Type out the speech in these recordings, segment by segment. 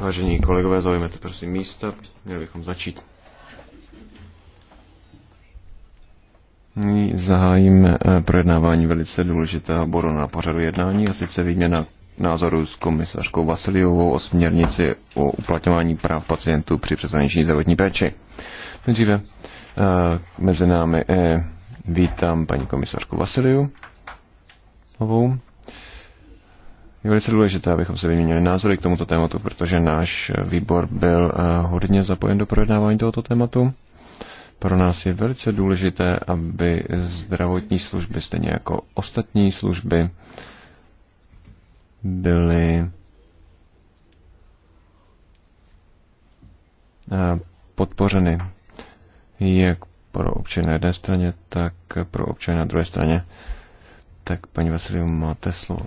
Vážení kolegové, zaujměte prosím místa, měli bychom začít. Nyní zahájíme eh, projednávání velice důležitého bodu na pořadu jednání a sice výměna názoru s komisařkou Vasiliovou o směrnici o uplatňování práv pacientů při přeshraniční zdravotní péči. Nejdříve eh, mezi námi eh, vítám paní komisařku Vasiliu. Novou. Je velice důležité, abychom se vyměnili názory k tomuto tématu, protože náš výbor byl eh, hodně zapojen do projednávání tohoto tématu. Pro nás je velice důležité, aby zdravotní služby, stejně jako ostatní služby, byly eh, podpořeny jak pro občany na jedné straně, tak pro občany na druhé straně. Tak paní Vasiliu, máte slovo.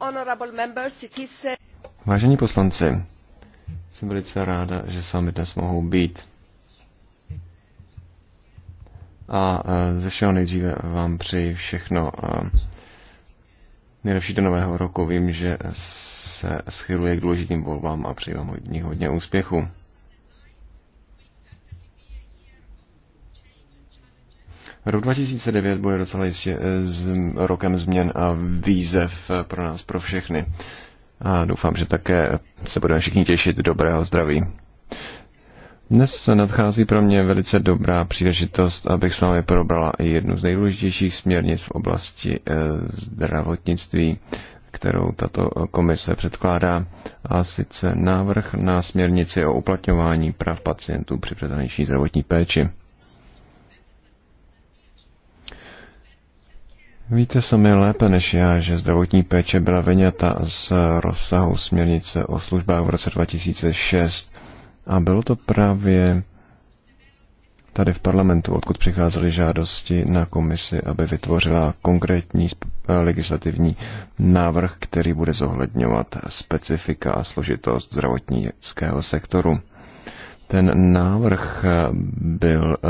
Eh, Vážení poslanci, jsem velice ráda, že s vámi dnes mohou být. A eh, ze všeho nejdříve vám přeji všechno eh, nejlepší do nového roku. Vím, že se schyluje k důležitým volbám a přeji vám hodně, hodně úspěchu. Rok 2009 bude docela jistě s eh, rokem změn a výzev eh, pro nás, pro všechny. A doufám, že také se budeme všichni těšit dobrého zdraví. Dnes se nadchází pro mě velice dobrá příležitost, abych s vámi probrala i jednu z nejdůležitějších směrnic v oblasti eh, zdravotnictví, kterou tato komise předkládá, a sice návrh na směrnici o uplatňování práv pacientů při přeshraniční zdravotní péči. Víte sami lépe než já, že zdravotní péče byla vyňata z rozsahu směrnice o službách v roce 2006 a bylo to právě tady v parlamentu, odkud přicházely žádosti na komisi, aby vytvořila konkrétní eh, legislativní návrh, který bude zohledňovat specifika a složitost zdravotnického sektoru. Ten návrh byl eh,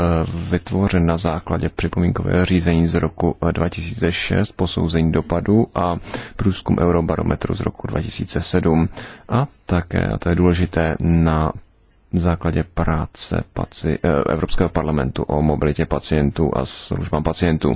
vytvořen na základě připomínkového řízení z roku 2006, eh, posouzení dopadu a průzkum Eurobarometru z roku 2007 a také, a to je důležité, na základě práce paci, eh, Evropského parlamentu o mobilitě pacientů a službám pacientů.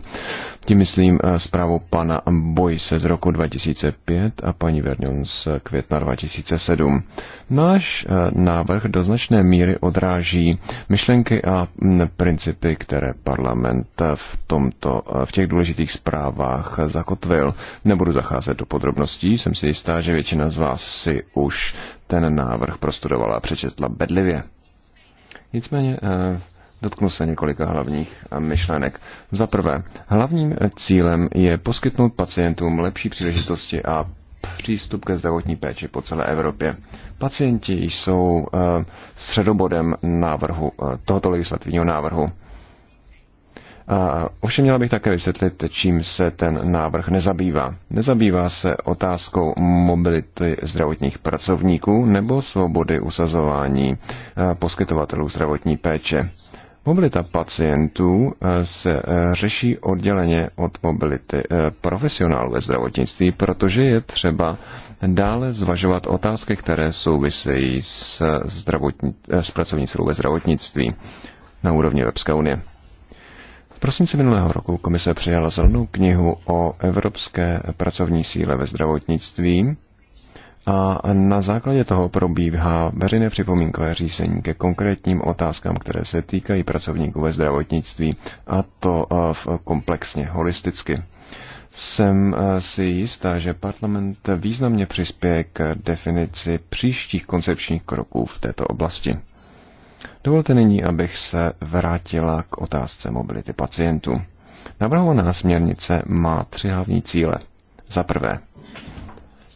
Tím myslím eh, zprávu pana Boise z roku 2005 a paní Vernion z května 2007. Náš eh, návrh do značné míry odráží myšlenky a mm, principy, které parlament v, tomto, v těch důležitých zprávách zakotvil. Nebudu zacházet do podrobností, jsem si jistá, že většina z vás si už ten návrh prostudovala a přečetla bedlivě. Nicméně eh, dotknu se několika hlavních myšlenek. Za prvé, hlavním cílem je poskytnout pacientům lepší příležitosti a přístup ke zdravotní péči po celé Evropě. Pacienti jsou eh, středobodem návrhu, eh, tohoto legislativního návrhu. Ovšem měla bych také vysvětlit, čím se ten návrh nezabývá. Nezabývá se otázkou mobility zdravotních pracovníků nebo svobody usazování eh, poskytovatelů zdravotní péče. Mobilita pacientů eh, se eh, řeší odděleně od mobility profesionálů ve zdravotnictví, protože je třeba dále zvažovat otázky, které souvisejí s, s pracovní ve zdravotnictví na úrovni Evropské unie prosinci minulého roku komise přijala zelenou knihu o evropské pracovní síle ve zdravotnictví a na základě toho probíhá veřejné připomínkové řízení ke konkrétním otázkám, které se týkají pracovníků ve zdravotnictví a to eh, komplexně, holisticky. Jsem eh, si jistá, že parlament významně přispěje k definici příštích koncepčních kroků v této oblasti. Dovolte nyní, abych se vrátila k otázce mobility pacientů. Navrhovaná směrnice má tři hlavní cíle. Za prvé,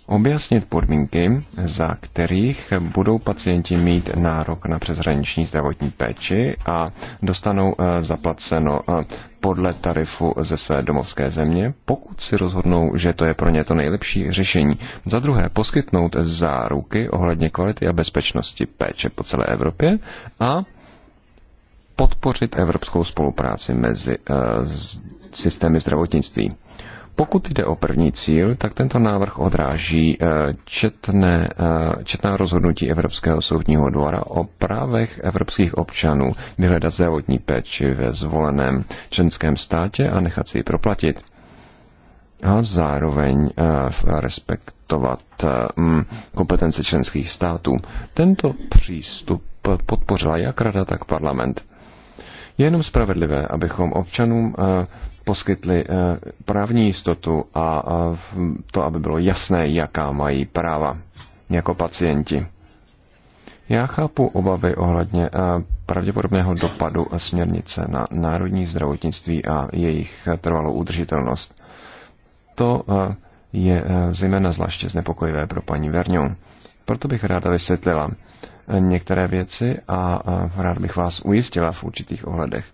objasnit podmínky, za kterých budou pacienti mít nárok na přeshraniční zdravotní péči a dostanou eh, zaplaceno eh, podle tarifu ze své domovské země, pokud si rozhodnou, že to je pro ně to nejlepší řešení. Za druhé, poskytnout záruky ohledně kvality a bezpečnosti péče po celé Evropě a podpořit evropskou spolupráci mezi eh, systémy zdravotnictví. Pokud jde o první cíl, tak tento návrh odráží eh, četné, eh, četná rozhodnutí Evropského soudního dvora o právech evropských občanů vyhledat zdravotní péči ve zvoleném členském státě a nechat si ji proplatit a zároveň eh, respektovat mm, kompetence členských států. Tento přístup podpořila jak Rada, tak parlament. Je jenom spravedlivé, abychom občanům poskytli eh, právní jistotu a to, aby bylo jasné, jaká mají práva jako pacienti. Já chápu obavy ohledně eh, pravděpodobného dopadu směrnice na národní zdravotnictví a jejich trvalou udržitelnost. To eh, je zejména zvláště znepokojivé pro paní Verňu. Proto bych ráda vysvětlila některé věci a rád bych vás ujistila v určitých ohledech.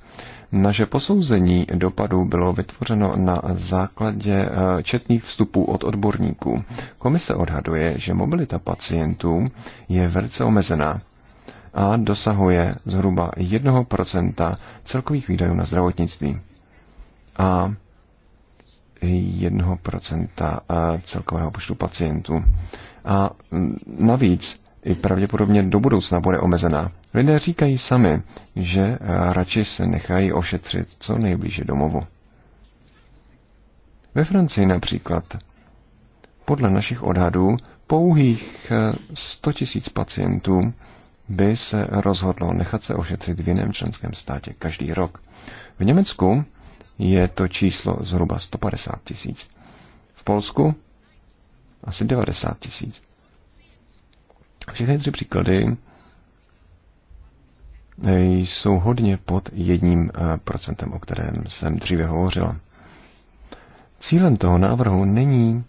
Naše posouzení dopadů bylo vytvořeno na základě eh, četných vstupů od odborníků. Komise odhaduje, že mobilita pacientů je velice omezená a dosahuje zhruba 1% celkových výdajů na zdravotnictví a 1% eh, celkového počtu pacientů. A mm, navíc i pravděpodobně do budoucna bude omezená. Lidé říkají sami, že eh, radši se nechají ošetřit co nejblíže domovu. Ve Francii například. Podle našich odhadů pouhých 100 eh, tisíc pacientů by se rozhodlo nechat se ošetřit v jiném členském státě každý rok. V Německu je to číslo zhruba 150 tisíc. V Polsku asi 90 tisíc. Všechny tři příklady jsou hodně pod jedním eh, procentem, o kterém jsem dříve hovořila. Cílem toho návrhu není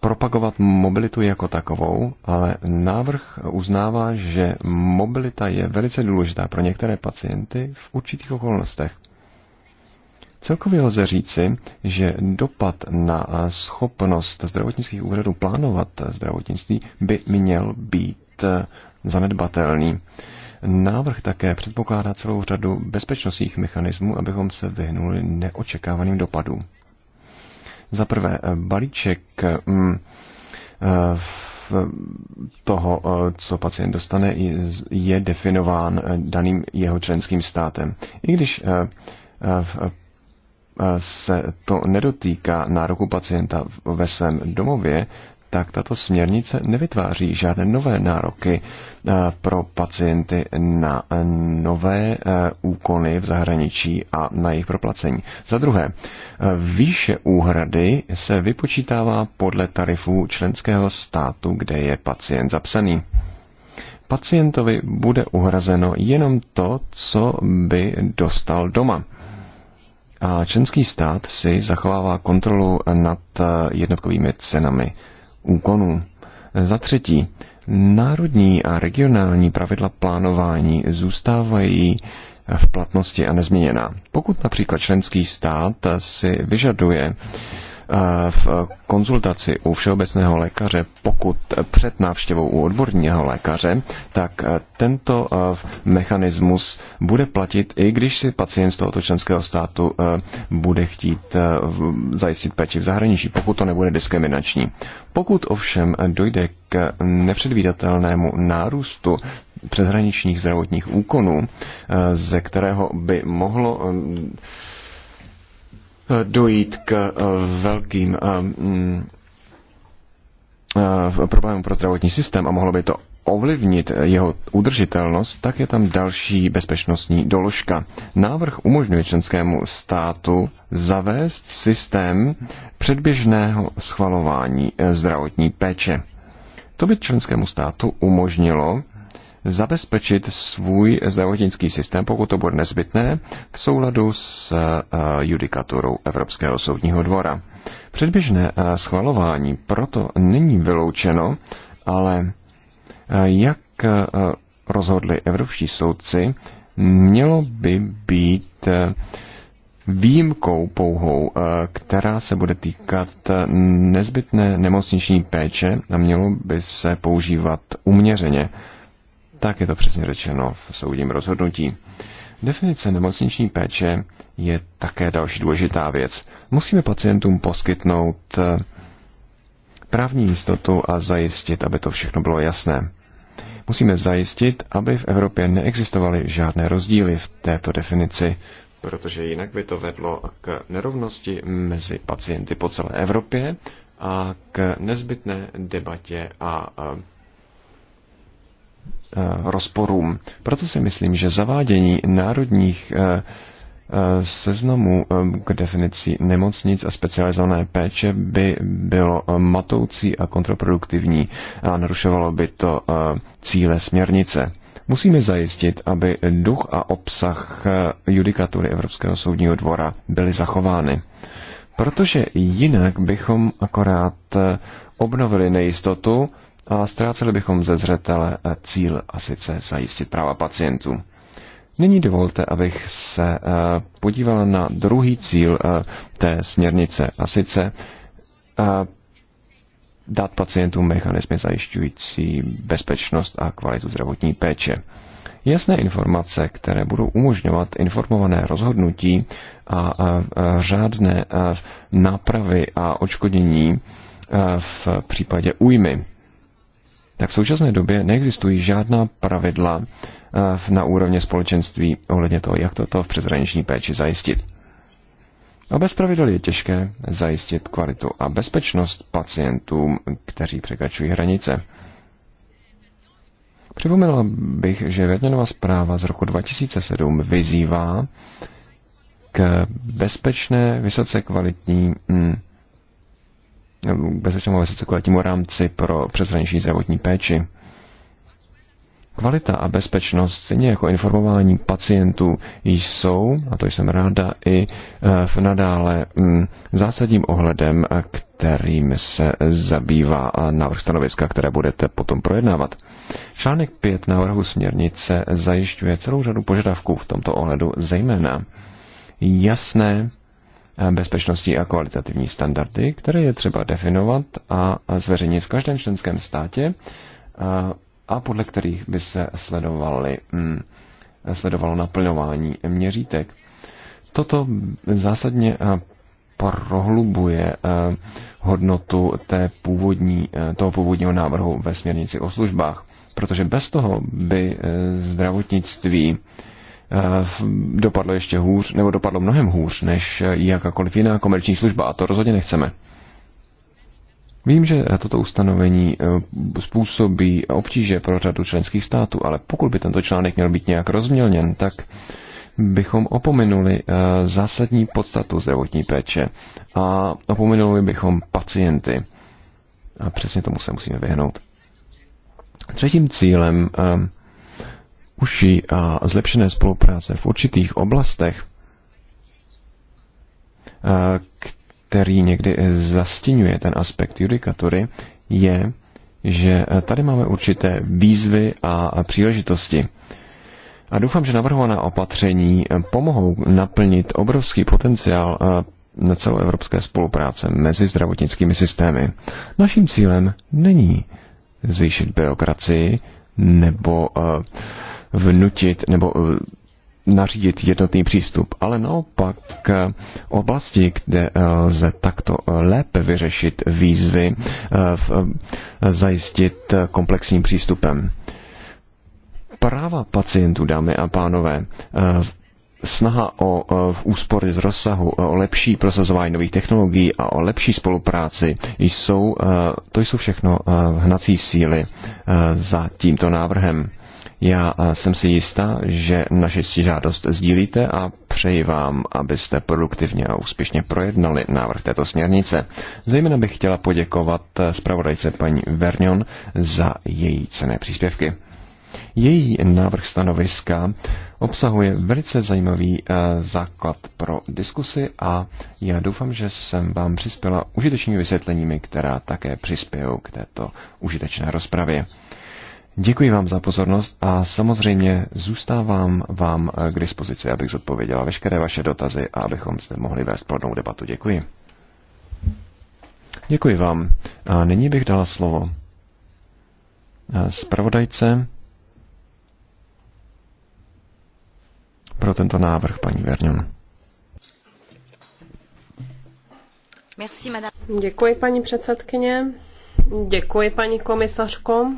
propagovat mobilitu jako takovou, ale návrh uznává, že mobilita je velice důležitá pro některé pacienty v určitých okolnostech. Celkově lze říci, že dopad na schopnost zdravotnických úřadů plánovat zdravotnictví by měl být eh, zanedbatelný. Návrh také předpokládá celou řadu bezpečnostních mechanismů, abychom se vyhnuli neočekávaným dopadům. Za prvé, eh, balíček mm, eh, toho, eh, co pacient dostane, je definován daným jeho členským státem. I když se to nedotýká nároku pacienta ve svém domově, tak tato směrnice nevytváří žádné nové nároky eh, pro pacienty na eh, nové eh, úkony v zahraničí a na jejich proplacení. Za druhé, výše úhrady se vypočítává podle tarifů členského státu, kde je pacient zapsaný pacientovi bude uhrazeno jenom to, co by dostal doma. A členský stát si zachovává kontrolu nad jednotkovými cenami úkonů. Za třetí, národní a regionální pravidla plánování zůstávají v platnosti a nezměněná. Pokud například členský stát si vyžaduje Eh, v konzultaci u všeobecného lékaře, pokud před návštěvou u odborního lékaře, tak eh, tento eh, mechanismus bude platit, i když si pacient z tohoto členského státu bude chtít zajistit péči v zahraničí, pokud to nebude diskriminační. Pokud ovšem dojde k nepředvídatelnému nárůstu přeshraničních zdravotních úkonů, ze kterého by mohlo dojít k eh, velkým eh, mm, eh, problémům pro zdravotní systém a mohlo by to ovlivnit jeho udržitelnost, tak je tam další bezpečnostní doložka. Návrh umožňuje členskému státu zavést systém předběžného schvalování zdravotní péče. To by členskému státu umožnilo zabezpečit svůj zdravotnický systém, pokud to bude nezbytné, v souladu s eh, judikaturou Evropského soudního dvora. Předběžné eh, schvalování proto není vyloučeno, ale eh, jak rozhodli evropští soudci, mělo by být výjimkou pouhou, která se bude týkat nezbytné nemocniční péče a mělo by se používat uměřeně. Tak je to přesně řečeno v soudním rozhodnutí. Definice nemocniční péče je také další důležitá věc. Musíme pacientům poskytnout eh, právní jistotu a zajistit, aby to všechno bylo jasné. Musíme zajistit, aby v Evropě neexistovaly žádné rozdíly v této definici, protože jinak by to vedlo k nerovnosti mezi pacienty po celé Evropě a k nezbytné debatě a eh, Eh, rozporům. Proto si myslím, že zavádění národních eh, eh, seznamu k definici nemocnic a specializované péče by bylo matoucí a kontraproduktivní a narušovalo by to cíle směrnice. Musíme zajistit, aby duch a obsah judikatury Evropského soudního dvora byly zachovány. Protože jinak bychom akorát obnovili nejistotu, a ztráceli bychom ze zřetele eh, cíl a sice zajistit práva pacientů. Nyní dovolte, abych se eh, podíval na druhý cíl eh, té směrnice, a sice dát pacientům mechanismy zajišťující bezpečnost a kvalitu zdravotní péče. Jasné informace, které budou umožňovat informované rozhodnutí a řádné nápravy a očkodnění v případě újmy tak v současné době neexistují žádná pravidla eh, na úrovně společenství ohledně toho, jak toto v přezraniční péči zajistit. A bez pravidel je těžké zajistit kvalitu a bezpečnost pacientům, kteří překračují hranice. Připomněla bych, že Větněnová zpráva z roku 2007 vyzývá k bezpečné, vysoce kvalitní mm, bezpečnému vysokoletnímu rámci pro přeshraniční zdravotní péči. Kvalita a bezpečnost, stejně jako informování pacientů, jsou, a to jsem ráda, i eh, v nadále mm, zásadním ohledem, kterým se zabývá eh, návrh stanoviska, které budete potom projednávat. Článek 5 návrhu směrnice zajišťuje celou řadu požadavků v tomto ohledu, zejména jasné Eh, bezpečnostní a kvalitativní standardy, které je třeba definovat a zveřejnit v každém členském státě eh, a podle kterých by se sledovali, mm, sledovalo naplňování měřítek. Toto zásadně eh, prohlubuje hodnotu té původní, toho původního návrhu ve směrnici o službách, protože bez toho by zdravotnictví Eh, dopadlo ještě hůř, nebo dopadlo mnohem hůř, než eh, jakákoliv jiná komerční služba a to rozhodně nechceme. Vím, že toto ustanovení eh, způsobí obtíže pro řadu členských států, ale pokud by tento článek měl být nějak rozmělněn, tak bychom opominuli zásadní podstatu zdravotní péče a opominuli bychom pacienty. A přesně tomu se musíme vyhnout. Třetím cílem uši a zlepšené spolupráce v určitých oblastech, který někdy zastínuje ten aspekt judikatury, je, že tady máme určité výzvy a příležitosti. A doufám, že navrhovaná opatření pomohou naplnit obrovský potenciál na celoevropské spolupráce mezi zdravotnickými systémy. Naším cílem není zvýšit byrokracii nebo uh, vnutit nebo eh, nařídit jednotný přístup, ale naopak eh, oblasti, kde eh, lze takto lépe vyřešit výzvy, zajistit komplexním přístupem. Práva pacientů, dámy a pánové, snaha o, úspory z rozsahu, o lepší prosazování nových technologií a o lepší spolupráci jsou, to jsou všechno hnací síly za tímto návrhem. Já jsem si jistá, že naši žádost sdílíte a přeji vám, abyste produktivně a úspěšně projednali návrh této směrnice. Zejména bych chtěla poděkovat e, zpravodajce paní Vernion za její cené příspěvky. Její návrh stanoviska obsahuje velice zajímavý e, základ pro diskusy a já doufám, že jsem vám přispěla užitečnými vysvětleními, která také přispějou k této užitečné rozpravě. Děkuji vám za pozornost a samozřejmě zůstávám vám eh, k dispozici, abych zodpověděla veškeré vaše dotazy a abychom zde mohli vést plnou debatu. Děkuji. Děkuji vám. A nyní bych dala slovo eh, zpravodajce pro tento návrh, paní Verňon. Děkuji, paní předsedkyně. Děkuji, paní komisařko,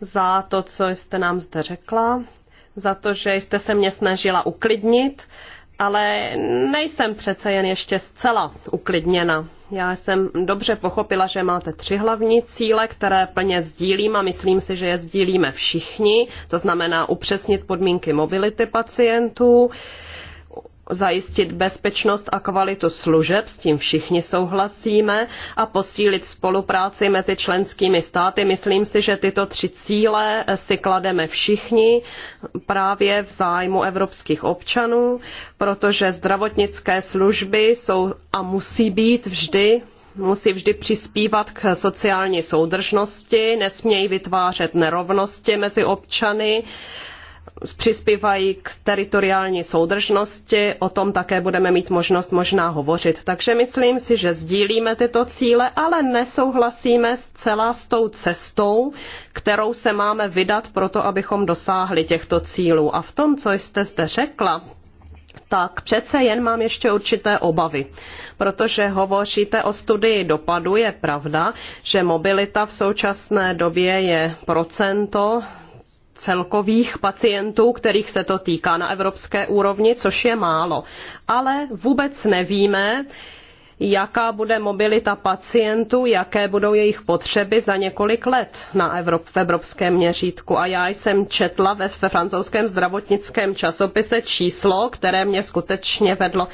za to, co jste nám zde řekla, za to, že jste se mě snažila uklidnit, ale nejsem přece jen ještě zcela uklidněna. Já jsem dobře pochopila, že máte tři hlavní cíle, které plně sdílím a myslím si, že je sdílíme všichni. To znamená upřesnit podmínky mobility pacientů, zajistit bezpečnost a kvalitu služeb, s tím všichni souhlasíme, a posílit spolupráci mezi členskými státy. Myslím si, že tyto tři cíle si klademe všichni právě v zájmu evropských občanů, protože zdravotnické služby jsou a musí být vždy musí vždy přispívat k sociální soudržnosti, nesmějí vytvářet nerovnosti mezi občany, přispívají k teritoriální soudržnosti, o tom také budeme mít možnost možná hovořit. Takže myslím si, že sdílíme tyto cíle, ale nesouhlasíme zcela s tou cestou, kterou se máme vydat pro to, abychom dosáhli těchto cílů. A v tom, co jste zde řekla, tak přece jen mám ještě určité obavy, protože hovoříte o studii dopadu, je pravda, že mobilita v současné době je procento celkových pacientů, kterých se to týká na evropské úrovni, což je málo. Ale vůbec nevíme, jaká bude mobilita pacientů, jaké budou jejich potřeby za několik let na Evrop, v evropském měřítku. A já jsem četla ve, ve francouzském zdravotnickém časopise číslo, které mě skutečně vedlo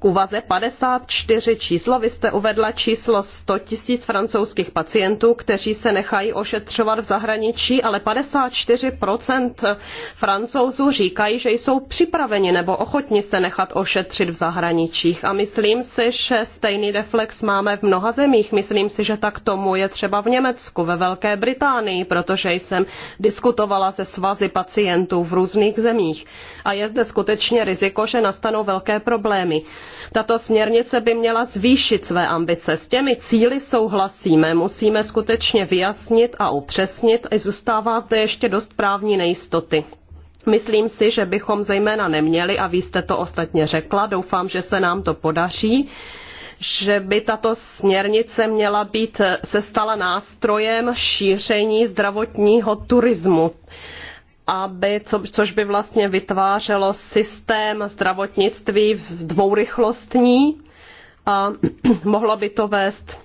k úvaze 54 číslo. Vy jste uvedla číslo 100 tisíc francouzských pacientů, kteří se nechají ošetřovat v zahraničí, ale 54% francouzů říkají, že jsou připraveni nebo ochotni se nechat ošetřit v zahraničích. A myslím si, že stejný reflex máme v mnoha zemích. Myslím si, že tak tomu je třeba v Německu, ve Velké Británii, protože jsem diskutovala se svazy pacientů v různých zemích. A je zde skutečně riziko, že nastanou velké problémy. Tato směrnice by měla zvýšit své ambice. S těmi cíly souhlasíme, musíme skutečně vyjasnit a upřesnit. a zůstává zde ještě dost právní nejistoty. Myslím si, že bychom zejména neměli, a vy jste to ostatně řekla, doufám, že se nám to podaří, že by tato směrnice měla být, se stala nástrojem šíření zdravotního turismu aby, co, což by vlastně vytvářelo systém zdravotnictví dvourychlostní a mohlo by to vést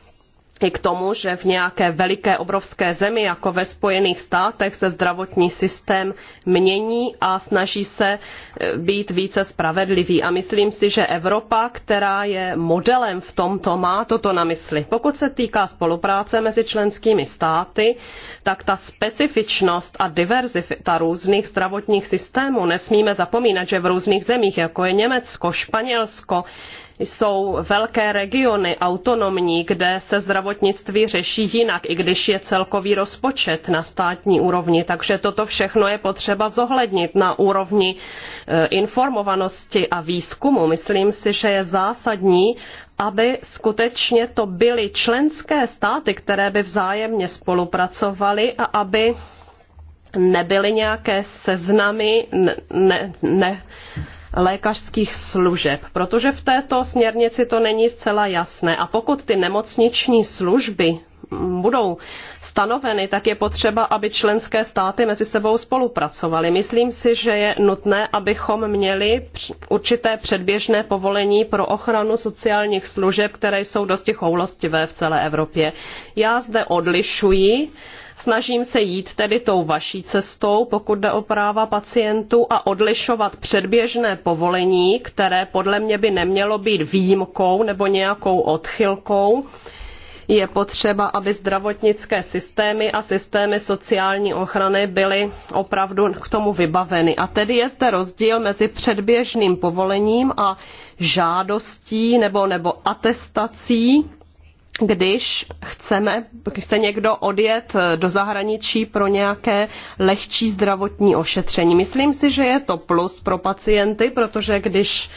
i k tomu, že v nějaké veliké obrovské zemi, jako ve Spojených státech, se zdravotní systém mění a snaží se eh, být více spravedlivý. A myslím si, že Evropa, která je modelem v tomto, má toto na mysli. Pokud se týká spolupráce mezi členskými státy, tak ta specifičnost a diverzita různých zdravotních systémů, nesmíme zapomínat, že v různých zemích, jako je Německo, Španělsko, jsou velké regiony autonomní, kde se zdravotnictví řeší jinak, i když je celkový rozpočet na státní úrovni. Takže toto všechno je potřeba zohlednit na úrovni eh, informovanosti a výzkumu. Myslím si, že je zásadní, aby skutečně to byly členské státy, které by vzájemně spolupracovaly a aby nebyly nějaké seznamy, ne, ne, lékařských služeb, protože v této směrnici to není zcela jasné. A pokud ty nemocniční služby budou stanoveny, tak je potřeba, aby členské státy mezi sebou spolupracovaly. Myslím si, že je nutné, abychom měli určité předběžné povolení pro ochranu sociálních služeb, které jsou dosti choulostivé v celé Evropě. Já zde odlišuji Snažím se jít tedy tou vaší cestou, pokud jde o práva pacientů a odlišovat předběžné povolení, které podle mě by nemělo být výjimkou nebo nějakou odchylkou je potřeba, aby zdravotnické systémy a systémy sociální ochrany byly opravdu k tomu vybaveny. A tedy je zde rozdíl mezi předběžným povolením a žádostí nebo, nebo atestací když chceme, chce někdo odjet eh, do zahraničí pro nějaké lehčí zdravotní ošetření. Myslím si, že je to plus pro pacienty, protože když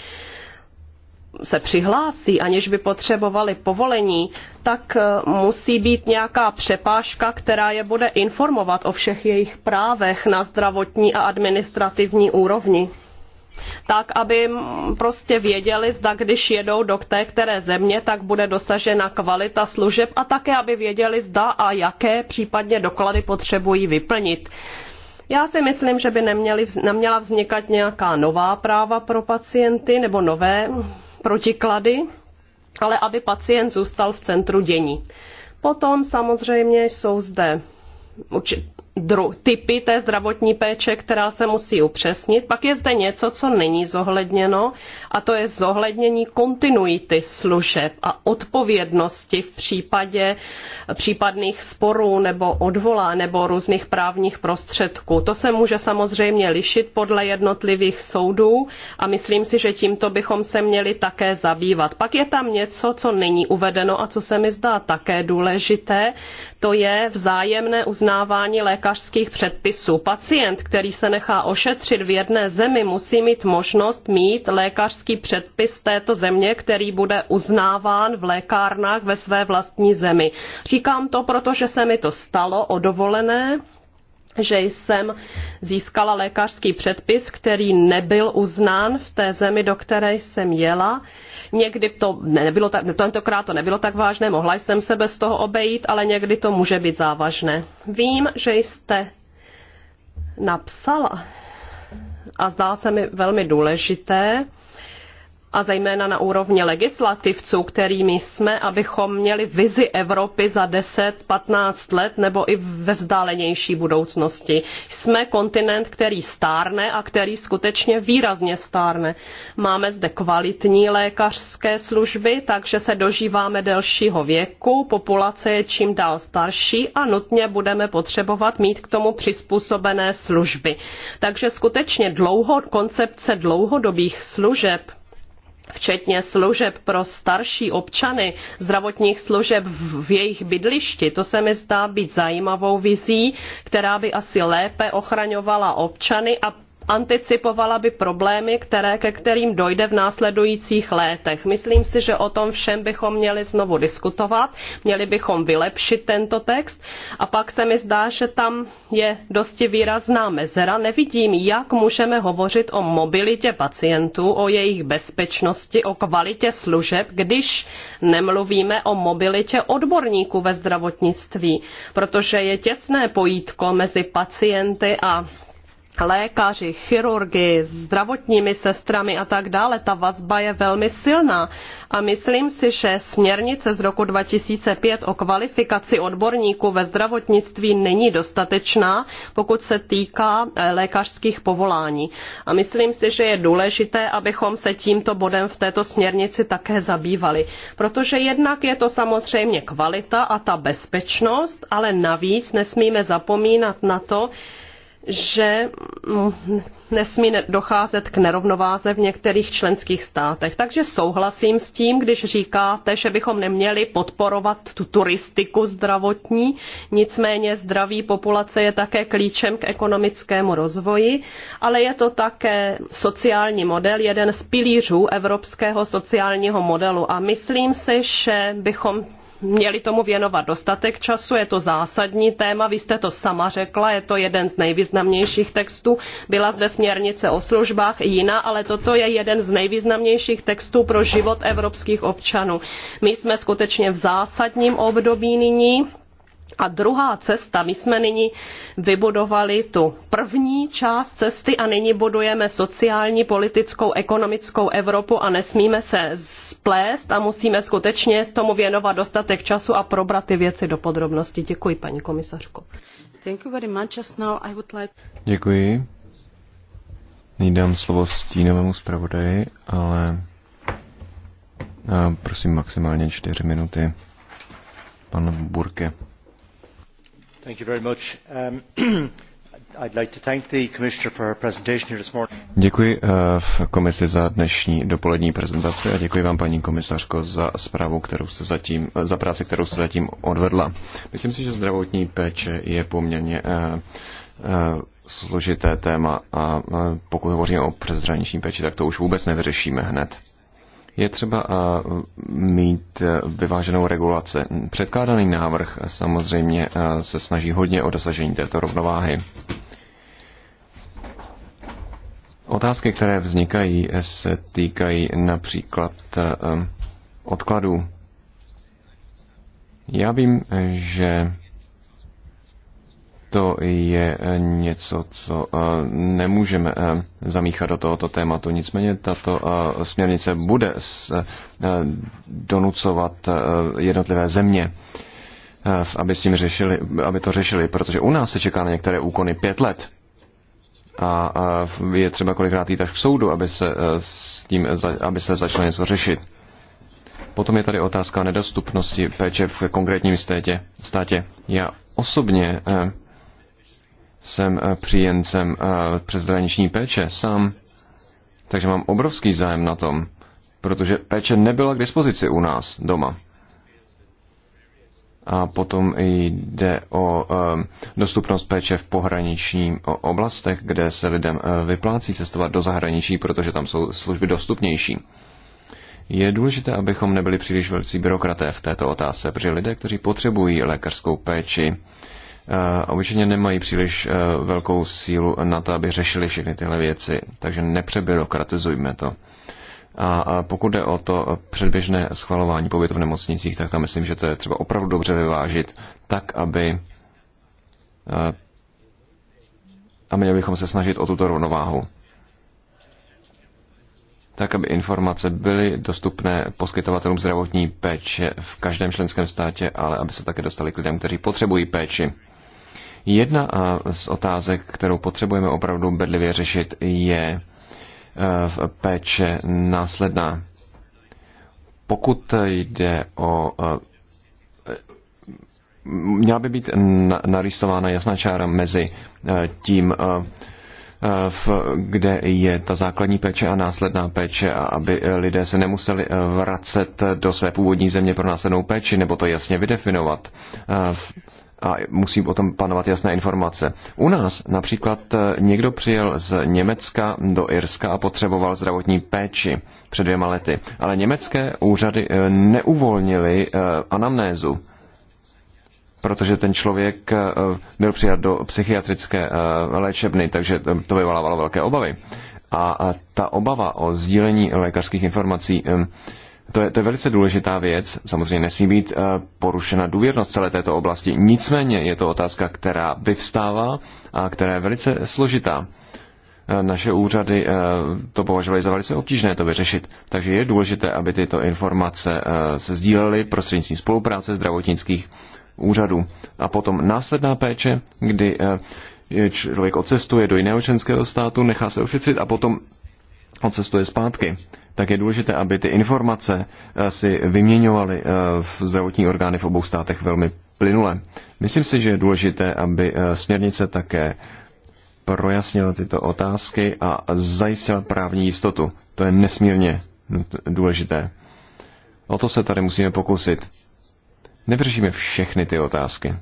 se přihlásí, aniž by potřebovali povolení, tak eh, musí být nějaká přepážka, která je bude informovat o všech jejich právech na zdravotní a administrativní úrovni tak aby prostě věděli, zda když jedou do té které země, tak bude dosažena kvalita služeb a také, aby věděli, zda a jaké případně doklady potřebují vyplnit. Já si myslím, že by neměla vznikat nějaká nová práva pro pacienty nebo nové protiklady, ale aby pacient zůstal v centru dění. Potom samozřejmě jsou zde dru, typy té zdravotní péče, která se musí upřesnit. Pak je zde něco, co není zohledněno, a to je zohlednění kontinuity služeb a odpovědnosti v případě případných sporů nebo odvolá nebo různých právních prostředků. To se může samozřejmě lišit podle jednotlivých soudů a myslím si, že tímto bychom se měli také zabývat. Pak je tam něco, co není uvedeno a co se mi zdá také důležité, to je vzájemné uznávání lékařů lékařských předpisů. Pacient, který se nechá ošetřit v jedné zemi, musí mít možnost mít lékařský předpis této země, který bude uznáván v lékárnách ve své vlastní zemi. Říkám to, protože se mi to stalo o dovolené že jsem získala lékařský předpis, který nebyl uznán v té zemi, do které jsem jela. Někdy to nebylo tak, tentokrát to nebylo tak vážné, mohla jsem se bez toho obejít, ale někdy to může být závažné. Vím, že jste napsala a zdá se mi velmi důležité, a zejména na úrovni legislativců, kterými jsme, abychom měli vizi Evropy za 10-15 let nebo i ve vzdálenější budoucnosti. Jsme kontinent, který stárne a který skutečně výrazně stárne. Máme zde kvalitní lékařské služby, takže se dožíváme delšího věku, populace je čím dál starší a nutně budeme potřebovat mít k tomu přizpůsobené služby. Takže skutečně dlouho, koncepce dlouhodobých služeb včetně služeb pro starší občany, zdravotních služeb v jejich bydlišti. To se mi zdá být zajímavou vizí, která by asi lépe ochraňovala občany a anticipovala by problémy, které, ke kterým dojde v následujících létech. Myslím si, že o tom všem bychom měli znovu diskutovat, měli bychom vylepšit tento text a pak se mi zdá, že tam je dosti výrazná mezera. Nevidím, jak můžeme hovořit o mobilitě pacientů, o jejich bezpečnosti, o kvalitě služeb, když nemluvíme o mobilitě odborníků ve zdravotnictví, protože je těsné pojítko mezi pacienty a lékaři, chirurgy, zdravotními sestrami a tak dále. Ta vazba je velmi silná a myslím si, že směrnice z roku 2005 o kvalifikaci odborníků ve zdravotnictví není dostatečná, pokud se týká eh, lékařských povolání. A myslím si, že je důležité, abychom se tímto bodem v této směrnici také zabývali, protože jednak je to samozřejmě kvalita a ta bezpečnost, ale navíc nesmíme zapomínat na to, že mm, nesmí docházet k nerovnováze v některých členských státech. Takže souhlasím s tím, když říkáte, že bychom neměli podporovat tu turistiku zdravotní, nicméně zdraví populace je také klíčem k ekonomickému rozvoji, ale je to také sociální model, jeden z pilířů evropského sociálního modelu a myslím si, že bychom měli tomu věnovat dostatek času, je to zásadní téma, vy jste to sama řekla, je to jeden z nejvýznamnějších textů, byla zde směrnice o službách jiná, ale toto je jeden z nejvýznamnějších textů pro život evropských občanů. My jsme skutečně v zásadním období nyní, a druhá cesta, my jsme nyní vybudovali tu první část cesty a nyní budujeme sociální, politickou, ekonomickou Evropu a nesmíme se splést a musíme skutečně s tomu věnovat dostatek času a probrat ty věci do podrobnosti. Děkuji, paní komisařko. Děkuji. Nejdám slovo stínovému zpravodaji, ale a prosím maximálně čtyři minuty. Pan Burke. Děkuji v komisi za dnešní dopolední prezentaci a děkuji vám, paní komisařko, za zprávu, kterou jste zatím, za práci, kterou jste zatím odvedla. Myslím si, že zdravotní péče je poměrně uh, uh, složité téma a uh, pokud hovoříme o přeshraniční péči, tak to už vůbec nevyřešíme hned. Je třeba mít e, vyváženou regulace. Předkládaný návrh samozřejmě e, se snaží hodně o dosažení této rovnováhy. Otázky, které vznikají, e, se týkají například odkladů. Já vím, že to je eh, něco, co eh, nemůžeme eh, zamíchat do tohoto tématu. Nicméně tato směrnice bude donucovat jednotlivé země aby, s tím řešili, aby to řešili, protože u nás se čeká na některé úkony pět let a je třeba kolikrát jít až k soudu, aby se, s tím, aby se začalo něco řešit. Potom je tady otázka nedostupnosti péče v konkrétním státě. státě. Já osobně jsem eh, příjemcem eh, přezdraniční péče sám, takže mám obrovský zájem na tom, protože péče nebyla k dispozici u nás doma. A potom jde o eh, dostupnost péče v pohraničním oblastech, kde se lidem vyplácí cestovat do zahraničí, protože tam jsou služby dostupnější. Je důležité, abychom nebyli příliš velcí byrokraté v této otázce, protože lidé, kteří potřebují lékařskou péči, Eh, obyčejně nemají příliš eh, velkou sílu na to, aby řešili všechny tyhle věci, takže nepřebyrokratizujme to. A pokud jde o to eh, předběžné schvalování pobytu v nemocnicích, tak tam myslím, že to je třeba opravdu dobře vyvážit, tak aby a měli bychom se snažit o tuto rovnováhu. Tak, aby informace byly dostupné poskytovatelům zdravotní péče v každém členském státě, ale aby se také dostali k lidem, kteří potřebují péči. Jedna z otázek, kterou potřebujeme opravdu bedlivě řešit, je e, péče následná. Pokud jde o e, měla by být narysována jasná čára mezi e, tím, kde je ta základní péče a následná péče, a aby lidé se nemuseli vracet do své původní země pro následnou péči, nebo to jasně vydefinovat a musí o tom panovat jasné informace. U nás například e, někdo přijel z Německa do Irska a potřeboval zdravotní péči před dvěma lety, ale německé úřady e, neuvolnili e, anamnézu protože ten člověk byl přijat do psychiatrické léčebny, takže to vyvolávalo velké obavy. A ta obava o sdílení lékařských informací to je, to je velice důležitá věc. Samozřejmě nesmí být eh, porušena důvěrnost celé této oblasti. Nicméně je to otázka, která vyvstává a která je velice složitá. Eh, naše úřady eh, to považovaly za velice obtížné to vyřešit. Takže je důležité, aby tyto informace se sdílely prostřednictvím spolupráce zdravotnických úřadů. A potom následná péče, kdy člověk odcestuje do jiného členského státu, nechá se ošetřit a potom odcestuje zpátky, tak je důležité, aby ty informace eh, si vyměňovaly eh, v zdravotní orgány v obou státech velmi plynule. Myslím si, že je důležité, aby eh, směrnice také projasnila tyto otázky a zajistila právní jistotu. To je nesmírně důležité. O to se tady musíme pokusit. Nevyřešíme všechny ty otázky.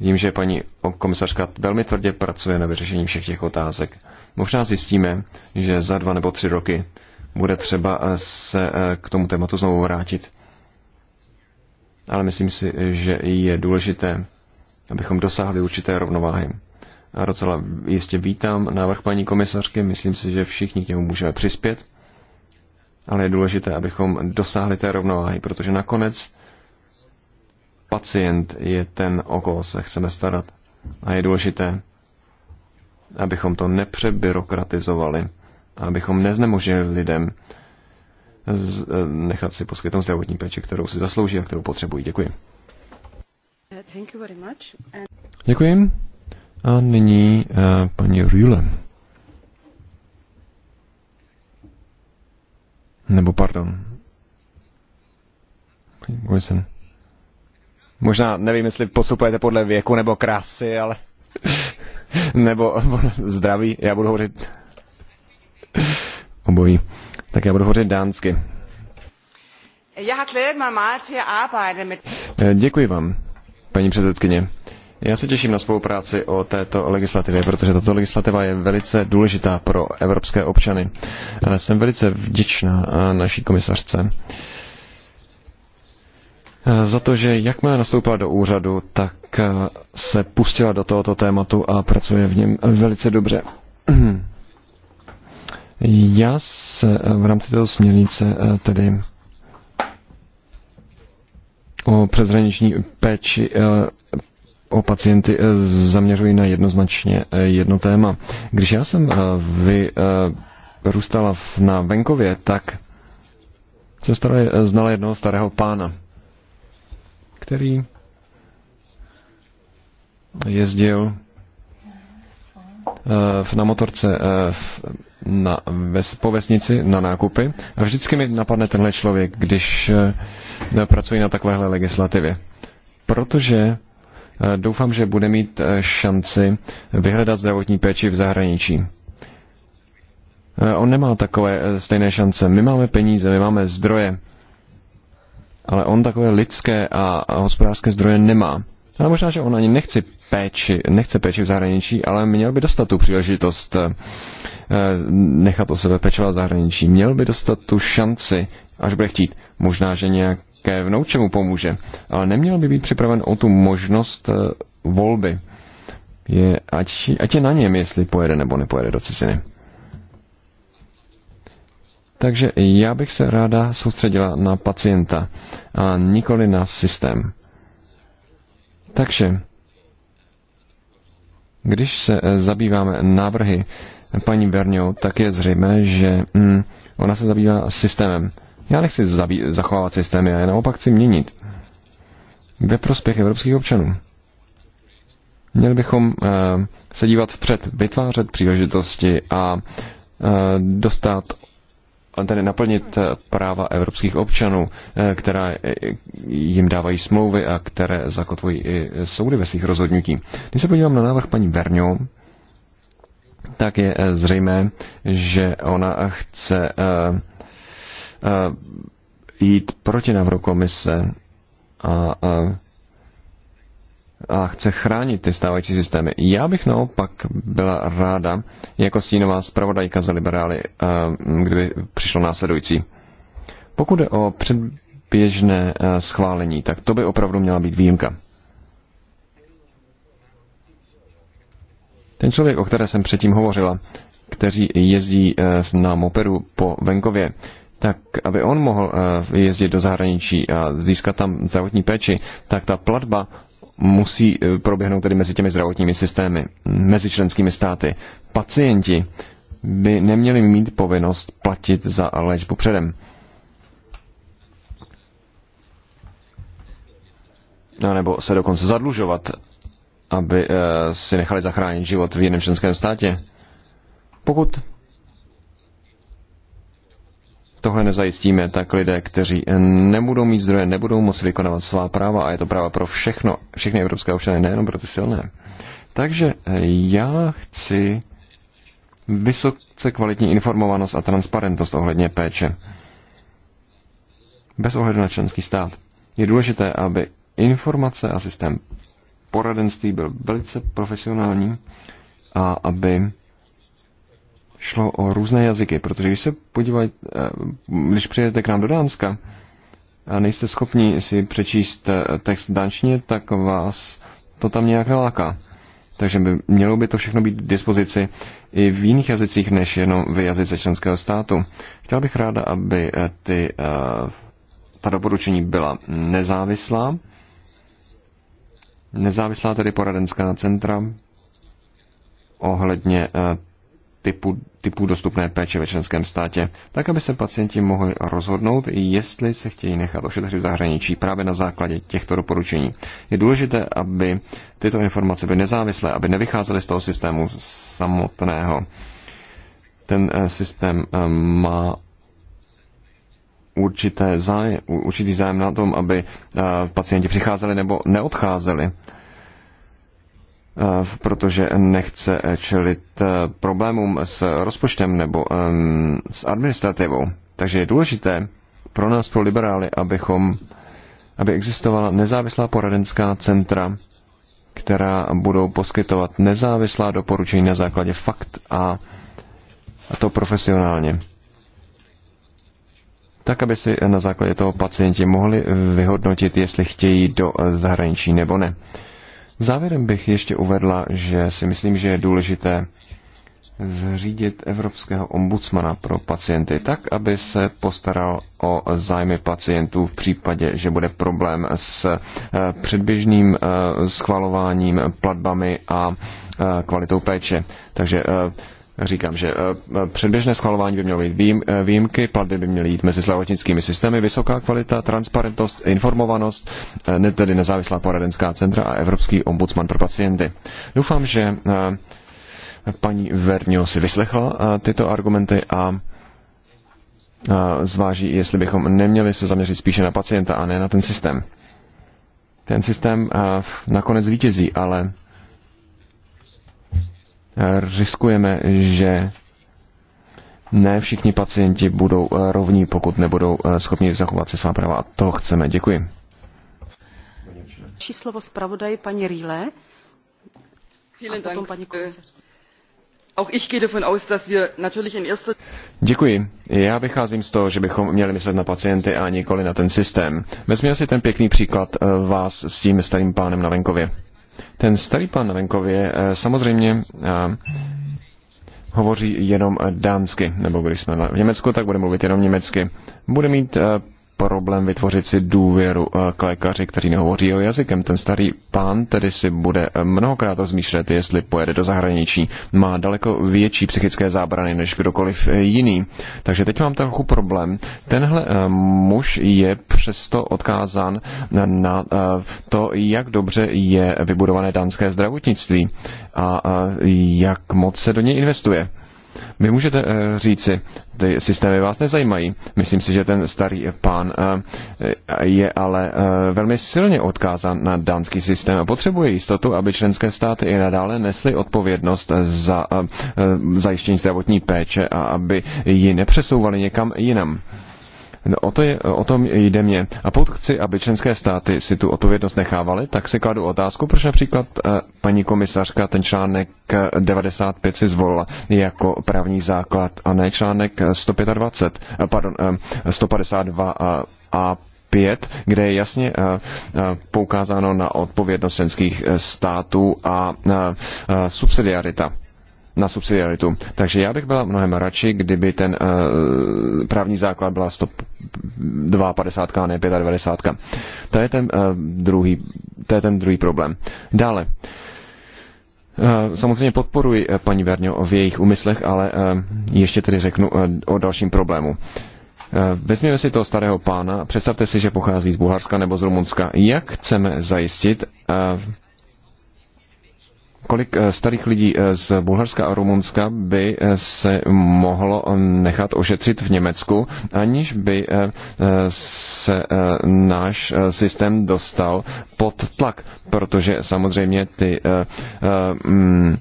Vím, že paní komisařka velmi tvrdě pracuje na vyřešení všech těch otázek. Možná zjistíme, že za dva nebo tři roky bude třeba eh, se eh, k tomu tématu znovu vrátit. Ale myslím si, že je důležité, abychom dosáhli určité rovnováhy. A docela jistě vítám návrh paní komisařky, myslím si, že všichni k němu můžeme přispět, ale je důležité, abychom dosáhli té rovnováhy, protože nakonec pacient je ten, o koho se chceme starat. A je důležité, abychom to nepřebyrokratizovali, abychom neznemožili lidem z, eh, nechat si poskytnout zdravotní péči, kterou si zaslouží a kterou potřebují. Děkuji. And... Děkuji. A nyní uh, paní Rühle. Nebo pardon. Wilson. Možná nevím, jestli postupujete podle věku nebo krásy, ale... nebo zdraví, já budu hovořit obojí. Tak já budu hovořit dánsky. Eh, děkuji vám, paní předsedkyně. Já se těším na spolupráci o této legislativě, protože tato legislativa je velice důležitá pro evropské občany. Ale jsem velice vděčná eh, naší komisařce za to, že jakmile nastoupila do úřadu, tak eh, se pustila do tohoto tématu a pracuje v něm velice dobře. Já se eh, v rámci této směrnice eh, tedy o přezraniční péči o pacienty zaměřuji na jednoznačně jedno téma. Když já jsem vyrůstala na venkově, tak se znala jednoho starého pána který jezdil eh, na motorce eh, na, ves, po vesnici na nákupy a vždycky mi napadne tenhle člověk, když eh, pracuji na takovéhle legislativě. Protože doufám, že bude mít šanci vyhledat zdravotní péči v zahraničí. On nemá takové stejné šance. My máme peníze, my máme zdroje ale on takové lidské a hospodářské zdroje nemá. A možná, že on ani nechce péči, nechce péči v zahraničí, ale měl by dostat tu příležitost eh, nechat o sebe pečovat v zahraničí. Měl by dostat tu šanci, až bude chtít. Možná, že nějaké vnouče mu pomůže, ale neměl by být připraven o tu možnost eh, volby. Je, ať, ať je na něm, jestli pojede nebo nepojede do ciziny. Takže já bych se ráda soustředila na pacienta a nikoli na systém. Takže, když se eh, zabýváme návrhy paní Berňou, tak je zřejmé, že mm, ona se zabývá systémem. Já nechci zabý- zachovávat systémy, já je naopak chci měnit. Ve prospěch evropských občanů. Měli bychom eh, se dívat vpřed, vytvářet příležitosti a eh, dostat tedy naplnit eh, práva evropských občanů, eh, která eh, jim dávají smlouvy a které zakotvují i soudy ve svých rozhodnutí. Když se podívám na návrh paní Verňo, tak je zřejmé, že ona chce jít proti návrhu komise a a chce chránit ty stávající systémy. Já bych naopak byla ráda, jako stínová zpravodajka za liberály, eh, kdyby přišlo následující. Pokud jde o předběžné eh, schválení, tak to by opravdu měla být výjimka. Ten člověk, o které jsem předtím hovořila, kteří jezdí eh, na moperu po venkově, tak aby on mohl jezdit do zahraničí a získat tam zdravotní péči, tak ta platba musí eh, proběhnout tedy mezi těmi zdravotními systémy, mezi členskými státy. Pacienti by neměli mít povinnost platit za léčbu předem. No, nebo se dokonce zadlužovat, aby eh, si nechali zachránit život v jiném členském státě. Pokud tohle nezajistíme, tak lidé, kteří eh, nebudou mít zdroje, nebudou moci vykonávat svá práva a je to práva pro všechno, všechny evropské občany, nejenom pro ty silné. Takže eh, já chci vysoce kvalitní informovanost a transparentnost ohledně péče. Bez ohledu na členský stát. Je důležité, aby informace a systém poradenství byl velice profesionální a aby šlo o různé jazyky, protože když se podívat, eh, když přijedete k nám do Dánska a nejste schopni si přečíst eh, text dančně, tak vás to tam nějak neláká. Takže by, mělo by to všechno být k dispozici i v jiných jazycích, než jenom v jazyce členského státu. Chtěl bych ráda, aby eh, ty, ta doporučení byla nezávislá, nezávislá tedy poradenská centra ohledně typu typů dostupné péče ve členském státě, tak aby se pacienti mohli rozhodnout, jestli se chtějí nechat ošetřit v zahraničí právě na základě těchto doporučení. Je důležité, aby tyto informace byly nezávislé, aby nevycházely z toho systému samotného. Ten eh, systém eh, má určité zájem, určitý zájem na tom, aby eh, pacienti přicházeli nebo neodcházeli Eh, protože nechce čelit eh, problémům s rozpočtem nebo ehm, s administrativou. Takže je důležité pro nás, pro liberály, abychom, aby existovala nezávislá poradenská centra, která budou poskytovat nezávislá doporučení na základě fakt a, a to profesionálně. Tak, aby si na základě toho pacienti mohli vyhodnotit, jestli chtějí do zahraničí nebo ne. Závěrem bych ještě uvedla, že si myslím, že je důležité zřídit evropského ombudsmana pro pacienty tak, aby se postaral o zájmy pacientů v případě, že bude problém s eh, předběžným eh, schvalováním, platbami a eh, kvalitou péče. Takže Říkám, že eh, eh, předběžné schvalování by mělo být eh, výjimky, platby by měly jít mezi zdravotnickými systémy, vysoká kvalita, transparentnost, informovanost, ne tedy nezávislá poradenská centra a Evropský ombudsman pro pacienty. Doufám, že paní Vernio si vyslechla tyto argumenty a zváží, jestli bychom neměli se zaměřit spíše na pacienta a ne na ten systém. Ten systém nakonec vítězí, ale riskujeme, že ne všichni pacienti budou eh, rovní, pokud nebudou eh, schopni zachovat si svá práva. A to chceme. Děkuji. Další slovo zpravodaji paní Rýle. Äh, Děkuji. Já vycházím z toho, že bychom měli myslet na pacienty a nikoli na ten systém. Vezměl si ten pěkný příklad eh, vás s tím starým pánem na venkově ten starý pan na venkově eh, samozřejmě eh, hovoří jenom dánsky, nebo když jsme v Německu, tak bude mluvit jenom německy. Bude mít eh, problém vytvořit si důvěru eh, k lékaři, který nehovoří jeho jazykem. Ten starý pán tedy si bude eh, mnohokrát rozmýšlet, jestli pojede do zahraničí. Má daleko větší psychické zábrany než kdokoliv eh, jiný. Takže teď mám trochu problém. Tenhle muž je přesto odkázán na to, jak dobře je vybudované dánské zdravotnictví a jak moc se do něj investuje. Vy můžete eh, říci, ty systémy vás nezajímají. Myslím si, že ten starý pán eh, je ale eh, velmi silně odkázán na dánský systém a potřebuje jistotu, aby členské státy i nadále nesly odpovědnost za zajištění zdravotní péče a aby ji nepřesouvali někam jinam. No, o, to je, o tom jde mě. A pokud chci, aby členské státy si tu odpovědnost nechávaly, tak si kladu otázku, proč například eh, paní komisařka ten článek 95 eh, si zvolila jako právní základ a ne článek 125, eh, pardon, 152 a, a 5, kde je jasně poukázáno na odpovědnost členských států a subsidiarita na subsidiaritu. Takže já bych byla mnohem radši, kdyby ten uh, právní základ byla 152, ne 95. To je ten, uh, druhý, to je ten druhý problém. Dále. Eh, samozřejmě podporuji paní Verňo v jejich úmyslech, ale ještě tedy řeknu o dalším problému. Vezměme si toho starého pána, představte si, že pochází z Bulharska nebo z Rumunska. Jak chceme zajistit kolik eh, starých lidí eh, z Bulharska a Rumunska by eh, se mohlo nechat ošetřit v Německu, aniž by se náš systém dostal pod tlak, protože samozřejmě ty mm,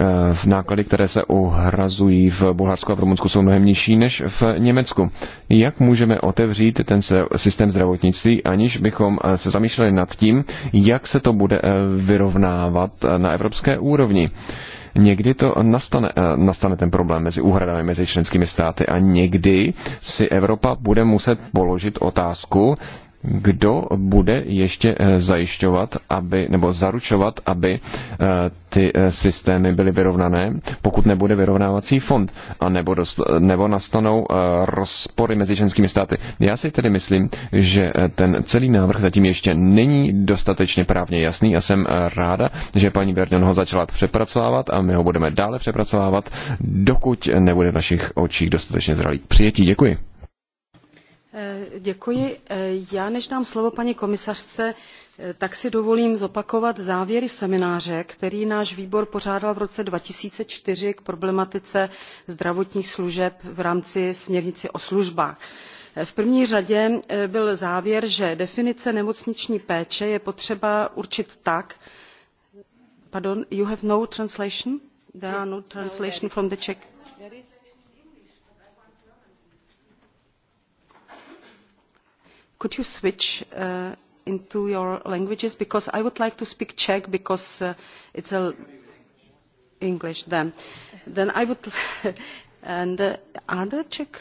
Eh, v náklady, které se uhrazují v Bulharsku a v Rumunsku, jsou mnohem nižší než v Německu. Jak můžeme otevřít ten systém zdravotnictví, aniž bychom eh, se zamýšleli nad tím, jak se to bude eh, vyrovnávat na evropské úrovni? Někdy to nastane, nastane ten problém mezi úhradami mezi členskými státy a někdy si Evropa bude muset položit otázku, kdo bude ještě eh, zajišťovat, aby, nebo zaručovat, aby eh, ty eh, systémy byly vyrovnané, pokud nebude vyrovnávací fond, a nebo, dost, nebo nastanou rozpory mezi členskými státy. Já si tedy myslím, že ten celý návrh zatím ještě není dostatečně právně jasný a jsem ráda, že paní Bernion ho začala přepracovávat a my ho budeme dále přepracovávat, dokud nebude v našich očích dostatečně zralý přijetí. Děkuji. Eh, děkuji. Eh, já než dám slovo paní komisařce, eh, tak si dovolím zopakovat závěry semináře, který náš výbor pořádal v roce 2004 k problematice zdravotních služeb v rámci směrnice o službách v první řadě byl závěr že definice nemocniční péče je potřeba určit tak pardon you have no translation there are no translation from the czech could you switch uh, into your languages because I would like to speak Czech because uh, it's a English then. Then I would and uh, are there Czech?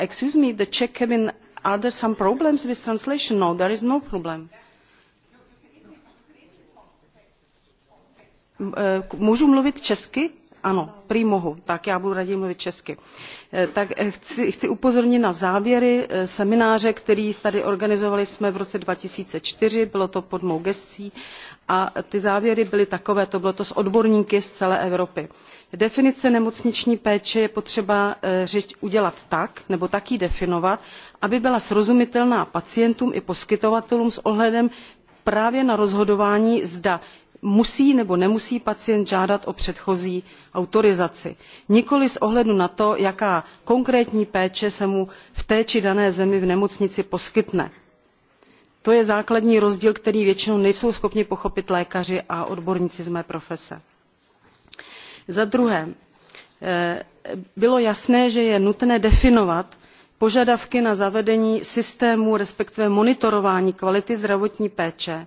Excuse me, the Czech cabin. Are there some problems with translation? No, there is no problem. Uh, můžu mluvit česky? ano prý mohu tak já budu raději mluvit česky. Eh, tak eh, chci, chci upozornit na závěry eh, semináře který tady organizovali jsme v roce two thousand and four bylo to pod mou gescí a ty závěry byly takové to bylo to s odborníky z celé evropy definice nemocniční péče je potřeba udělat tak nebo tak ji definovat aby byla srozumitelná pacientům i poskytovatelům s ohledem právě na rozhodování zda musí nebo nemusí pacient žádat o předchozí autorizaci nikoli s ohledem na to jaká konkrétní péče se mu v té či dané zemi v nemocnici poskytne. to je základní rozdíl který většinou nejsou schopni pochopit lékaři a odborníci z mé profese. za druhé eh, bylo jasné že je nutné definovat požadavky na zavedení systému respektive monitorování kvality zdravotní péče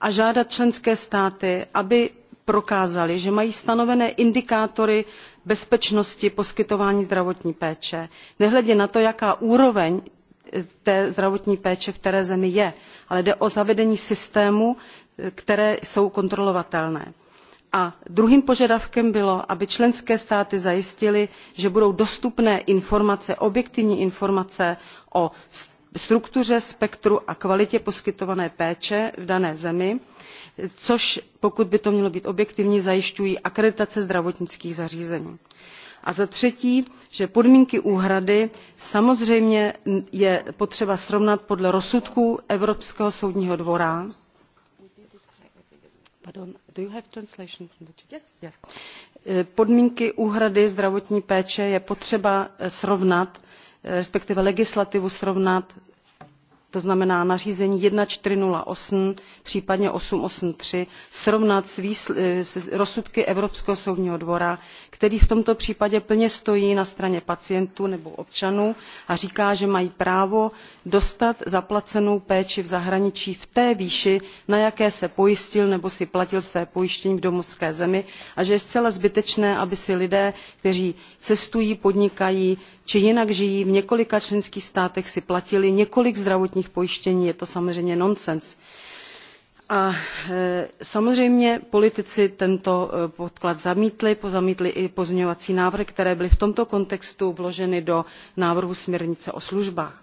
a žádat členské státy aby prokázaly že mají stanovené indikátory bezpečnosti poskytování zdravotní péče nehledě na to jaká úroveň eh, té zdravotní péče v které zemi je ale jde o zavedení systémů eh, které jsou kontrolovatelné. a druhým požadavkem bylo aby členské státy zajistily že budou dostupné informace objektivní informace o struktuře spektru a kvalitě poskytované péče v dané zemi což pokud by to mělo být objektivní zajišťují akreditace zdravotnických zařízení a za třetí že podmínky úhrady samozřejmě je potřeba srovnat podle rozsudků evropského soudního dvora podmínky úhrady zdravotní péče je potřeba srovnat Eh, respektive legislativu srovnat to znamená nařízení one thousand four hundred and eight případně eight hundred and eighty three srovnat eh, s rozsudky evropského soudního dvora který v tomto případě plně stojí na straně pacientů nebo občanů a říká že mají právo dostat zaplacenou péči v zahraničí v té výši na jaké se pojistil nebo si platil své pojištění v domovské zemi a že je zcela zbytečné aby si lidé kteří cestují podnikají či jinak žijí v několika členských státech si platili několik zdravotních pojištění je to samozřejmě nonsens. A e, samozřejmě politici tento e, podklad zamítli zamítli i pozměňovací návrhy které byly v tomto kontextu vloženy do návrhu směrnice o službách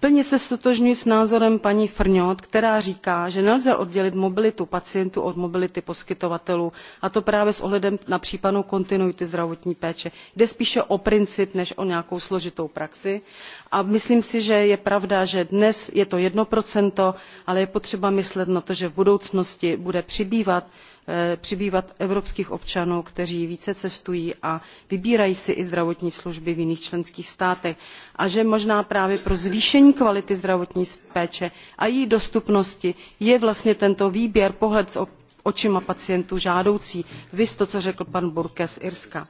plně se ztotožňuji s názorem paní frňové která říká že nelze oddělit mobilitu pacientů od mobility poskytovatelů a to právě s ohledem na případnou kontinuitu zdravotní péče. jde spíše o princip než o nějakou složitou praxi a myslím si že je pravda že dnes je to one ale je potřeba myslet na to že v budoucnosti bude přibývat Eh, přibývat evropských občanů kteří více cestují a vybírají si i zdravotní služby v jiných členských státech a že možná právě pro zvýšení kvality zdravotní péče a její dostupnosti je vlastně tento výběr pohled očima pacientů žádoucí viz to co řekl pan burke z irska.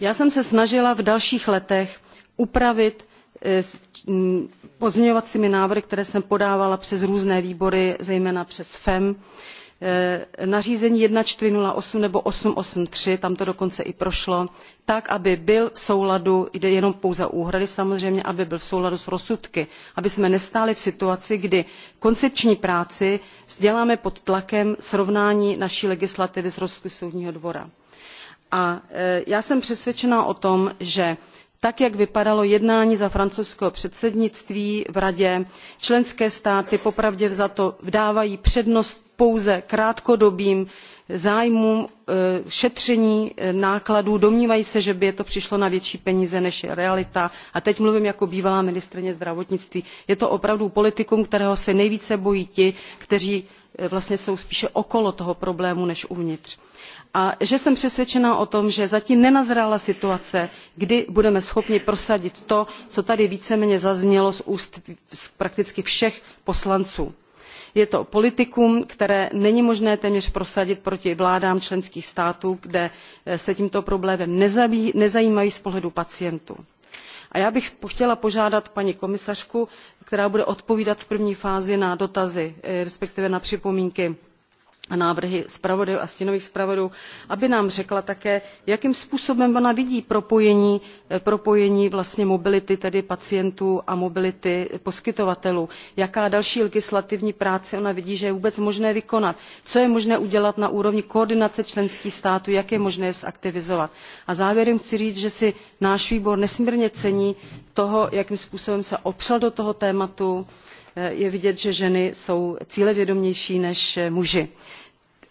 já jsem se snažila v dalších letech upravit eh, mm, pozměňovacími návrhy které jsem podávala přes různé výbory zejména přes femm Eh, nařízení one thousand four hundred and eight nebo eight hundred and eighty three tam to dokonce i prošlo tak aby byl v souladu jde jenom pouze o úhrady samozřejmě aby byl v souladu s rozsudky abychom nestáli v situaci kdy koncepční práci děláme pod tlakem srovnání naší legislativy s rozsudky soudního dvora. a eh, já jsem přesvědčena o tom že tak jak vypadalo jednání za francouzského předsednictví v radě členské státy pravdě vzato dávají přednost pouze krátkodobým zájmům e, šetření e, nákladů domnívají se že by je to přišlo na větší peníze než je realita a teď mluvím jako bývalá ministryně zdravotnictví. je to opravdu politikum kterého se nejvíce bojí ti kteří e, vlastně jsou spíše okolo toho problému než uvnitř a že jsem přesvědčena o tom že zatím nenazrála situace kdy budeme schopni prosadit to co tady víceméně zaznělo z úst prakticky všech poslanců je to politikum které není možné téměř prosadit proti vládám členských států kde eh, se tímto problémem nezabývají z pohledu pacientů. a já bych chtěla požádat paní komisařku která bude odpovídat v první fázi na dotazy eh, respektive na připomínky a návrhy zpravodajů a stínových zpravodajů aby nám řekla také jakým způsobem ona vidí propojení, eh, propojení vlastně mobility tedy pacientů a mobility poskytovatelů jaká další legislativní práce ona vidí že je vůbec možné vykonat co je možné udělat na úrovni koordinace členských států jak je možné je zaktivizovat. a závěrem chci říct že si náš výbor nesmírně cení toho jakým způsobem se opřel do toho tématu eh, je vidět že ženy jsou cílevědomější než eh, muži.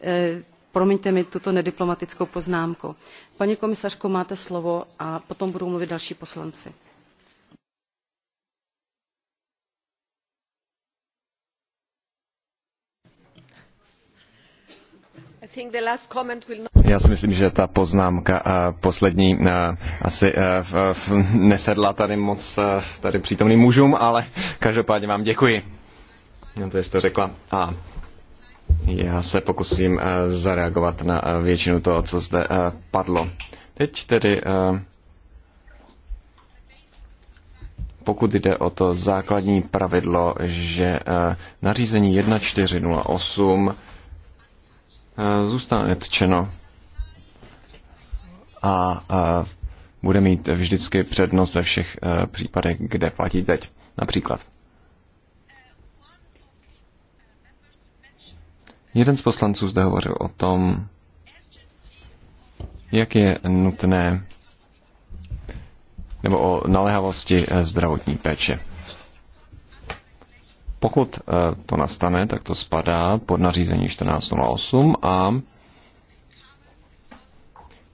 Eh, promiňte mi tuto nediplomatickou poznámku. paní komisařko máte slovo a potom budou mluvit další poslanci. Já si myslím, že ta poznámka eh, poslední eh, asi nesedla tady moc tady přítomným mužům, ale každopádně vám děkuji. No to jste řekla. A já se pokusím eh, zareagovat na eh, většinu toho, co zde eh, padlo. Teď tedy, pokud jde o to základní pravidlo, že nařízení 1408 zůstane netčeno a bude mít vždycky přednost ve všech případech, kde platí teď. Například Jeden z poslanců zde hovořil o tom, jak je nutné nebo o naléhavosti eh, zdravotní péče. Pokud eh, to nastane, tak to spadá pod nařízení 1408 a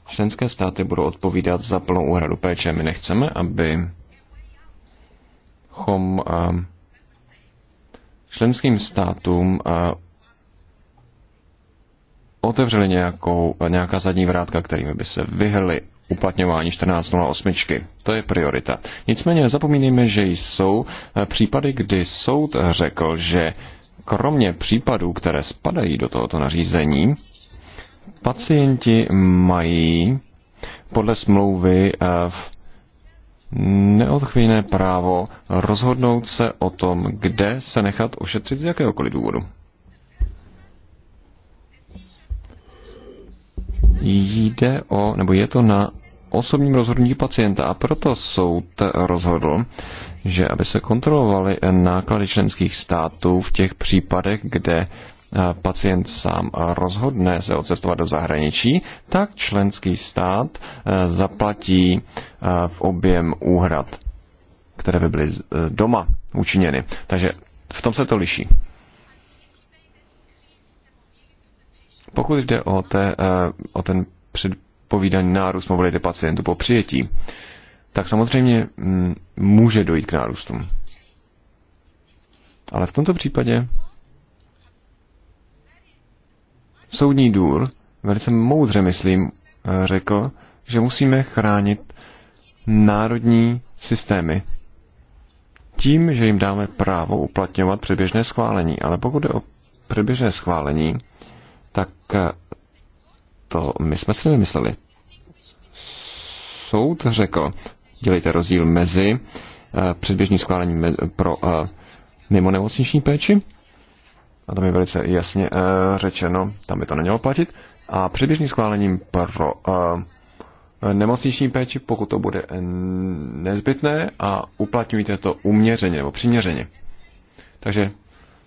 členské státy budou odpovídat za plnou úhradu péče. My nechceme, aby chom eh, členským státům otevřeli nějakou, nějaká zadní vrátka, kterými by se vyhly uplatňování 14.08. To je priorita. Nicméně nezapomínejme, že jsou eh, případy, kdy soud řekl, že kromě případů, které spadají do tohoto nařízení, pacienti mají podle smlouvy eh, v neodchvíjné právo rozhodnout se o tom, kde se nechat ošetřit z jakéhokoliv důvodu. jde o, nebo je to na osobním rozhodnutí pacienta a proto soud rozhodl, že aby se kontrolovaly náklady členských států v těch případech, kde eh, pacient sám rozhodne se odcestovat do zahraničí, tak členský stát eh, zaplatí eh, v objem úhrad, které by byly doma učiněny. Takže v tom se to liší. Pokud jde o, té, eh, o ten předpovídaný nárůst mobility pacientů po přijetí, tak samozřejmě mm, může dojít k nárůstům. Ale v tomto případě soudní důr velice moudře, myslím, eh, řekl, že musíme chránit národní systémy tím, že jim dáme právo uplatňovat předběžné schválení. Ale pokud jde o předběžné schválení, tak eh, to my jsme si nemysleli. Soud řekl, dělejte rozdíl mezi eh, předběžným schválením pro eh, mimo nemocniční péči, a tam je velice jasně řečeno, tam by to nemělo platit, a předběžným schválením pro nemocniční péči, pokud to bude nezbytné a uplatňujte to uměřeně nebo přiměřeně. Takže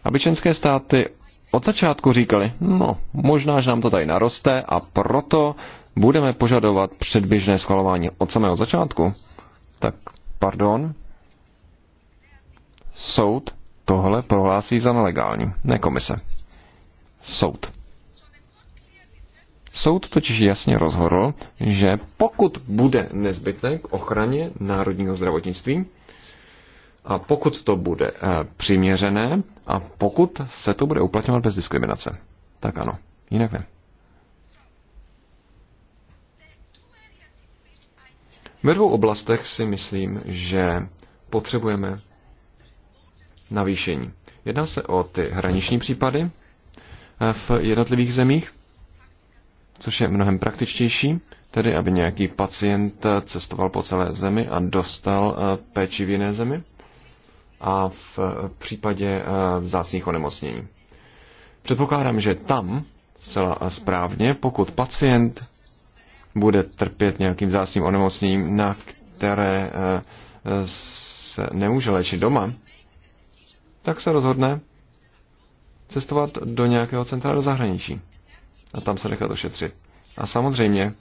aby členské státy od začátku říkali, no, možná, že nám to tady naroste a proto budeme požadovat předběžné schvalování od samého začátku, tak pardon, soud tohle prohlásí za nelegální, ne komise. Soud. Soud totiž jasně rozhodl, že pokud bude nezbytné k ochraně národního zdravotnictví, a pokud to bude eh, přiměřené a pokud se to bude uplatňovat bez diskriminace. Tak ano, jinak ne. Ve dvou oblastech si myslím, že potřebujeme navýšení. Jedná se o ty hraniční případy eh, v jednotlivých zemích, což je mnohem praktičtější, tedy aby nějaký pacient eh, cestoval po celé zemi a dostal péči v jiné zemi a v případě eh, vzácných onemocnění. Předpokládám, že tam zcela správně, pokud pacient bude trpět nějakým vzácným onemocněním, na které eh, se nemůže léčit doma, tak se rozhodne cestovat do nějakého centra do zahraničí a tam se nechat ošetřit. A samozřejmě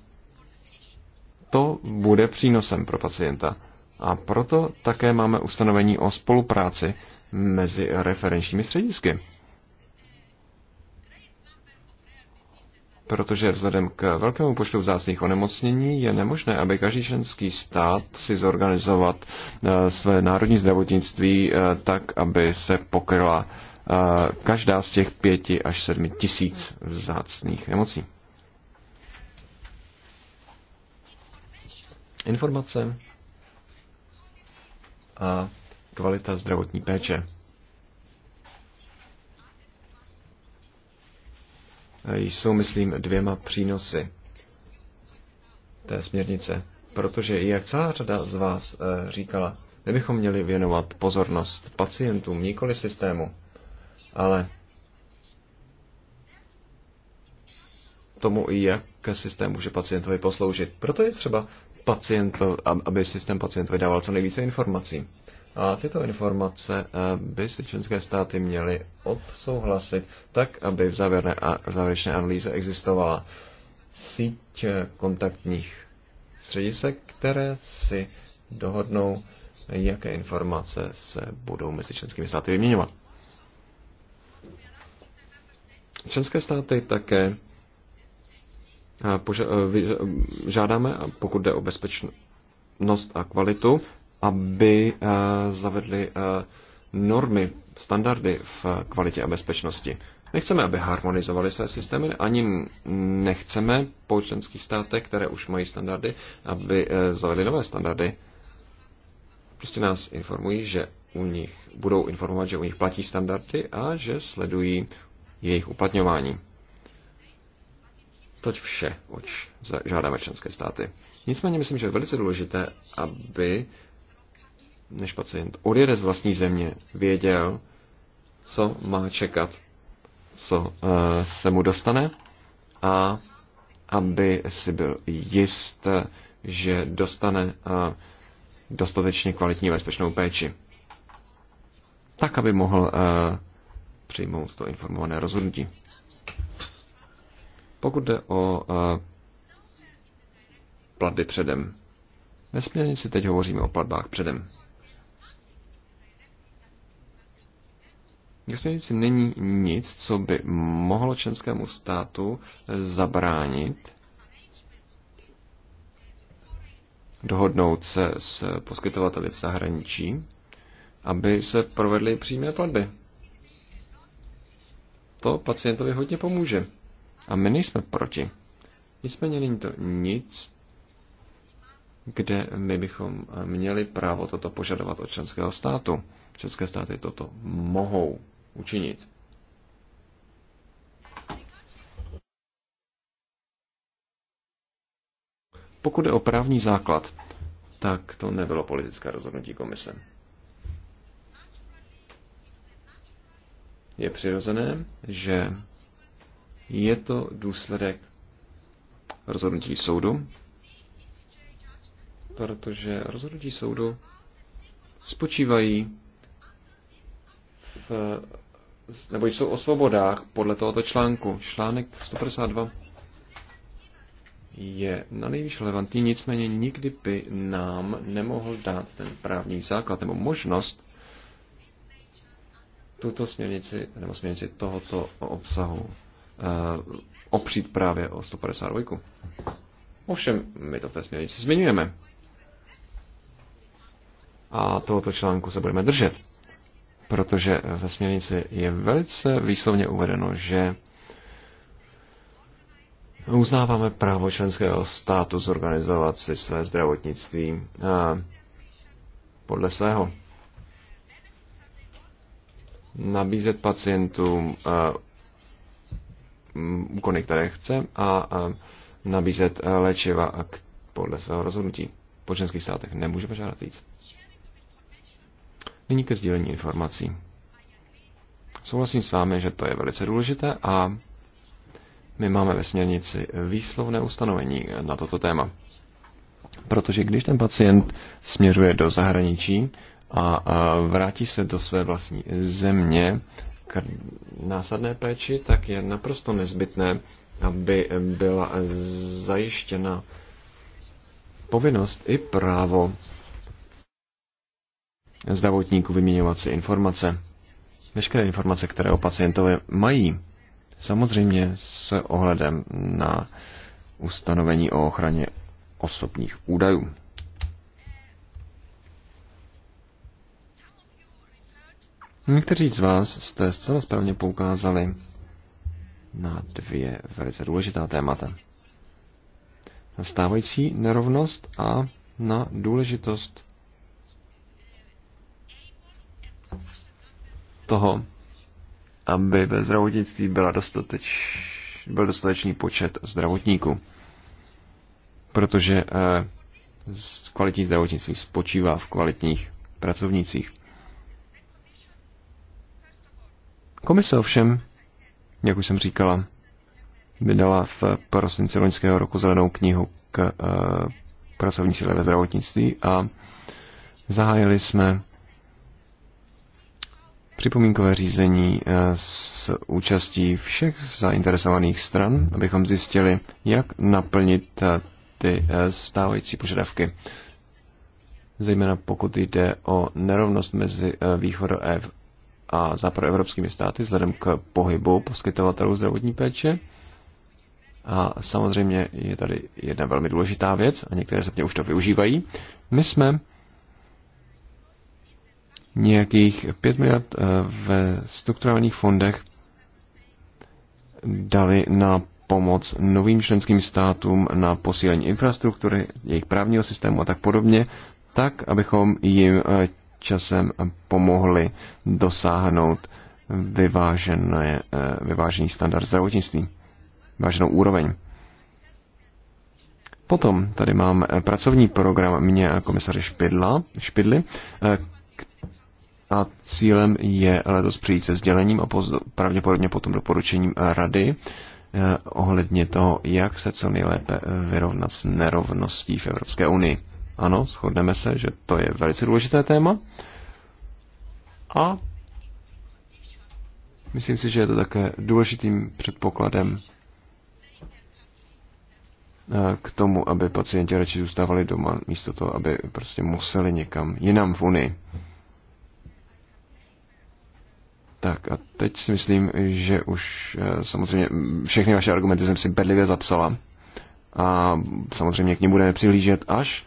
to bude přínosem pro pacienta. A proto také máme ustanovení o spolupráci mezi referenčními středisky. Protože vzhledem k velkému počtu vzácných onemocnění je nemožné, aby každý členský stát si zorganizovat eh, své národní zdravotnictví eh, tak, aby se pokryla eh, každá z těch pěti až sedmi tisíc vzácných nemocí. Informace a kvalita zdravotní péče. Jsou, myslím, dvěma přínosy té směrnice, protože jak celá řada z vás eh, říkala, my bychom měli věnovat pozornost pacientům, nikoli systému, ale tomu, jak systém může pacientovi posloužit. Proto je třeba pacient aby systém pacient vydával co nejvíce informací. A tyto informace eh, by si členské státy měly odsouhlasit tak, aby v, závěrné a v závěrečné analýze existovala síť eh, kontaktních středisek, které si dohodnou, jaké informace se budou mezi členskými státy vyměňovat. Členské státy také žádáme, pokud jde o bezpečnost a kvalitu, aby zavedli normy, standardy v kvalitě a bezpečnosti. Nechceme, aby harmonizovali své systémy, ani nechceme po členských státech, které už mají standardy, aby e, zavedly nové standardy. Prostě nás informují, že u nich budou informovat, že u nich platí standardy a že sledují jejich uplatňování. Toť vše, oč žádáme členské státy. Nicméně myslím, že je velice důležité, aby než pacient odjede z vlastní země, věděl, co má čekat, co uh, se mu dostane a aby si byl jist, že dostane uh, dostatečně kvalitní bezpečnou péči. Tak, aby mohl uh, přijmout to informované rozhodnutí. Pokud jde o eh, platby předem, ve směrnici teď hovoříme o platbách předem. Ve směrnici není nic, co by mohlo členskému státu zabránit dohodnout se s poskytovateli v zahraničí, aby se provedly přímé platby. To pacientovi hodně pomůže. A my nejsme proti. Nicméně není to nic, kde my bychom měli právo toto požadovat od členského státu. České státy toto mohou učinit. Pokud je o právní základ, tak to nebylo politické rozhodnutí komise. Je přirozené, že je to důsledek rozhodnutí soudu, protože rozhodnutí soudu spočívají v, nebo jsou o svobodách podle tohoto článku. Článek 152 je na nejvýš relevantní, nicméně nikdy by nám nemohl dát ten právní základ nebo možnost tuto směrnici nebo směrnici tohoto obsahu Eh, opřít právě o 152. Ovšem, my to v té směrnici zmiňujeme. A tohoto článku se budeme držet, protože ve směrnici je velice výslovně uvedeno, že uznáváme právo členského státu zorganizovat si své zdravotnictví eh, podle svého. Nabízet pacientům eh, Mm, úkony, které chce a nabízet eh, léčiva podle svého rozhodnutí. Po členských státech nemůže požádat víc. Nyní ke sdílení informací. Souhlasím s vámi, že to je velice důležité a my máme ve směrnici výslovné ustanovení na toto téma. Protože když ten pacient směřuje do zahraničí a vrátí se do své vlastní země, k násadné péči, tak je naprosto nezbytné, aby byla zajištěna povinnost i právo zdravotníků vyměňovat si informace. Veškeré informace, které o pacientovi mají, samozřejmě s ohledem na ustanovení o ochraně osobních údajů. Někteří z vás jste zcela správně poukázali na dvě velice důležitá témata. Na stávající nerovnost a na důležitost toho, aby ve zdravotnictví byla dostateč, byl dostatečný počet zdravotníků. Protože eh, kvalitní zdravotnictví spočívá v kvalitních pracovnících. Komise ovšem, jak už jsem říkala, vydala v prosinci loňského roku zelenou knihu k eh, pracovní síle ve zdravotnictví a zahájili jsme připomínkové řízení eh, s účastí všech zainteresovaných stran, abychom zjistili, jak naplnit eh, ty stávající požadavky. Zejména pokud jde o nerovnost mezi východem a západoevropskými státy vzhledem k pohybu poskytovatelů zdravotní péče. A samozřejmě je tady jedna velmi důležitá věc, a některé země už to využívají. My jsme nějakých 5 miliard eh, ve strukturálních fondech dali na pomoc novým členským státům na posílení infrastruktury, jejich právního systému a tak podobně, tak, abychom jim eh, časem pomohly dosáhnout vyvážené, eh, vyvážený standard zdravotnictví, váženou úroveň. Potom tady mám eh, pracovní program mě a komisaře Špidla, Špidly, eh, a cílem je letos přijít se sdělením a poz, pravděpodobně potom doporučením rady ohledně toho, jak se co nejlépe vyrovnat s nerovností v Evropské unii. Ano, shodneme se, že to je velice důležité téma. A myslím si, že je to také důležitým předpokladem eh, k tomu, aby pacienti radši zůstávali doma, místo toho, aby prostě museli někam jinam v Unii. Tak a teď si myslím, že už eh, samozřejmě všechny vaše argumenty jsem si bedlivě zapsala a samozřejmě k ním budeme přihlížet až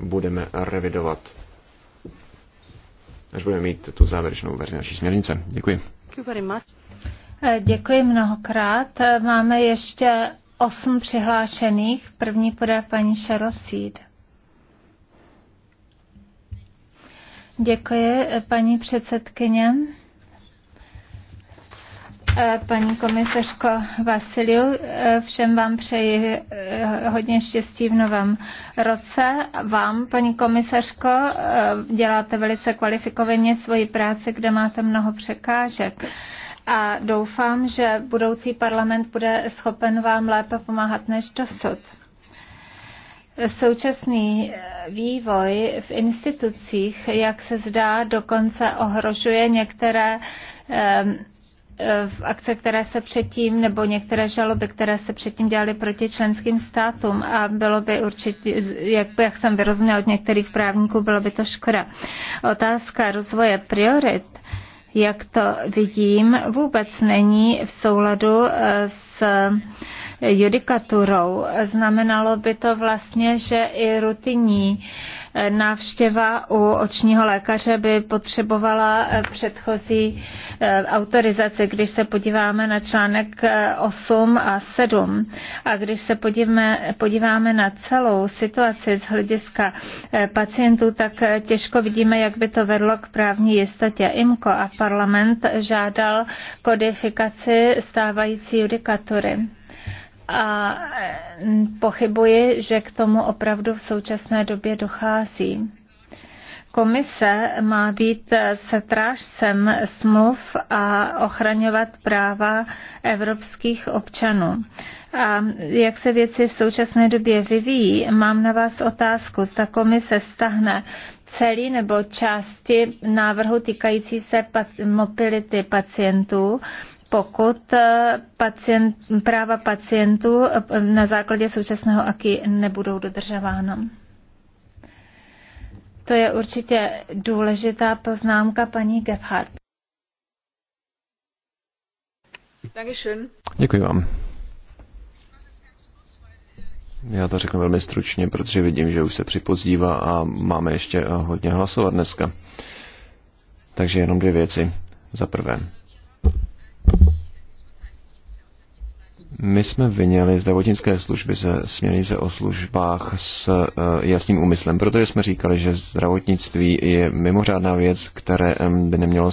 budeme revidovat, až budeme mít tu závěrečnou verzi naší směrnice. Děkuji. Eh, děkuji mnohokrát. Eh, máme ještě osm přihlášených. První podá paní Cheryl Seed. Děkuji, eh, paní předsedkyně. Eh, paní komisařko Vasiliu. Eh, všem vám přeji eh, hodně štěstí v novém roce. Vám, paní komisařko, děláte velice kvalifikovaně svoji práci, kde máte mnoho překážek a doufám, že budoucí parlament bude schopen vám lépe pomáhat než dosud. Současný vývoj v institucích, jak se zdá, dokonce ohrožuje některé Eh, v akce, které se předtím, nebo některé žaloby, které se předtím dělaly proti členským státům a bylo by určitě, jak, jak jsem vyrozuměla od některých právníků, bylo by to škoda. Otázka rozvoje priorit jak to vidím, vůbec není v souladu eh, s judikaturou. Znamenalo by to vlastně, že i rutinní eh, návštěva u očního lékaře by potřebovala eh, předchozí eh, autorizaci, když se podíváme na článek 8 a 7. A když se podíváme, podíváme na celou situaci z hlediska pacientů, tak těžko vidíme, jak by to vedlo k právní jistotě. IMCO a parlament žádal kodifikaci stávající judikatury a mm, pochybuji, že k tomu opravdu v současné době dochází. Komise má být eh, setrážcem smluv a ochraňovat práva evropských občanů. A jak se věci v současné době vyvíjí, mám na vás otázku. Zda komise stahne celý nebo části návrhu týkající se mobility pacientů pokud eh, pacient, práva pacientů eh, na základě současného AKI nebudou dodržována. To je určitě důležitá poznámka paní Gebhardt. Děkuji vám. Já to řeknu velmi stručně, protože vidím, že už se připozdívá a máme ještě hodně hlasovat dneska. Takže jenom dvě věci. Za prvé, my jsme vyněli zdravotnické služby ze směrnice o službách s eh, jasným úmyslem, protože jsme říkali, že zdravotnictví je mimořádná věc, které by nemělo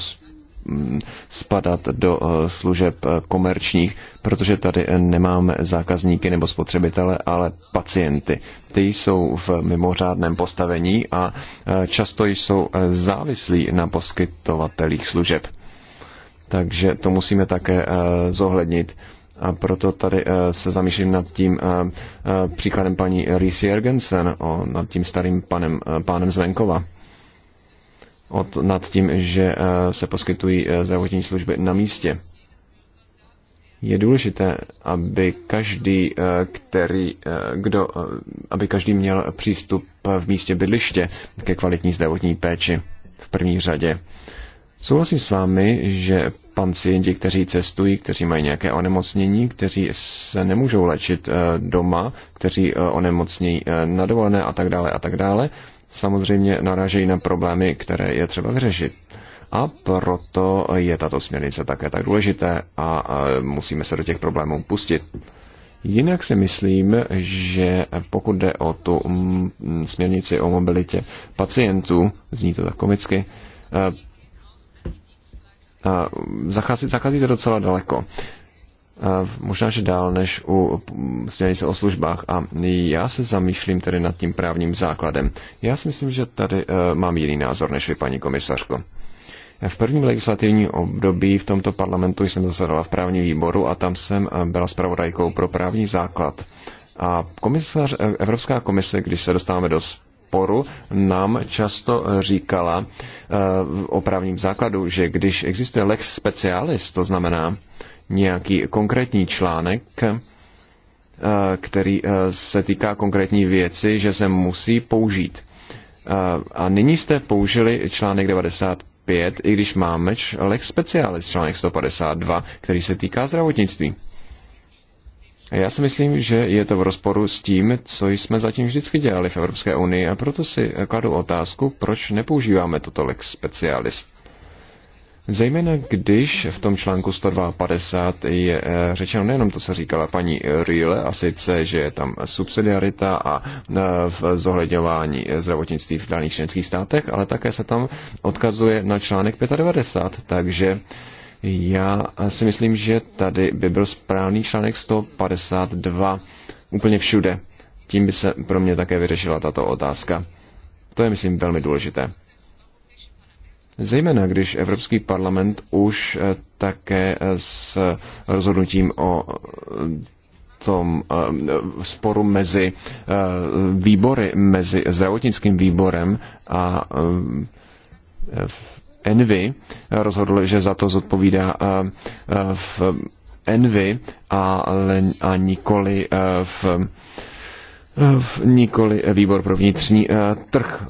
mm, spadat do eh, služeb eh, komerčních, protože tady nemáme zákazníky nebo spotřebitele, ale pacienty. Ty jsou v mimořádném postavení a často jsou závislí na poskytovatelích služeb takže to musíme také eh, zohlednit. A proto tady eh, se zamýšlím nad tím eh, příkladem paní Reese Jergensen, o, nad tím starým panem, pánem Zvenkova. Od, nad tím, že se poskytují zdravotní služby na místě. Je důležité, aby každý, který, kdo, aby každý měl přístup v místě bydliště ke kvalitní zdravotní péči v první řadě. Souhlasím s vámi, že pacienti, kteří cestují, kteří mají nějaké onemocnění, kteří se nemůžou léčit eh, doma, kteří eh, onemocní eh, na dovolené a tak dále a tak dále, samozřejmě narážejí na problémy, které je třeba vyřešit. A proto je tato směrnice také tak důležité a musíme se do těch problémů pustit. Jinak si myslím, že pokud jde o tu mm, směrnici o mobilitě pacientů, zní to tak komicky, zachází, zacházíte docela daleko. Možná, že dál než u směrnice o službách. A já se zamýšlím tedy nad tím právním základem. Já si myslím, že tady e, mám jiný názor než vy, paní komisařko. V prvním legislativním období v tomto parlamentu jsem zasedala v právním výboru a tam jsem e, byla zpravodajkou pro právní základ. A komisař, e, Evropská komise, když se dostáváme do sporu nám často říkala eh, o právním základu, že když existuje lex specialis, to znamená nějaký konkrétní článek, eh, který eh, se týká konkrétní věci, že se musí použít. A nyní jste použili článek 95, i když máme lex specialis, článek 152, který se týká zdravotnictví. Já si myslím, že je to v rozporu s tím, co jsme zatím vždycky dělali v Evropské unii a proto si kladu otázku, proč nepoužíváme toto lex specialis. Zejména když v tom článku 152 je eh, řečeno nejenom to, co říkala paní Rýle, a sice, že je tam subsidiarita a eh, v zohledňování zdravotnictví v daných členských státech, ale také se tam odkazuje na článek 95, takže já si myslím, že tady by byl správný článek 152 úplně všude. Tím by se pro mě také vyřešila tato otázka. To je, myslím, velmi důležité. Zejména když Evropský parlament už eh, také eh, s rozhodnutím o eh, tom sporu mezi výbory, mezi zdravotnickým výborem a Envy rozhodl, že za to zodpovídá eh, eh, v Envy, a, a nikoli eh, v nikoli výbor pro vnitřní trh.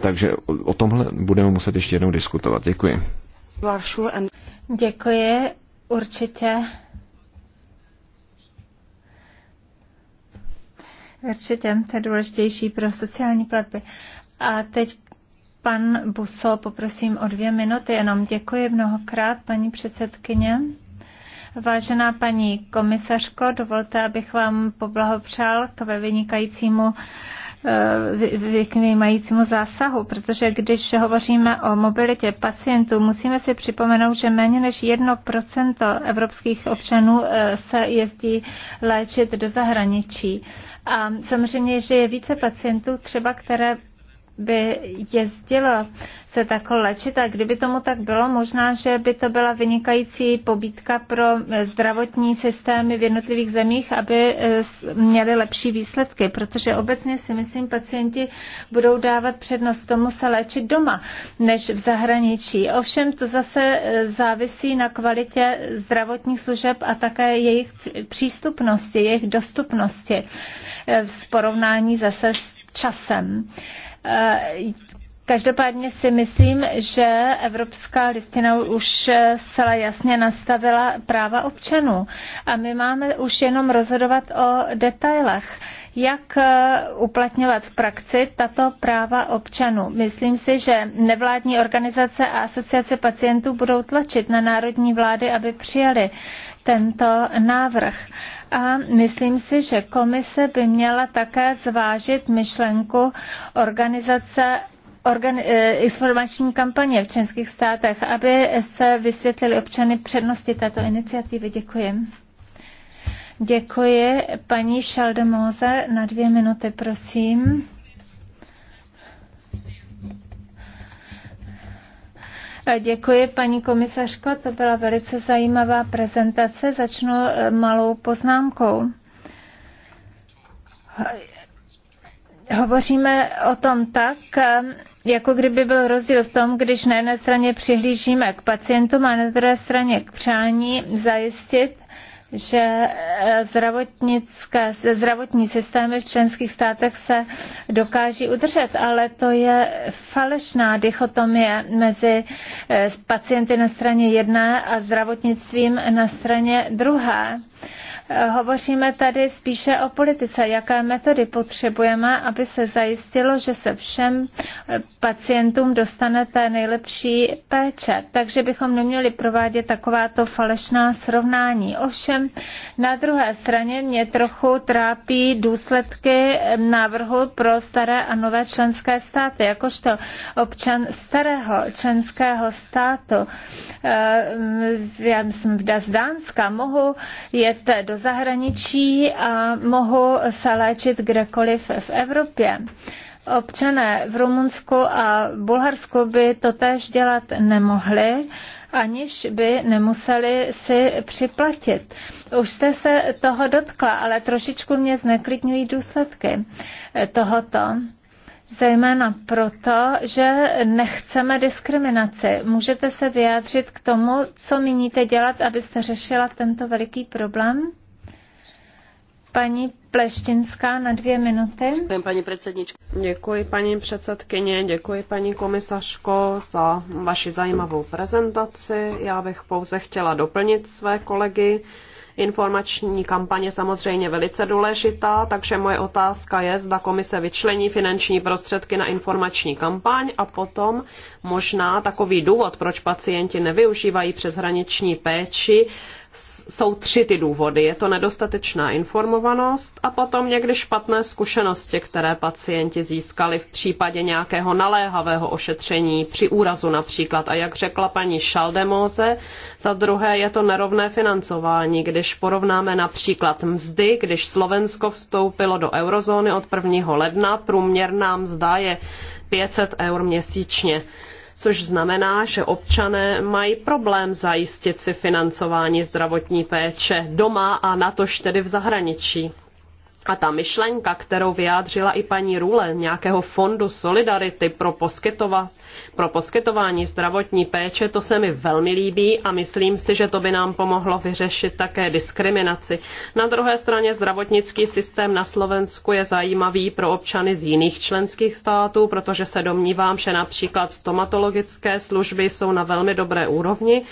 Takže o tomhle budeme muset ještě jednou diskutovat. Děkuji. Děkuji, určitě. Určitě, to je důležitější pro sociální platby. A teď Pan Buso, poprosím o dvě minuty, jenom děkuji mnohokrát, paní předsedkyně. Vážená paní komisařko, dovolte, abych vám poblahopřál k ve vynikajícímu majícímu eh, zásahu, protože když hovoříme o mobilitě pacientů, musíme si připomenout, že méně než 1% evropských občanů eh, se jezdí léčit do zahraničí. A samozřejmě, že je více pacientů třeba, které by jezdilo se tako léčit a kdyby tomu tak bylo, možná, že by to byla vynikající pobítka pro eh, zdravotní systémy v jednotlivých zemích, aby eh, měly lepší výsledky, protože obecně si myslím, pacienti budou dávat přednost tomu se léčit doma, než v zahraničí. Ovšem to zase eh, závisí na kvalitě zdravotních služeb a také jejich přístupnosti, jejich dostupnosti v porovnání zase s časem. Každopádně si myslím, že Evropská listina už zcela jasně nastavila práva občanů a my máme už jenom rozhodovat o detailech jak eh, uplatňovat v praxi tato práva občanů. Myslím si, že nevládní organizace a asociace pacientů budou tlačit na národní vlády, aby přijali tento návrh. A myslím si, že komise by měla také zvážit myšlenku organizace eh, informační kampaně v českých státech, aby se vysvětlili občany přednosti této iniciativy. Děkuji. Děkuji. Paní Šaldemóze na dvě minuty, prosím. Děkuji, paní komisařko, to byla velice zajímavá prezentace. Začnu eh, malou poznámkou. Hovoříme o tom tak, eh, jako kdyby byl rozdíl v tom, když na jedné straně přihlížíme k pacientům a na druhé straně k přání zajistit, že eh, zdravotnické, zdravotní systémy v členských státech se dokáží udržet, ale to je falešná dichotomie mezi eh, pacienty na straně jedné a zdravotnictvím na straně druhé Hovoříme tady spíše o politice, jaké metody potřebujeme, aby se zajistilo, že se všem eh, pacientům dostane té nejlepší péče. Takže bychom neměli provádět takováto falešná srovnání. Ovšem, na druhé straně mě trochu trápí důsledky eh, návrhu pro staré a nové členské státy. Jakožto občan starého členského státu, eh, já jsem v Dánska, mohu jet do zahraničí a mohou se léčit kdekoliv v Evropě. Občané v Rumunsku a Bulharsku by to též dělat nemohli, aniž by nemuseli si připlatit. Už jste se toho dotkla, ale trošičku mě zneklidňují důsledky tohoto. Zejména proto, že nechceme diskriminaci. Můžete se vyjádřit k tomu, co míníte dělat, abyste řešila tento veliký problém? Paní Pleštinská na dvě minuty. Děkuji, paní Děkuji, paní předsedkyně, děkuji, paní komisařko, za vaši zajímavou prezentaci. Já bych pouze chtěla doplnit své kolegy. Informační kampaně samozřejmě velice důležitá, takže moje otázka je, zda komise vyčlení finanční prostředky na informační kampaň a potom možná takový důvod, proč pacienti nevyužívají přeshraniční péči, jsou tři ty důvody. Je to nedostatečná informovanost a potom někdy špatné zkušenosti, které pacienti získali v případě nějakého naléhavého ošetření při úrazu například. A jak řekla paní Šaldemóze, za druhé je to nerovné financování. Když porovnáme například mzdy, když Slovensko vstoupilo do eurozóny od 1. ledna, průměrná mzda je 500 eur měsíčně což znamená, že občané mají problém zajistit si financování zdravotní péče doma a natož tedy v zahraničí. A ta myšlenka, kterou vyjádřila i paní Rule, nějakého fondu solidarity pro poskytovat pro poskytování zdravotní péče, to se mi velmi líbí a myslím si, že to by nám pomohlo vyřešit také diskriminaci. Na druhé straně zdravotnický systém na Slovensku je zajímavý pro občany z jiných členských států, protože se domnívám, že například stomatologické služby jsou na velmi dobré úrovni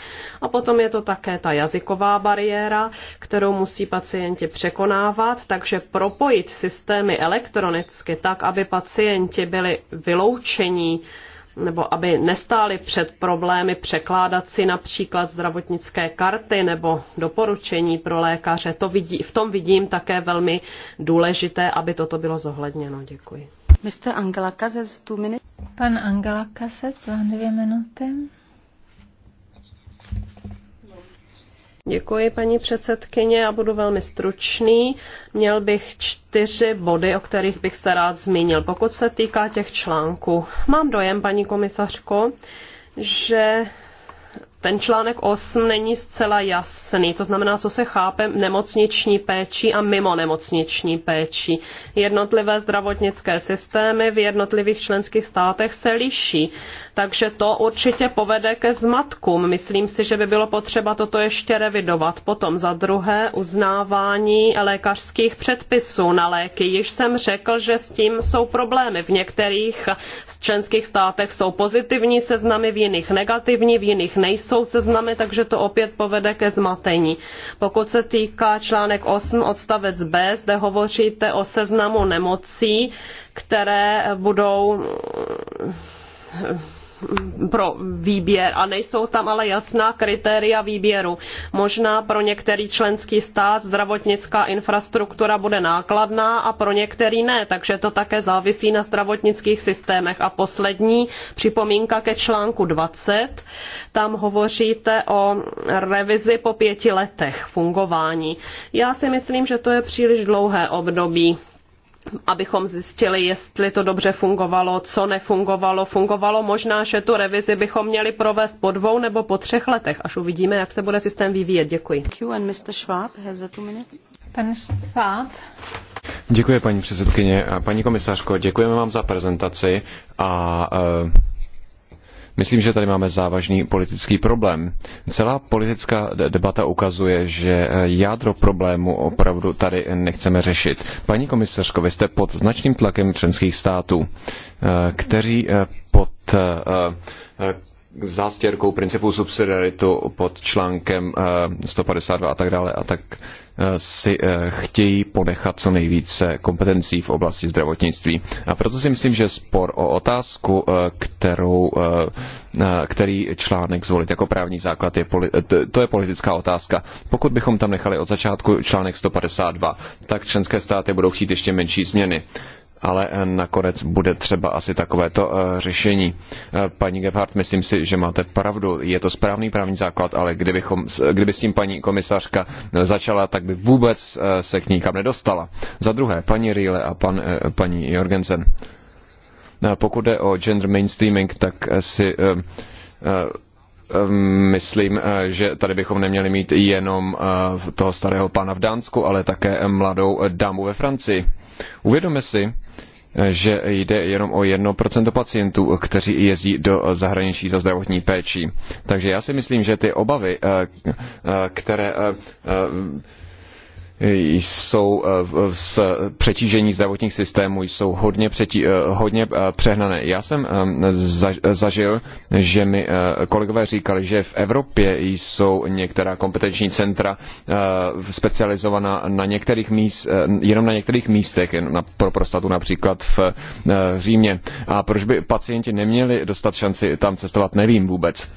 a potom je to také ta jazyková bariéra, kterou musí pacienti překonávat, takže propojit systémy elektronicky tak, aby pacienti byli vyloučení nebo aby nestáli před problémy překládat si například zdravotnické karty nebo doporučení pro lékaře. To vidí, v tom vidím také velmi důležité, aby toto bylo zohledněno. Děkuji. Mr. Angela Kazes, two minutes. Pan Angela Kazes, dvě minuty. Děkuji, paní předsedkyně, a budu velmi stručný. Měl bych čtyři body, o kterých bych se rád zmínil, pokud se týká těch článků. Mám dojem, paní komisařko, že ten článek 8 není zcela jasný, to znamená, co se chápe nemocniční péči a mimo nemocniční péči. Jednotlivé zdravotnické systémy v jednotlivých členských státech se liší takže to určitě povede ke zmatkům. Myslím si, že by bylo potřeba toto ještě revidovat. Potom za druhé uznávání lékařských předpisů na léky. Již jsem řekl, že s tím jsou problémy. V některých členských státech jsou pozitivní seznamy, v jiných negativní, v jiných nejsou seznamy, takže to opět povede ke zmatení. Pokud se týká článek 8 odstavec B, zde hovoříte o seznamu nemocí, které budou pro výběr a nejsou tam ale jasná kritéria výběru. Možná pro některý členský stát zdravotnická infrastruktura bude nákladná a pro některý ne, takže to také závisí na zdravotnických systémech. A poslední připomínka ke článku 20. Tam hovoříte o revizi po pěti letech fungování. Já si myslím, že to je příliš dlouhé období abychom zjistili, jestli to dobře fungovalo, co nefungovalo. Fungovalo možná, že tu revizi bychom měli provést po dvou nebo po třech letech, až uvidíme, jak se bude systém vyvíjet. Děkuji. Děkuji, paní předsedkyně. Paní komisařko, děkujeme vám za prezentaci a eh, Myslím, že tady máme závažný politický problém. Celá politická debata ukazuje, že eh, jádro problému opravdu tady nechceme řešit. Paní komisařko, vy jste pod značným tlakem členských států, eh, kteří eh, pod zástěrkou principu subsidiaritu pod článkem 152 a tak dále a tak si eh, chtějí ponechat co nejvíce kompetencí v oblasti zdravotnictví. A proto si myslím, že spor o otázku, eh, kterou, eh, který článek zvolit jako právní základ, je, to je politická otázka. Pokud bychom tam nechali od začátku článek 152, tak členské státy budou chtít ještě menší změny ale eh, nakonec bude třeba asi takovéto eh, řešení. Eh, paní Gebhardt, myslím si, že máte pravdu. Je to správný právní základ, ale kdybychom, kdyby s tím paní komisařka začala, tak by vůbec se k nikam nedostala. Za druhé, paní Riele a pan, paní Jorgensen. Pokud jde o gender mainstreaming, tak si myslím, že tady bychom neměli mít jenom toho starého pána v Dánsku, ale také mladou dámu ve Francii. Uvědomme si, že jde jenom o 1% pacientů, kteří jezdí do zahraničí za zdravotní péčí. Takže já si myslím, že ty obavy, eh, eh, které eh, jsou z eh, přetížení zdravotních systémů jsou hodně, přetí, eh, hodně eh, přehnané. Já jsem zažil, že mi kolegové říkali, že v Evropě jsou některá kompetenční centra specializovaná na některých míst, jenom na některých místech, na, pro prostatu například v Římě. A proč by pacienti neměli dostat šanci tam cestovat, nevím vůbec.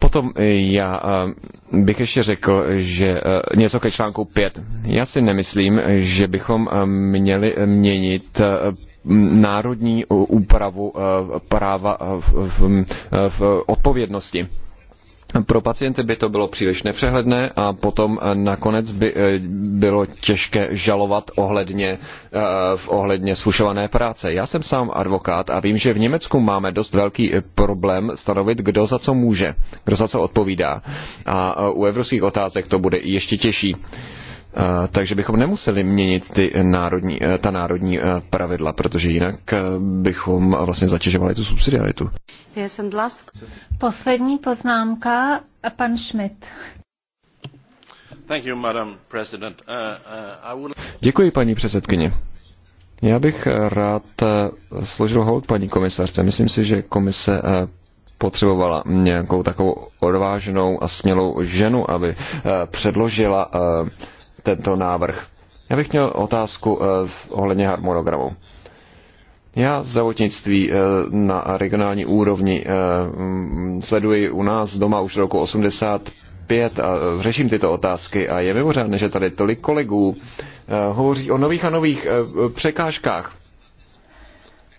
Potom eh, já eh, bych ještě řekl, že eh, něco ke článku 5. Já si nemyslím, že bychom měli měnit národní úpravu práva v, v, v odpovědnosti. Pro pacienty by to bylo příliš nepřehledné a potom eh, nakonec by eh, bylo těžké žalovat ohledně, eh, v ohledně slušované práce. Já jsem sám advokát a vím, že v Německu máme dost velký problém stanovit, kdo za co může, kdo za co odpovídá. A u evropských otázek to bude ještě těžší. Eh, takže bychom nemuseli měnit ty národní, eh, ta národní eh, pravidla, protože jinak bychom vlastně zatěžovali tu subsidiaritu. Poslední poznámka, pan Schmidt. Děkuji, paní předsedkyně. Já bych rád složil hold paní komisařce. Myslím si, že komise potřebovala nějakou takovou odvážnou a smělou ženu, aby předložila tento návrh. Já bych měl otázku eh, ohledně harmonogramu. Já zdravotnictví eh, na regionální úrovni eh, sleduji u nás doma už roku 85 a řeším tyto otázky a je mimořádné, že tady tolik kolegů hovoří o nových a nových překážkách.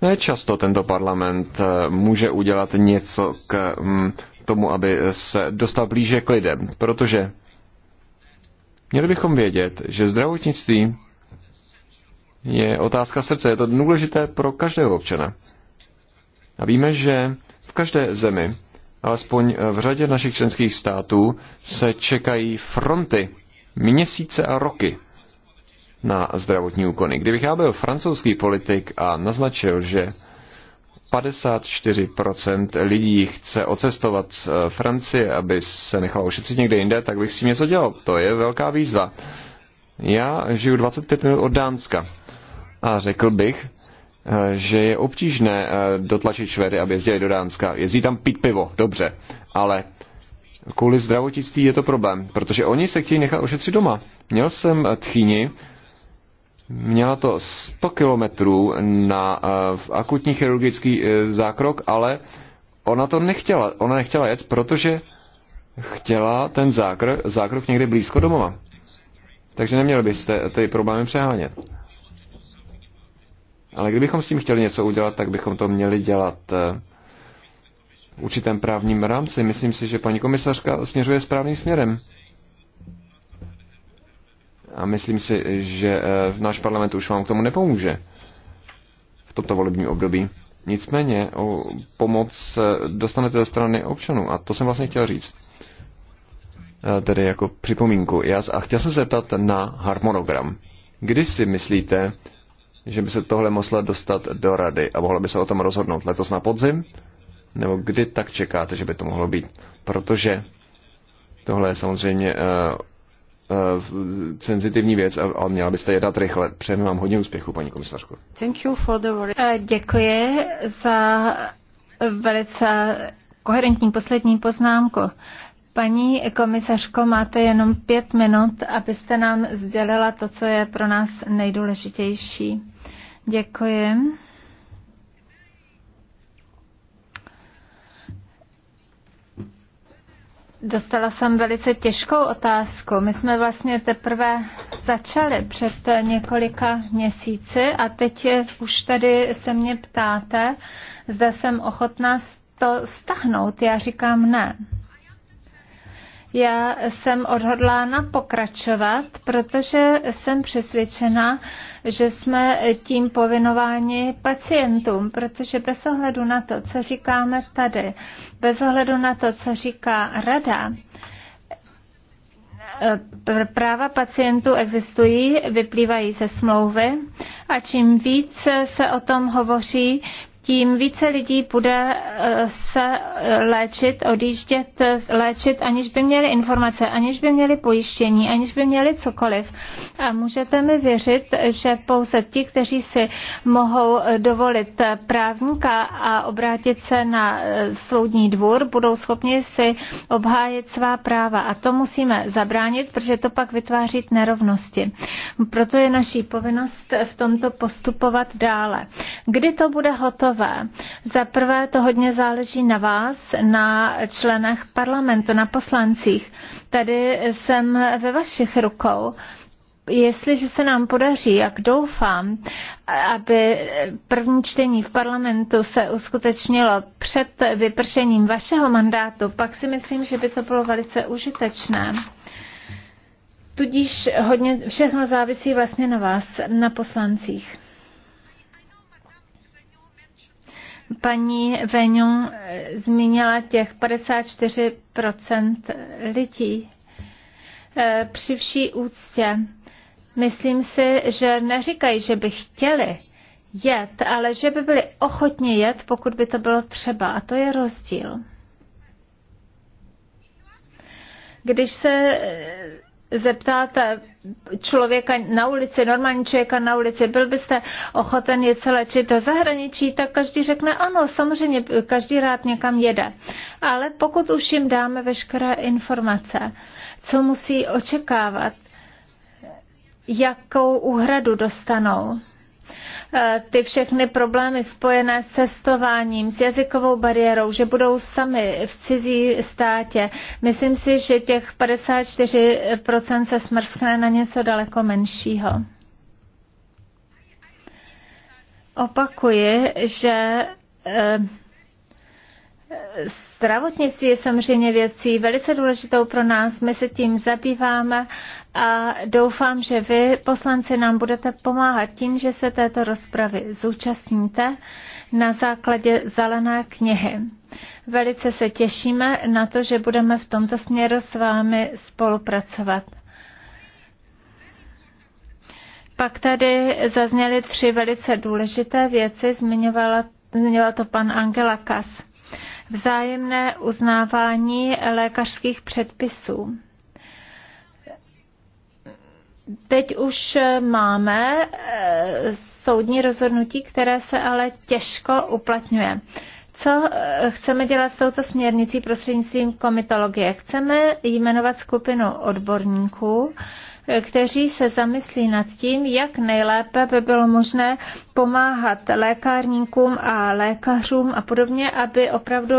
Nečasto tento parlament může udělat něco k mm, tomu, aby se dostal blíže k lidem, protože Měli bychom vědět, že zdravotnictví je otázka srdce. Je to důležité pro každého občana. A víme, že v každé zemi, alespoň v řadě našich členských států, se čekají fronty měsíce a roky na zdravotní úkony. Kdybych já byl francouzský politik a naznačil, že 54% lidí chce ocestovat z eh, Francie, aby se nechalo ušetřit někde jinde, tak bych s tím něco dělal. To je velká výzva. Já žiju 25 minut od Dánska a řekl bych, eh, že je obtížné eh, dotlačit Švedy, aby jezdili do Dánska. Jezdí tam pít pivo, dobře, ale kvůli zdravotnictví je to problém, protože oni se chtějí nechat ošetřit doma. Měl jsem tchýni, Měla to 100 kilometrů na eh, akutní chirurgický eh, zákrok, ale ona to nechtěla. Ona nechtěla jet, protože chtěla ten zákrok, zákrok někde blízko domova. Takže neměli byste ty problémy přehánět. Ale kdybychom s tím chtěli něco udělat, tak bychom to měli dělat eh, v určitém právním rámci. Myslím si, že paní komisařka směřuje správným směrem. A myslím si, že eh, náš parlament už vám k tomu nepomůže v tomto volebním období. Nicméně o pomoc eh, dostanete ze strany občanů a to jsem vlastně chtěl říct. Eh, tedy jako připomínku. Já a chtěl jsem se zeptat na harmonogram. Kdy si myslíte, že by se tohle muselo dostat do rady a mohlo by se o tom rozhodnout letos na podzim? Nebo kdy tak čekáte, že by to mohlo být? Protože tohle je samozřejmě Eh, senzitivní věc a, a měla byste jednat rychle. Přejeme vám hodně úspěchu, paní komisařko. Thank you for the... Eh, děkuji za velice koherentní poslední poznámku. Paní komisařko, máte jenom pět minut, abyste nám sdělila to, co je pro nás nejdůležitější. Děkuji. Dostala jsem velice těžkou otázku. My jsme vlastně teprve začali před několika měsíci a teď je, už tady se mě ptáte, zda jsem ochotná to stahnout. Já říkám ne. Já jsem odhodlána pokračovat, protože jsem přesvědčena, že jsme tím povinováni pacientům, protože bez ohledu na to, co říkáme tady, bez ohledu na to, co říká rada, eh, Práva pacientů existují, vyplývají ze smlouvy a čím víc se o tom hovoří, tím více lidí bude eh, se eh, léčit, odjíždět, eh, léčit, aniž by měli informace, aniž by měli pojištění, aniž by měli cokoliv. A můžete mi věřit, že pouze ti, kteří si mohou dovolit právníka a obrátit se na soudní dvůr, budou schopni si obhájit svá práva. A to musíme zabránit, protože to pak vytváří nerovnosti. Proto je naší povinnost v tomto postupovat dále. Kdy to bude hotovo? kolegové. Za prvé to hodně záleží na vás, na členech parlamentu, na poslancích. Tady jsem ve vašich rukou jestliže se nám podaří, jak doufám, aby první čtení v parlamentu se uskutečnilo před vypršením vašeho mandátu, pak si myslím, že by to bylo velice užitečné. Tudíž hodně, všechno závisí vlastně na vás, na poslancích. Paní Venion eh, zmínila těch 54 lidí. Eh, při vší úctě, myslím si, že neříkají, že by chtěli jet, ale že by byli ochotni jet, pokud by to bylo třeba. A to je rozdíl. Když se eh, zeptáte člověka na ulici, normální člověka na ulici, byl byste ochoten něco léčit do zahraničí, tak každý řekne ano, samozřejmě každý rád někam jede. Ale pokud už jim dáme veškeré informace, co musí očekávat, jakou úhradu dostanou, Eh, ty všechny problémy spojené s cestováním, s jazykovou bariérou, že budou sami v cizí státě. Myslím si, že těch 54% se smrskne na něco daleko menšího. Opakuji, že eh, Zdravotnictví je samozřejmě věcí velice důležitou pro nás. My se tím zabýváme a doufám, že vy, poslanci, nám budete pomáhat tím, že se této rozpravy zúčastníte na základě zelené knihy. Velice se těšíme na to, že budeme v tomto směru s vámi spolupracovat. Pak tady zazněly tři velice důležité věci, zmiňovala, zmiňovala to pan Angela Kas. Vzájemné uznávání lékařských předpisů Teď už máme eh, soudní rozhodnutí, které se ale těžko uplatňuje. Co eh, chceme dělat s touto směrnicí prostřednictvím komitologie? Chceme jmenovat skupinu odborníků, kteří se zamyslí nad tím, jak nejlépe by bylo možné pomáhat lékárníkům a lékařům a podobně, aby opravdu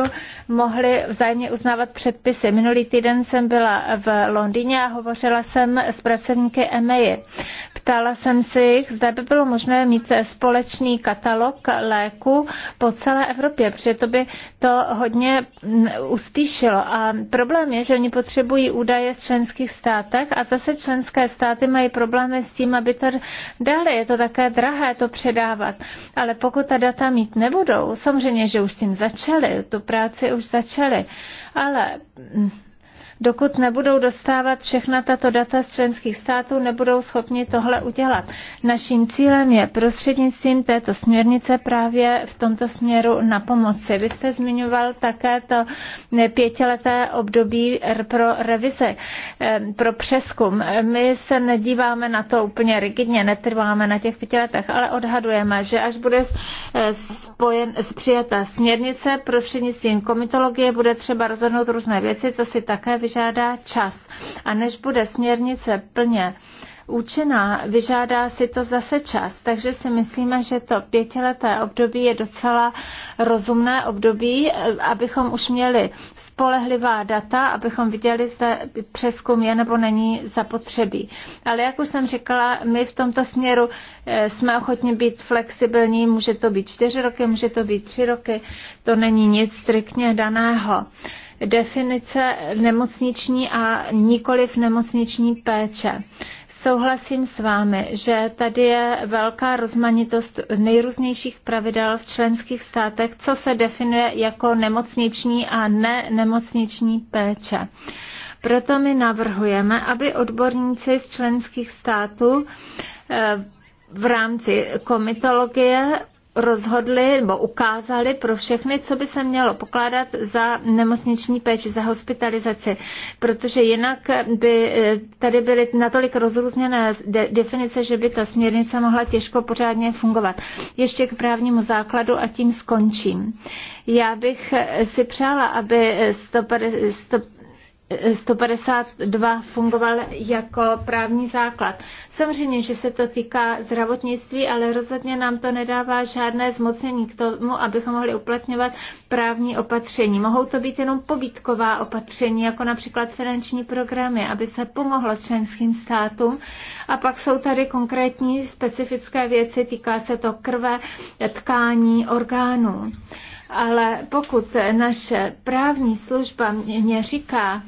mohli vzájemně uznávat předpisy. Minulý týden jsem byla v Londýně a hovořila jsem s pracovníky EMEI. Ptala jsem si jich, zda by bylo možné mít společný katalog léku po celé Evropě, protože to by to hodně mm, uspíšilo. A problém je, že oni potřebují údaje z členských státech a zase členské členské státy mají problémy s tím, aby to dali. Je to také drahé to předávat. Ale pokud ta data mít nebudou, samozřejmě, že už s tím začali, tu práci už začali, ale dokud nebudou dostávat všechna tato data z členských států, nebudou schopni tohle udělat. Naším cílem je prostřednictvím této směrnice právě v tomto směru na pomoci. Vy jste zmiňoval také to pětileté období pro revize, pro přeskum. My se nedíváme na to úplně rigidně, netrváme na těch pěti letech, ale odhadujeme, že až bude eh, spojen, přijata směrnice prostřednictvím komitologie, bude třeba rozhodnout různé věci, co si také vyžaduje vyžádá čas. A než bude směrnice plně účinná, vyžádá si to zase čas. Takže si myslíme, že to pětileté období je docela rozumné období, abychom už měli spolehlivá data, abychom viděli, zda přeskum je nebo není zapotřebí. Ale jak už jsem říkala, my v tomto směru eh, jsme ochotni být flexibilní, může to být čtyři roky, může to být tři roky, to není nic striktně daného definice nemocniční a nikoliv nemocniční péče. Souhlasím s vámi, že tady je velká rozmanitost nejrůznějších pravidel v členských státech, co se definuje jako nemocniční a ne nemocniční péče. Proto my navrhujeme, aby odborníci z členských států eh, v rámci komitologie rozhodli nebo ukázali pro všechny, co by se mělo pokládat za nemocniční péči, za hospitalizaci, protože jinak by eh, tady byly natolik rozrůzněné de- definice, že by ta směrnice mohla těžko pořádně fungovat. Ještě k právnímu základu a tím skončím. Já bych eh, si přála, aby 150, eh, 152 fungoval jako právní základ. Samozřejmě, že se to týká zdravotnictví, ale rozhodně nám to nedává žádné zmocnění k tomu, abychom mohli uplatňovat právní opatření. Mohou to být jenom pobítková opatření, jako například finanční programy, aby se pomohlo členským státům. A pak jsou tady konkrétní specifické věci, týká se to krve, tkání, orgánů ale pokud naše právní služba mě říká,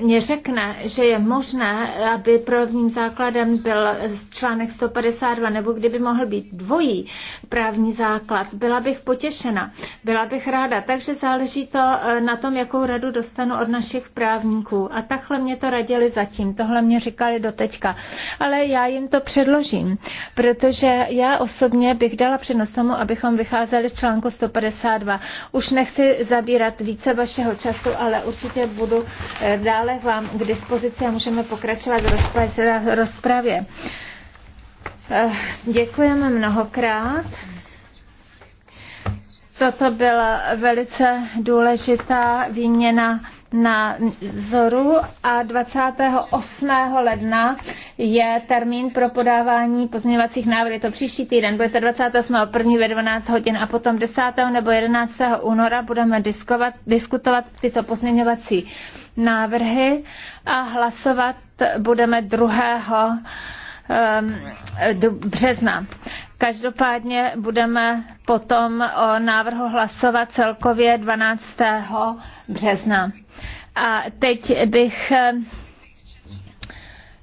mě řekne, že je možné, aby právním základem byl článek 152, nebo kdyby mohl být dvojí právní základ, byla bych potěšena, byla bych ráda. Takže záleží to e, na tom, jakou radu dostanu od našich právníků. A takhle mě to radili zatím, tohle mě říkali doteďka. Ale já jim to předložím, protože já osobně bych dala přednost tomu, abychom vycházeli z článku 152. Už nechci zabírat více vašeho času, ale určitě budu e, dále vám k dispozici a můžeme pokračovat v rozpravě. Eh, děkujeme mnohokrát. Toto byla velice důležitá výměna na vzoru a 28. ledna je termín pro podávání pozměňovacích návrhů. Je to příští týden, bude to 28. první ve 12 hodin a potom 10. nebo 11. února budeme diskovat, diskutovat tyto pozměňovací návrhy a hlasovat budeme 2. Ehm, března. Každopádně budeme potom o návrhu hlasovat celkově 12. března. A teď bych ehm,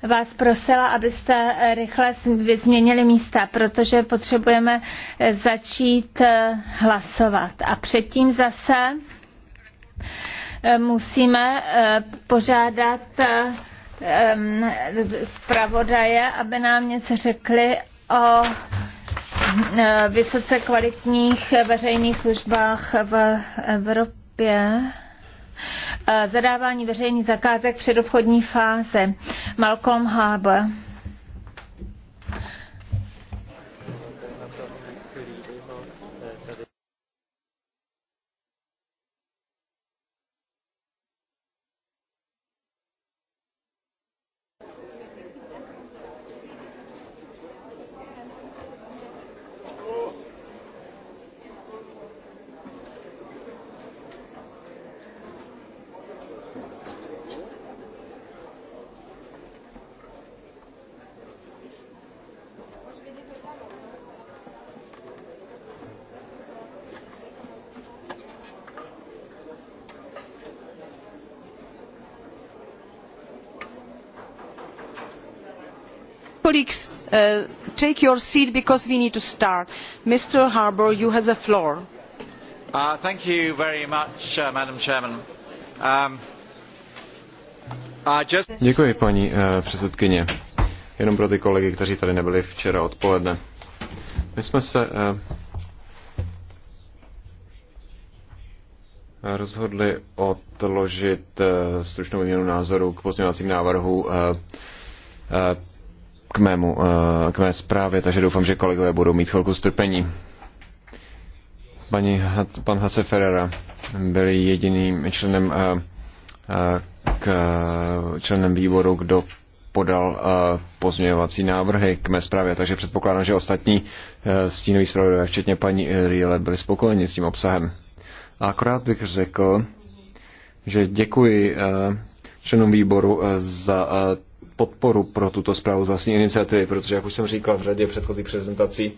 vás prosila, abyste rychle změnili místa, protože potřebujeme eh, začít eh, hlasovat. A předtím zase musíme eh, požádat eh, eh, zpravodaje, aby nám něco řekli o vysoce kvalitních veřejných službách v Evropě zadávání veřejných zakázek v předobchodní fáze. Malcolm Harbour. colleagues uh, take your seat because we need to start. mr harbour you have the floor. Uh, thank you very much, uh, madam president. Um, Děkuji, paní předsedkyně. Jenom pro ty kolegy, kteří tady nebyli včera odpoledne. My jsme se rozhodli odložit stručnou výměnu názoru k pozměňovacím návrhu k, mému, eh, k mé zprávě, takže doufám, že kolegové budou mít chvilku strpení. Pani, pan Hase Ferrera byl jediným členem, eh, eh, k, členem výboru, kdo podal pozměňovací návrhy k mé zprávě, takže předpokládám, že ostatní stínoví zpravodajové, včetně paní Riele, byli spokojeni s tím obsahem. A akorát bych řekl, že děkuji členům výboru za podporu pro tuto zprávu z vlastní iniciativy, protože, jak už jsem říkal v řadě předchozích prezentací,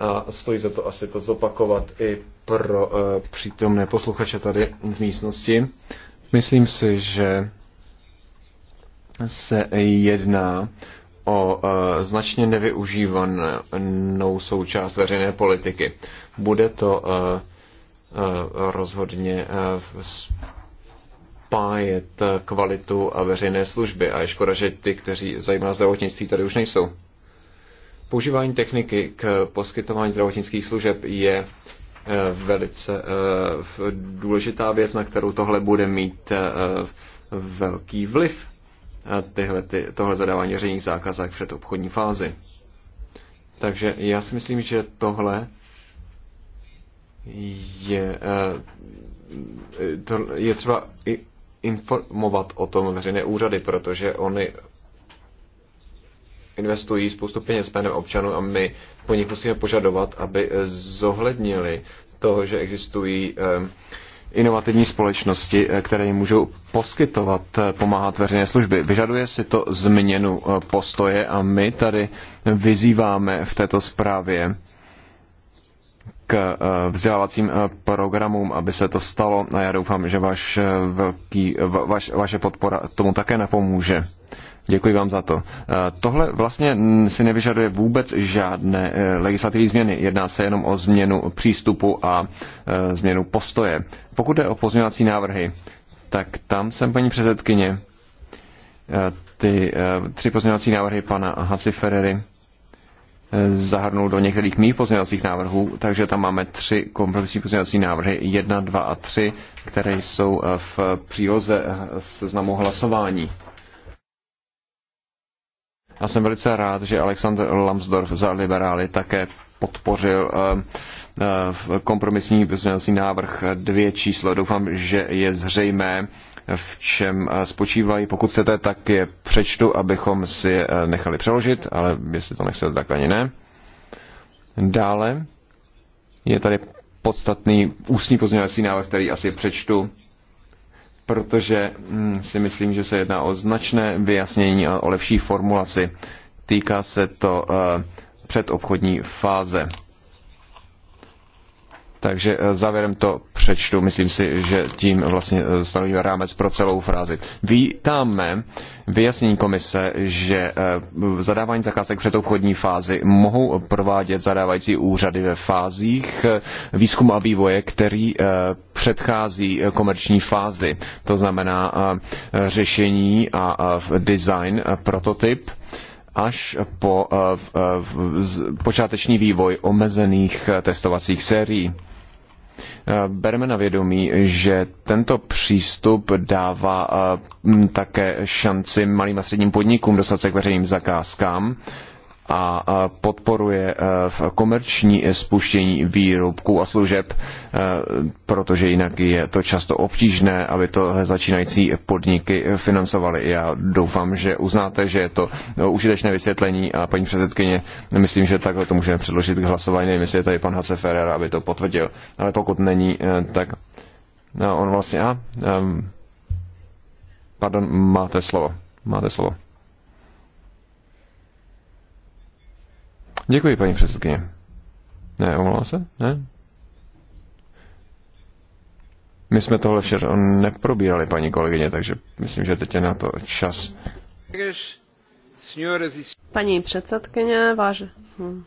a stojí za to asi to zopakovat i pro e, přítomné posluchače tady v místnosti. Myslím si, že se jedná o e, značně nevyužívanou součást veřejné politiky. Bude to e, e rozhodně e, spájet kvalitu a veřejné služby. A je škoda, že ty, kteří zajímá zdravotnictví, tady už nejsou. Používání techniky k poskytování zdravotnických služeb je eh, velice eh, důležitá věc, na kterou tohle bude mít eh, velký vliv, tyhle, ty, tohle zadávání veřejných zákazek před obchodní fázi. Takže já si myslím, že tohle je, je třeba i informovat o tom veřejné úřady, protože oni investují spoustu peněz jménem občanů a my po nich musíme požadovat, aby zohlednili to, že existují eh, inovativní společnosti, eh, které jim můžou poskytovat, eh, pomáhat veřejné služby. Vyžaduje si to změnu postoje a my tady vyzýváme v této zprávě k eh, vzdělávacím eh, programům, aby se to stalo a já doufám, že vaš eh, velký, vaš, vaše podpora tomu také napomůže. Děkuji vám za to. Tohle vlastně si nevyžaduje vůbec žádné legislativní změny. Jedná se jenom o změnu přístupu a změnu postoje. Pokud jde o pozměňovací návrhy, tak tam jsem, paní předsedkyně, ty tři pozměňovací návrhy pana Haci Ferrery, Eh, zahrnul do některých mých pozměňovacích návrhů, takže tam máme tři kompromisní pozměňovací návrhy, jedna, dva a tři, které jsou eh, v příloze eh, seznamu hlasování. Já jsem velice rád, že Alexander Lambsdorff za liberály také podpořil kompromisní pozměňovací návrh dvě číslo. Doufám, že je zřejmé, v čem eh, spočívají. Pokud chcete, tak je přečtu, abychom si je eh, nechali přeložit, ale jestli to nechcete, tak ani ne. Dále je tady podstatný ústní pozměňovací návrh, který asi přečtu, protože hm, si myslím, že se jedná o značné vyjasnění a o lepší formulaci. Týká se to eh, předobchodní fáze. Takže eh, závěrem to přečtu. Myslím si, že tím vlastně eh, stanovíme rámec pro celou frázi. Vítáme vyjasnění komise, že eh, zadávání zakázek před obchodní fázi mohou provádět zadávající úřady ve fázích výzkumu a vývoje, který předchází komerční fázi. To znamená řešení a design, prototyp až po počáteční vývoj omezených testovacích sérií. Eh, bereme na vědomí, že tento přístup dává eh, také šanci malým a středním podnikům dostat se k veřejným zakázkám a podporuje e, komerční spuštění výrobků a služeb, e, protože jinak je to často obtížné, aby to začínající podniky financovaly. Já doufám, že uznáte, že je to užitečné vysvětlení a paní předsedkyně, myslím, že takhle to můžeme předložit k hlasování. Nevím, jestli je tady pan Hace Ferrer, aby to potvrdil, ale pokud není, e, tak no, on vlastně... A, um, pardon, máte slovo. Máte slovo. Děkuji, paní předsedkyně. Ne, omlouvám se? Ne? My jsme tohle včera neprobírali, paní kolegyně, takže myslím, že teď je na to čas. Paní předsedkyně, váž... Hm.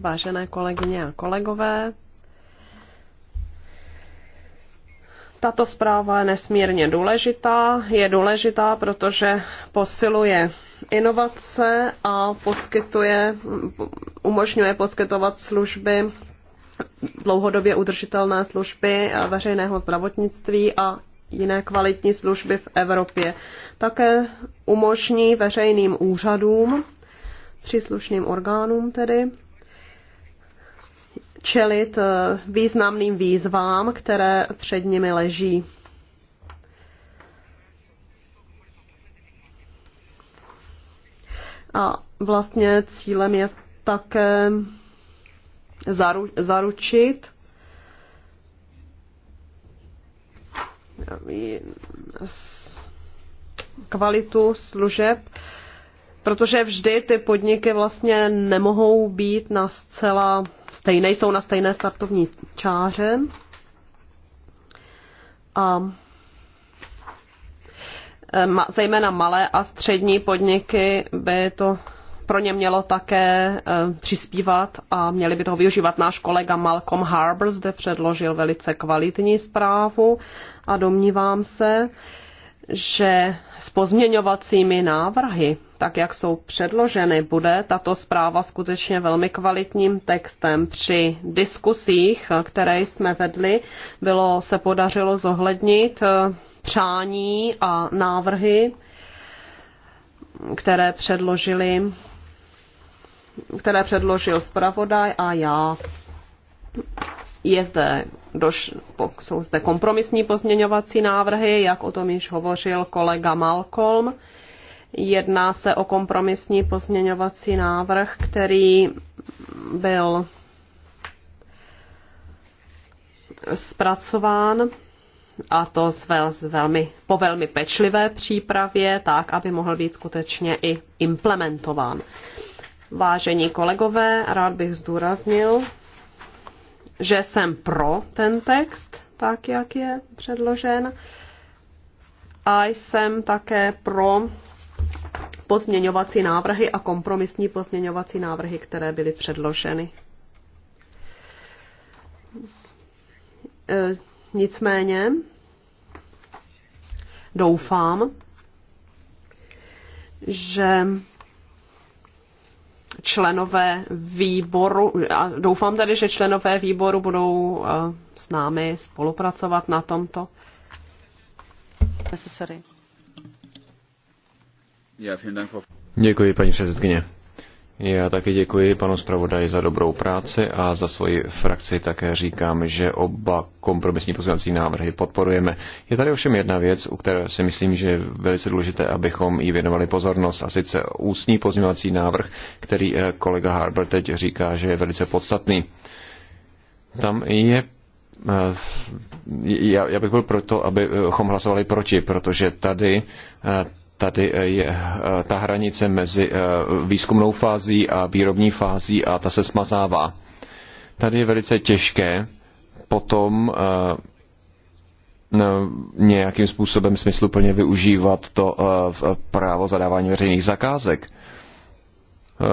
vážené kolegyně a kolegové, tato zpráva je nesmírně důležitá. Je důležitá, protože posiluje inovace a poskytuje, umožňuje poskytovat služby, dlouhodobě udržitelné služby veřejného zdravotnictví a jiné kvalitní služby v Evropě. Také umožní veřejným úřadům, příslušným orgánům tedy, čelit eh, významným výzvám, které před nimi leží. A vlastně cílem je také zaru, zaručit kvalitu služeb, protože vždy ty podniky vlastně nemohou být na zcela stejné, jsou na stejné startovní čáře. A Eh, zejména malé a střední podniky by to pro ně mělo také eh, přispívat a měli by toho využívat. Náš kolega Malcolm Harbour zde předložil velice kvalitní zprávu a domnívám se, že s pozměňovacími návrhy, tak jak jsou předloženy, bude tato zpráva skutečně velmi kvalitním textem. Při diskusích, eh, které jsme vedli, bylo, se podařilo zohlednit přání a návrhy, které předložili které předložil zpravodaj a já. Je zde, doš, jsou zde kompromisní pozměňovací návrhy, jak o tom již hovořil kolega Malcolm. Jedná se o kompromisní pozměňovací návrh, který byl zpracován a to z velmi, po velmi pečlivé přípravě, tak, aby mohl být skutečně i implementován. Vážení kolegové, rád bych zdůraznil, že jsem pro ten text, tak jak je předložen, a jsem také pro pozměňovací návrhy a kompromisní pozměňovací návrhy, které byly předloženy. Nicméně doufám, že členové výboru, a doufám tedy, že členové výboru budou eh, s námi spolupracovat na tomto. Děkuji, paní předsedkyně. Já taky děkuji panu zpravodaji za dobrou práci a za svoji frakci také říkám, že oba kompromisní pozměňovací návrhy podporujeme. Je tady ovšem jedna věc, u které si myslím, že je velice důležité, abychom jí věnovali pozornost, a sice ústní pozměňovací návrh, který eh, kolega Harbert teď říká, že je velice podstatný. Tam je eh, já, já bych byl proto, abychom hlasovali proti, protože tady eh, tady eh, je eh, ta hranice mezi eh, výzkumnou fází a výrobní fází a ta se smazává. Tady je velice těžké potom no, nějakým způsobem smysluplně využívat to právo zadávání veřejných zakázek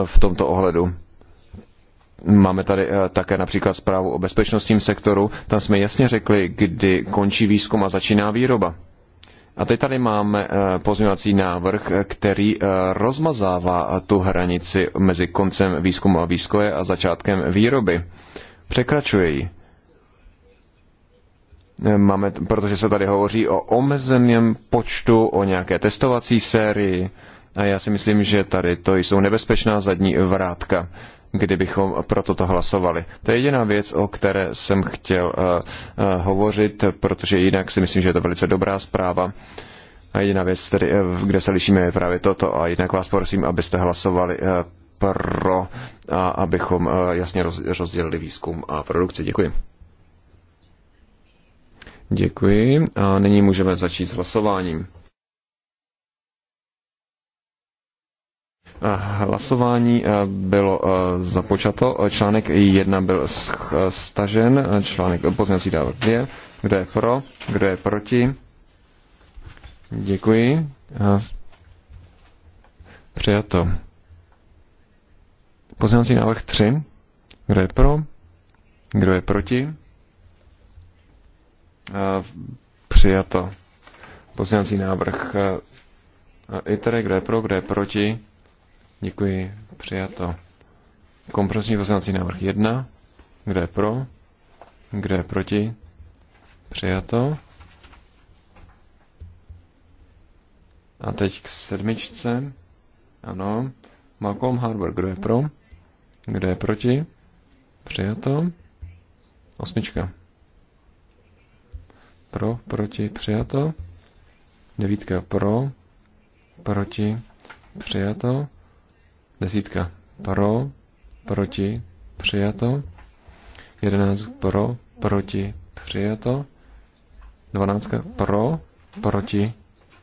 v tomto ohledu. Máme tady také například zprávu o bezpečnostním sektoru. Tam jsme jasně řekli, kdy končí výzkum a začíná výroba. A teď tady máme eh, pozměňovací návrh, který eh, rozmazává eh, tu hranici mezi koncem výzkumu a výzkoje a začátkem výroby. Překračuje ji. Máme, protože se tady hovoří o omezeném počtu, o nějaké testovací sérii. A já si myslím, že tady to jsou nebezpečná zadní vrátka kdybychom pro toto hlasovali. To je jediná věc, o které jsem chtěl eh, eh, hovořit, protože jinak si myslím, že je to velice dobrá zpráva. A jediná věc, tedy, eh, kde se lišíme, je právě toto. A jinak vás prosím, abyste hlasovali pro, a abychom jasně rozdělili výzkum a produkci. Děkuji. Děkuji a nyní můžeme začít s hlasováním. Eh, hlasování eh, bylo eh, započato, článek 1 byl stažen, článek pozměnací dávok 2. Kdo je pro, kdo je proti? Děkuji. Přijato. Pozměnací návrh 3. Kdo je pro? Kdo je proti? Přijato. Pozměnací návrh ITERE, kdo je pro, kdo je proti? Děkuji, přijato. Kompromisní poznací návrh 1. Kdo je pro? Kdo je proti? Přijato. A teď k sedmičce. Ano. Malcolm Harbour, kdo je pro? Kdo je proti? Přijato. Osmička. Pro, proti, přijato. Devítka pro, proti, přijato. Desítka pro, proti, přijato. Jedenáct pro, proti, přijato. Dvanáctka pro, proti,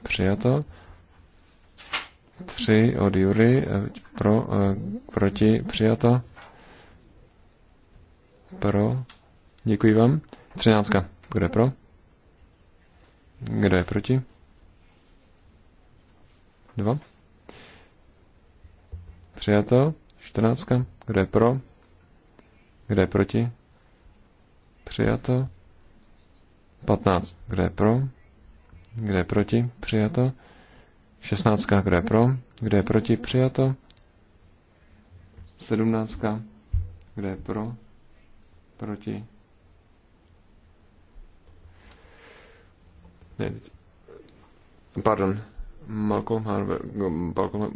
přijato. Tři od Jury, eh, pro, eh, proti, přijato. Pro, děkuji vám. Třináctka, kde pro? Kdo je proti? Dva. Přijato. 14. Kdo je pro? Kdo je proti? Přijato. 15. Kdo je pro? Kdo je proti? Přijato. 16. Kdo je pro? Kdo je proti? Přijato. 17. Kdo je pro? Proti? Ne, teď. Pardon. Malcolm Harvey. Malcolm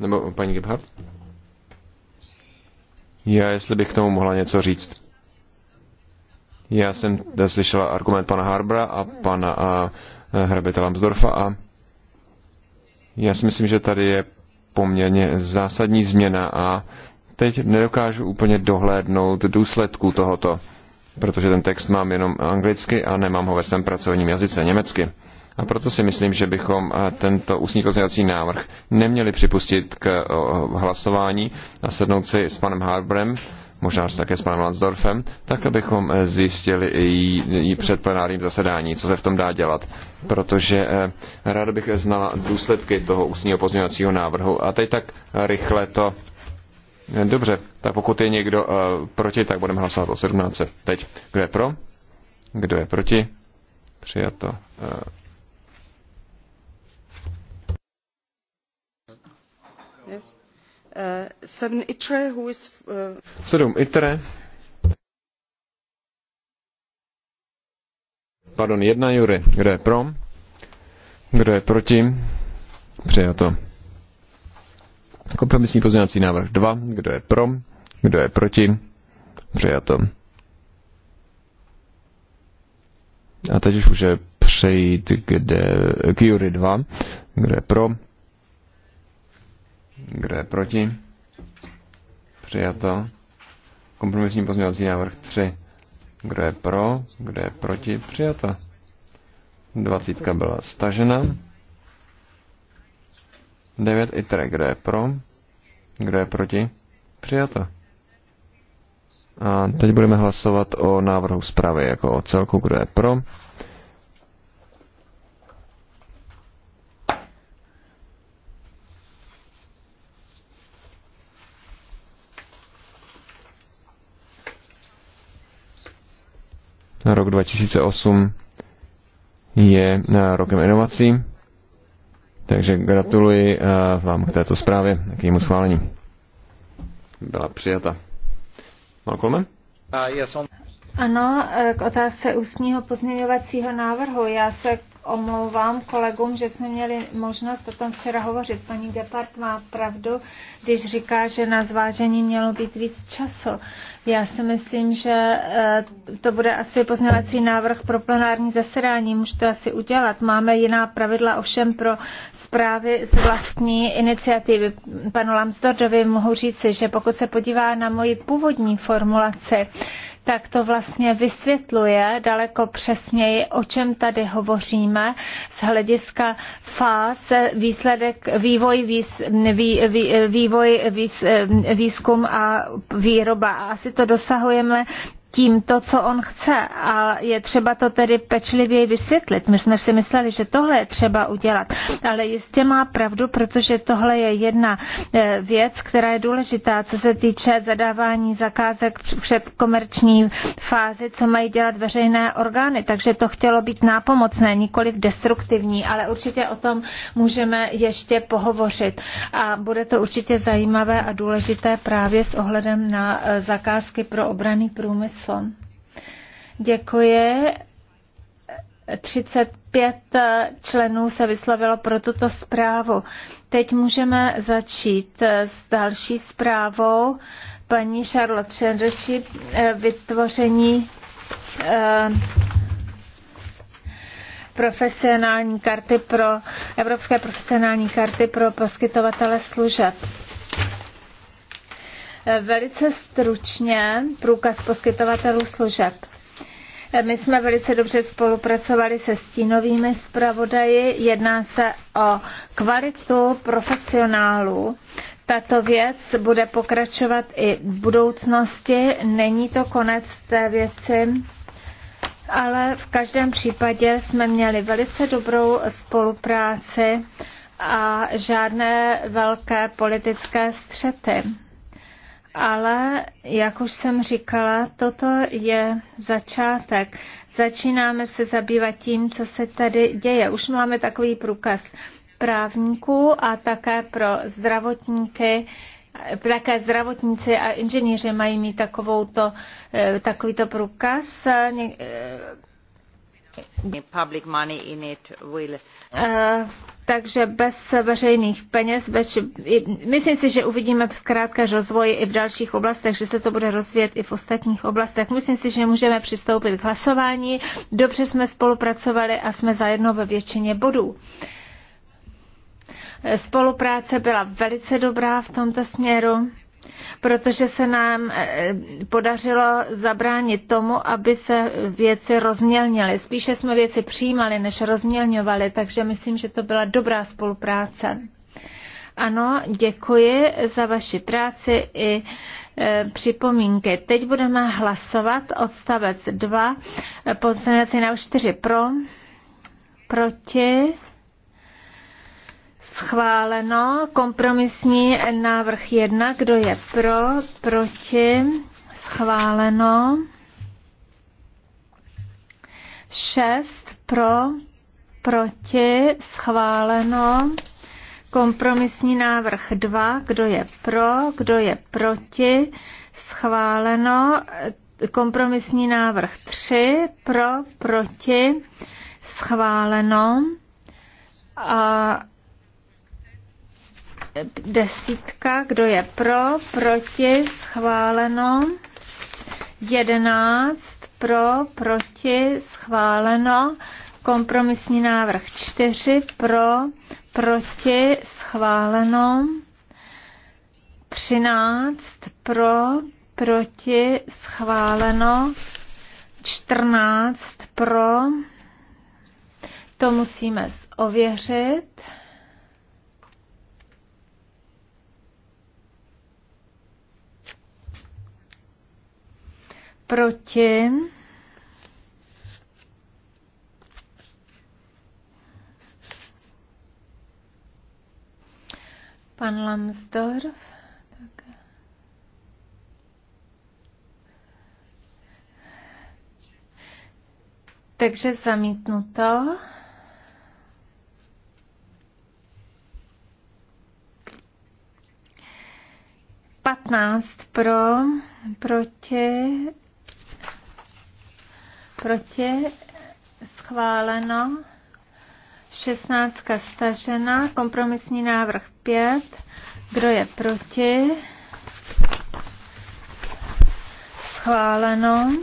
nebo paní Gebhardt? Já, jestli bych k tomu mohla něco říct. Já jsem slyšela argument pana Harbra a pana a hrabita Lambsdorfa a já si myslím, že tady je poměrně zásadní změna a teď nedokážu úplně dohlédnout důsledků tohoto, protože ten text mám jenom anglicky a nemám ho ve svém pracovním jazyce německy. A proto si myslím, že bychom eh, tento ústní pozměňovací návrh neměli připustit k eh, hlasování a sednout si s panem Harbrem, možná také s panem Lansdorfem, tak abychom eh, zjistili i před plenárním zasedání, co se v tom dá dělat. Protože ráda bych znala důsledky toho ústního pozměňovacího návrhu. A teď tak rychle to Dobře, tak pokud je někdo uh, proti, tak budeme hlasovat o 17. Teď, kdo je pro? Kdo je proti? Přijato. Uh, 7 eh, eh, ITRE, Pardon, jedna Jury. Kdo je pro? Kdo je proti? Přijato. Kompromisní pozměňovací návrh dva, Kdo je pro? Kdo je proti? Přijato. A teď už může přejít kde, k Jury 2. kde je pro? Kdo je proti? Přijato. Kompromisní pozměňovací návrh 3. Kdo je pro? Kdo je proti? Přijato. Dvacítka byla stažena. 9 i 3. Kdo je pro? Kdo je proti? Přijato. A teď budeme hlasovat o návrhu zprávy jako o celku. Kdo je pro? Rok 2008 je eh, rokem inovací, takže gratuluji eh, vám k této zprávě, k jejímu schválení. Byla přijata. Malcolme? Ano, eh, k otázce ústního pozměňovacího návrhu. Já se omlouvám kolegům, že jsme měli možnost o tom včera hovořit. Paní Gepard má pravdu, když říká, že na zvážení mělo být víc času. Já si myslím, že eh, to bude asi poznávací návrh pro plenární zasedání. Můžete asi udělat. Máme jiná pravidla ovšem pro zprávy z vlastní iniciativy. Panu Lamsdordovi mohu říci, že pokud se podívá na moji původní formulaci, tak to vlastně vysvětluje daleko přesněji, o čem tady hovoříme z hlediska fáz, výsledek, vývoj, výs, vý, vý, vývoj výs, eh, výzkum a výroba. A asi to dosahujeme tím to, co on chce. A je třeba to tedy pečlivěji vysvětlit. My jsme si mysleli, že tohle je třeba udělat. Ale jistě má pravdu, protože tohle je jedna eh, věc, která je důležitá, co se týče zadávání zakázek před komerční fázi, co mají dělat veřejné orgány. Takže to chtělo být nápomocné, nikoliv destruktivní, ale určitě o tom můžeme ještě pohovořit. A bude to určitě zajímavé a důležité právě s ohledem na eh, zakázky pro obraný průmysl telefon. Děkuji. 35 členů se vyslovilo pro tuto zprávu. Teď můžeme začít s další zprávou paní Charlotte Šenreši eh, vytvoření eh, profesionální karty pro, evropské profesionální karty pro poskytovatele služeb. Velice stručně průkaz poskytovatelů služeb. My jsme velice dobře spolupracovali se stínovými zpravodaji. Jedná se o kvalitu profesionálů. Tato věc bude pokračovat i v budoucnosti. Není to konec té věci, ale v každém případě jsme měli velice dobrou spolupráci a žádné velké politické střety ale jak už jsem říkala, toto je začátek. Začínáme se zabývat tím, co se tady děje. Už máme takový průkaz právníků a také pro zdravotníky, také zdravotníci a inženýři mají mít takovouto, eh, takovýto průkaz. Eh, Public money in it will... Eh, takže bez veřejných peněz, bez, myslím si, že uvidíme zkrátka rozvoj i v dalších oblastech, že se to bude rozvíjet i v ostatních oblastech. Myslím si, že můžeme přistoupit k hlasování. Dobře jsme spolupracovali a jsme zajedno ve většině bodů. Spolupráce byla velice dobrá v tomto směru protože se nám eh, podařilo zabránit tomu, aby se věci rozmělnily. Spíše jsme věci přijímali, než rozmělňovali, takže myslím, že to byla dobrá spolupráce. Ano, děkuji za vaši práci i eh, připomínky. Teď budeme hlasovat odstavec 2, poslanecí na 4 pro, proti, Schváleno. Kompromisní návrh 1. Kdo je pro? Proti? Schváleno. 6. Pro? Proti? Schváleno. Kompromisní návrh 2. Kdo je pro? Kdo je proti? Schváleno. Kompromisní návrh 3. Pro? Proti? Schváleno. A desítka, kdo je pro, proti, schváleno. Jedenáct, pro, proti, schváleno. Kompromisní návrh čtyři, pro, proti, schváleno. Třináct, pro, proti, schváleno. čtrnáct, pro. To musíme ověřit. Proti? Pan Lambsdorff. Takže zamítnuto. Patnáct pro, proti, proti, schváleno. 16 stažena, kompromisní návrh 5. Kdo je proti? Schváleno.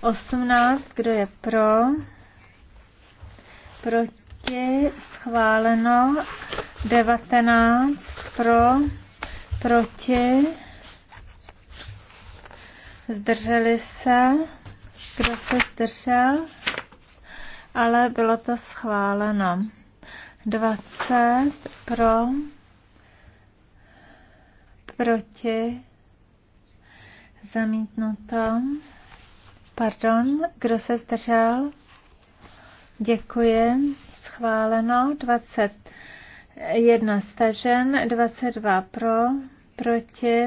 18. Kdo je pro? Proti? Schváleno. 19. Pro? Proti? Zdrželi se? Kdo se zdržel? Ale bylo to schváleno. 20 pro, proti, zamítnuto. Pardon, kdo se zdržel? Děkuji. Schváleno. 21 stažen, 22 pro, proti,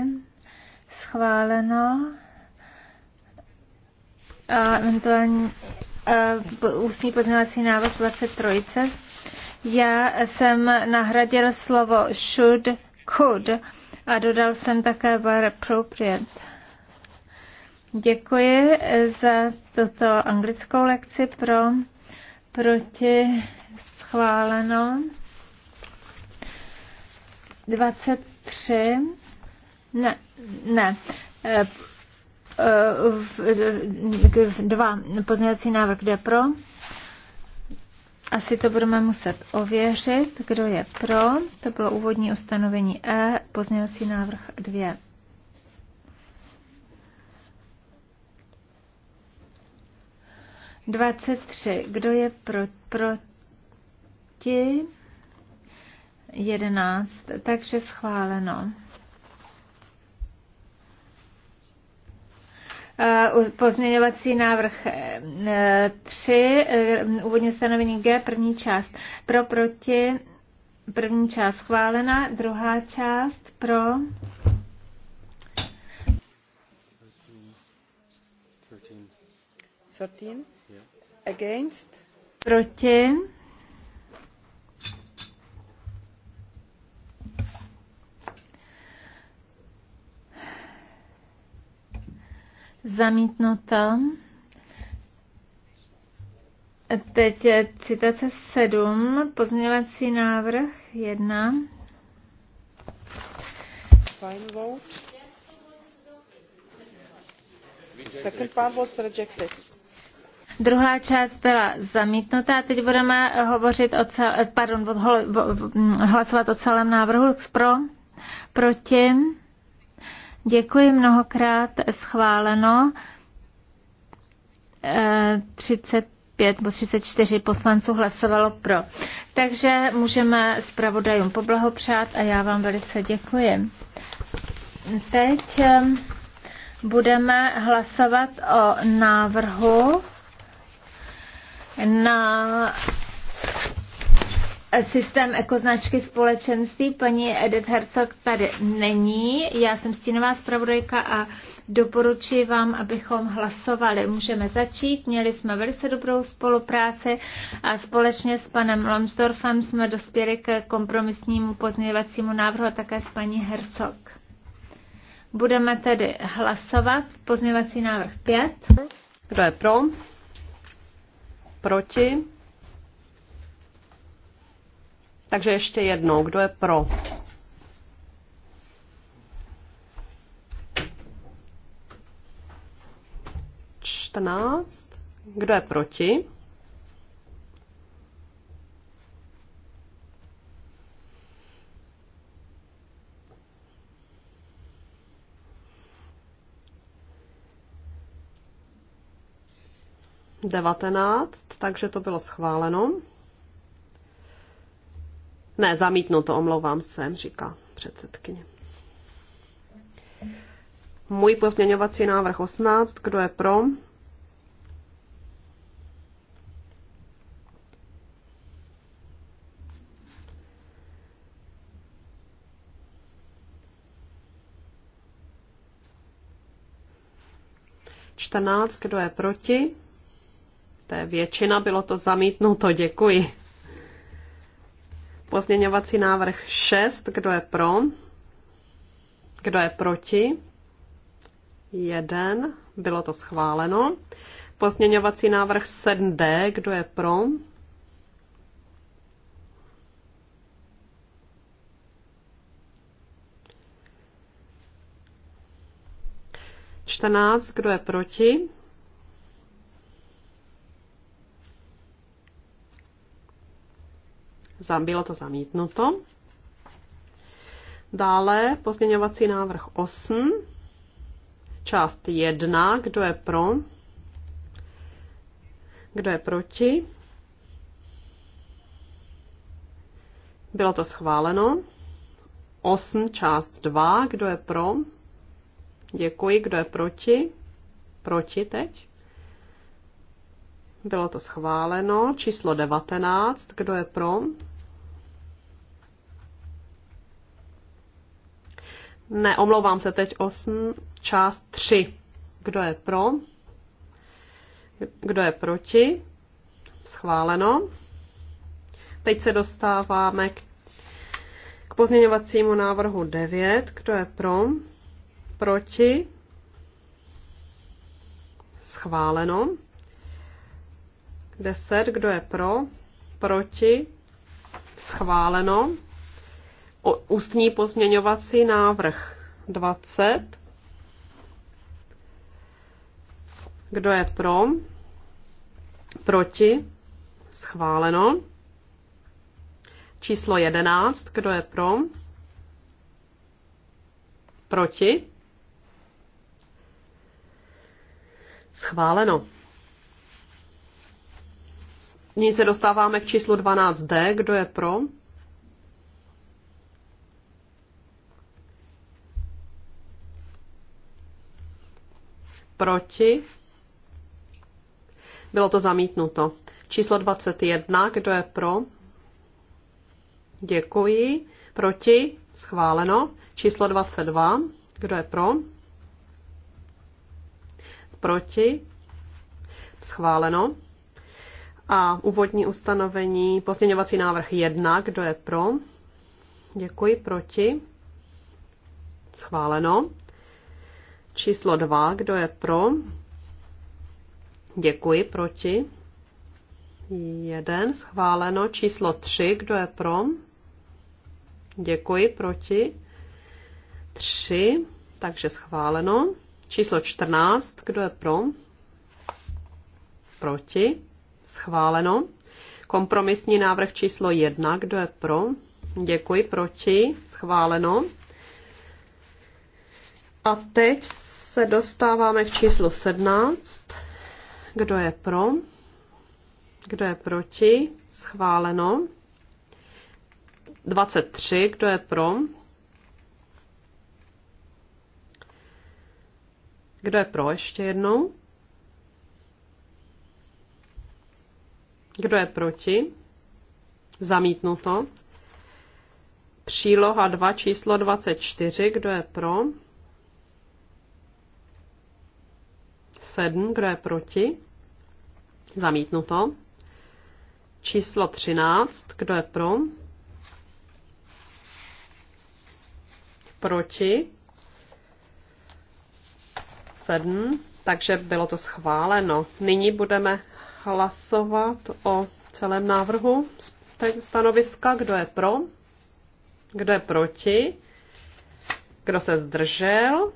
schváleno eventuální ústní pozměňovací návrh 23. Já jsem nahradil slovo should, could a dodal jsem také were appropriate. Děkuji za tuto anglickou lekci pro proti schváleno 23 ne, ne dva pozměňovací návrh, kde pro. Asi to budeme muset ověřit, kdo je pro. To bylo úvodní ustanovení E, pozměňovací návrh 2. Dvacet tři. Kdo je pro, proti? Jedenáct. Takže schváleno. Eh, pozměňovací návrh 3, eh, eh, úvodně stanovení G, první část pro, proti, první část schválena, druhá část pro, Against. Proti. Zamítnuto. Teď je citace 7, pozměňovací návrh 1. Fine vote. Second part was rejected. Druhá část byla zamítnutá. Teď budeme hovořit o cel, pardon, hm, hlasovat o celém návrhu. Pro, proti. Děkuji mnohokrát, schváleno. 35 eh, nebo 34 poslanců hlasovalo pro. Takže můžeme zpravodajům poblahopřát a já vám velice děkuji. Teď eh, budeme hlasovat o návrhu na systém ekoznačky společenství. Paní Edith Herzog tady není. Já jsem stínová zpravodajka a doporučuji vám, abychom hlasovali. Můžeme začít. Měli jsme velice dobrou spolupráci a společně s panem Lomsdorfem jsme dospěli k kompromisnímu pozměňovacímu návrhu a také s paní Herzog. Budeme tedy hlasovat. Pozměňovací návrh 5. Kdo je pro? Proti? Takže ještě jednou, kdo je pro? Čtrnáct. Kdo je proti? Devatenáct, takže to bylo schváleno. Ne, zamítnu to, omlouvám se, říká předsedkyně. Můj pozměňovací návrh 18, kdo je pro? kdo je proti? To je většina, bylo to zamítnuto, děkuji. Pozměňovací návrh 6, kdo je pro? Kdo je proti? Jeden, bylo to schváleno. Pozměňovací návrh 7D, kdo je pro? Čtrnáct, kdo je proti? bylo to zamítnuto. Dále pozměňovací návrh 8, část 1, kdo je pro, kdo je proti. Bylo to schváleno. 8, část 2, kdo je pro, děkuji, kdo je proti, proti teď. Bylo to schváleno. Číslo 19, kdo je pro, Ne, omlouvám se teď 8, část 3. Kdo je pro? Kdo je proti? Schváleno. Teď se dostáváme k, k pozměňovacímu návrhu 9. Kdo je pro? Proti? Schváleno. 10. Kdo je pro? Proti? Schváleno ústní pozměňovací návrh 20. Kdo je pro? Proti? Schváleno. Číslo 11. Kdo je pro? Proti? Schváleno. Nyní se dostáváme k číslu 12D. Kdo je pro? proti. Bylo to zamítnuto. Číslo 21, kdo je pro? Děkuji. Proti? Schváleno. Číslo 22, kdo je pro? Proti? Schváleno. A úvodní ustanovení, pozměňovací návrh 1, kdo je pro? Děkuji, proti. Schváleno. Číslo 2, kdo je pro? Děkuji, proti? Jeden, schváleno. Číslo 3, kdo je pro? Děkuji, proti? 3, takže schváleno. Číslo 14, kdo je pro? Proti? Schváleno. Kompromisní návrh číslo 1, kdo je pro? Děkuji, proti? Schváleno. A teď se dostáváme k číslu 17. Kdo je pro? Kdo je proti? Schváleno. 23. Kdo je pro? Kdo je pro ještě jednou? Kdo je proti? Zamítnuto. Příloha 2 číslo 24. Kdo je pro? 7, kdo je proti? Zamítnuto. Číslo 13, kdo je pro? Proti? 7, takže bylo to schváleno. Nyní budeme hlasovat o celém návrhu stanoviska, kdo je pro, kdo je proti, kdo se zdržel,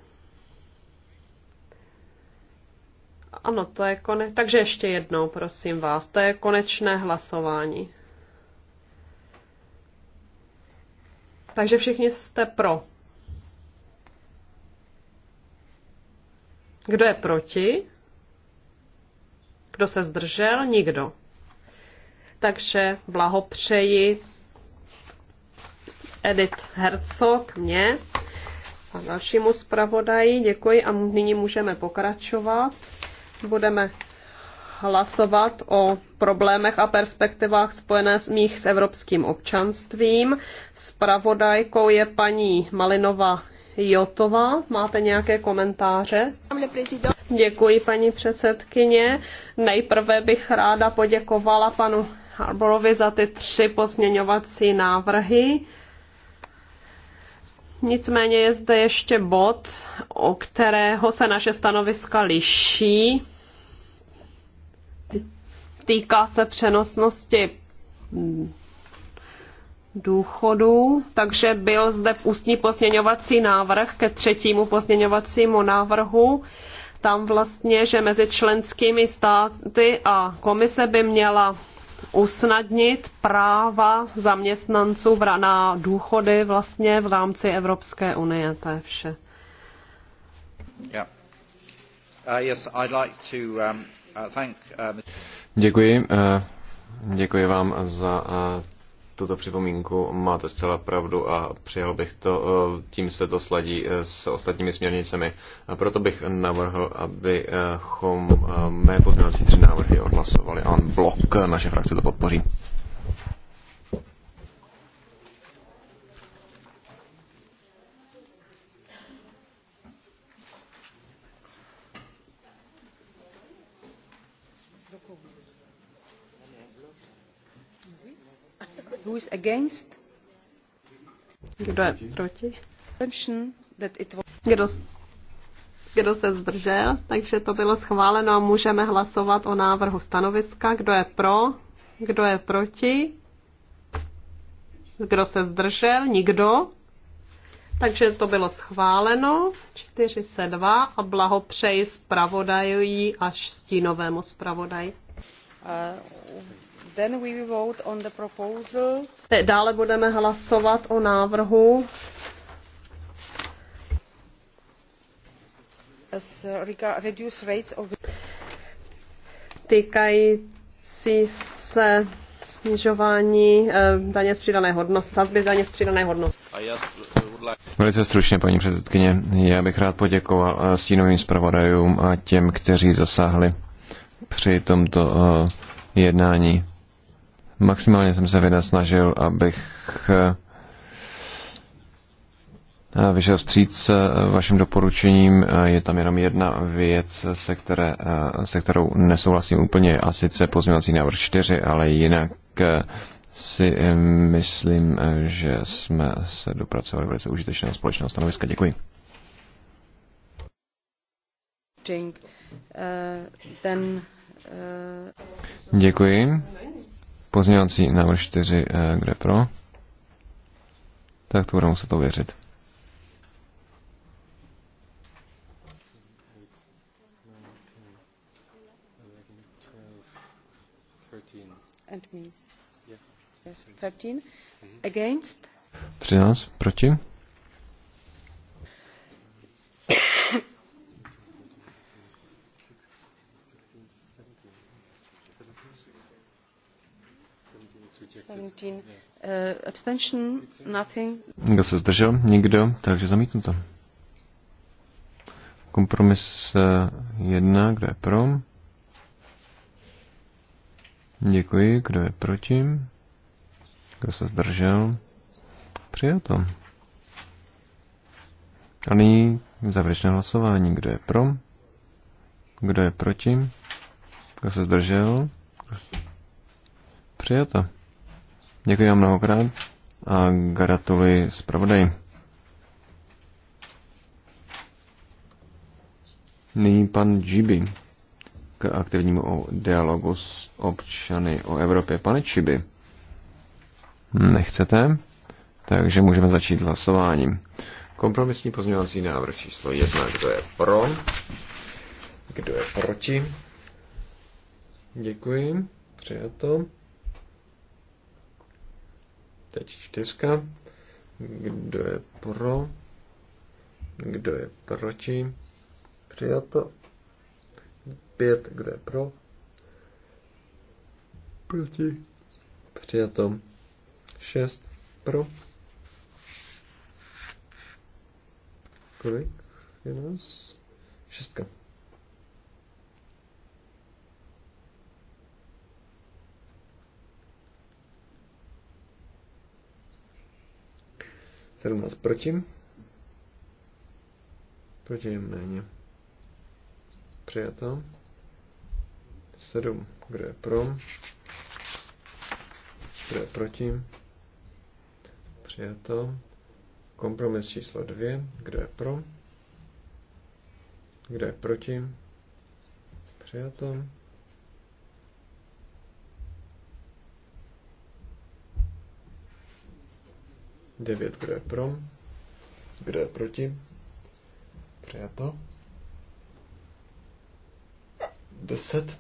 Ano, to je konec. Takže ještě jednou, prosím vás, to je konečné hlasování. Takže všichni jste pro. Kdo je proti? Kdo se zdržel? Nikdo. Takže blahopřeji Edith Herzog, mě a dalšímu zpravodaji. Děkuji a nyní můžeme pokračovat budeme hlasovat o problémech a perspektivách spojených s evropským občanstvím. Spravodajkou je paní Malinova Jotová. Máte nějaké komentáře? Děkuji, paní předsedkyně. Nejprve bych ráda poděkovala panu Harborovi za ty tři pozměňovací návrhy. Nicméně je zde ještě bod, o kterého se naše stanoviska liší Týká se přenosnosti hmm, důchodů, takže byl zde ústní posměňovací návrh ke třetímu posměňovacímu návrhu. Tam vlastně, že mezi členskými státy a komise by měla usnadnit práva zaměstnanců na důchody vlastně v rámci Evropské unie. To je vše. Yeah. Uh, yes, I'd like to, um, uh, thank, uh... Děkuji. Eh, děkuji vám za eh, tuto připomínku. Máte zcela pravdu a přijal bych to, eh, tím se to sladí s ostatními směrnicemi. A proto bych navrhl, abychom mé pozměňovací tři návrhy odhlasovali. On blok naše frakce to podpoří. Kdo je proti? Kdo, kdo se zdržel? Takže to bylo schváleno a můžeme hlasovat o návrhu stanoviska. Kdo je pro? Kdo je proti? Kdo se zdržel? Nikdo. Takže to bylo schváleno. 42 a blahopřeji zpravodajují až stínovému zpravodaji. Uh, Dále budeme hlasovat o návrhu uh, týkajícím týkající se snižování eh, daně z přidané hodnosti, sazby daně z přidané hodnosti. Velice stručně, paní předsedkyně, já bych rád poděkoval eh, stínovým zpravodajům a těm, kteří zasáhli při tomto eh, jednání. Maximálně jsem se vynasnažil, abych eh, vyšel vstříc eh, vašim doporučením. Eh, je tam jenom jedna věc, se, které, se kterou nesouhlasím úplně, a sice pozměňovací návrh 4, ale jinak si myslím, že jsme se dopracovali velice užitečného společného stanoviska. Děkuji. Děkuji. Pozměňovací návrh 4, eh, kde pro? Tak to budeme muset ověřit. And me. Yes. 13. Against? 13. Proti? Eh, kdo se zdržel? Nikdo, takže zamítnuto. Kompromis 1, eh, kdo je pro? Děkuji, kdo je proti? Kdo se zdržel? Přijato. A nyní závěrečné hlasování. Kdo je pro? Kdo je proti? Kdo se zdržel? Přijato. Děkuji vám mnohokrát a gratuluji zpravodaji. Nyní pan Džiby k aktivnímu dialogu s občany o Evropě. Pane Čiby, nechcete? Takže můžeme začít hlasováním. Kompromisní pozměňovací návrh číslo jedna, Kdo je pro? Kdo je proti? Děkuji. Přijato. Teď čtyřka. Kdo je pro? Kdo je proti? Přijato. Pět. Kdo je pro? Proti. Přijato. Šest. Pro. Kolik je nás? Šestka. 17 proti. Proti je méně. Přijato. 7, kdo je pro. Kdo je proti. Přijato. Kompromis číslo 2, kdo je pro. Kdo je proti. Přijato. 9, kdo je pro, kdo je proti, přijato. 10.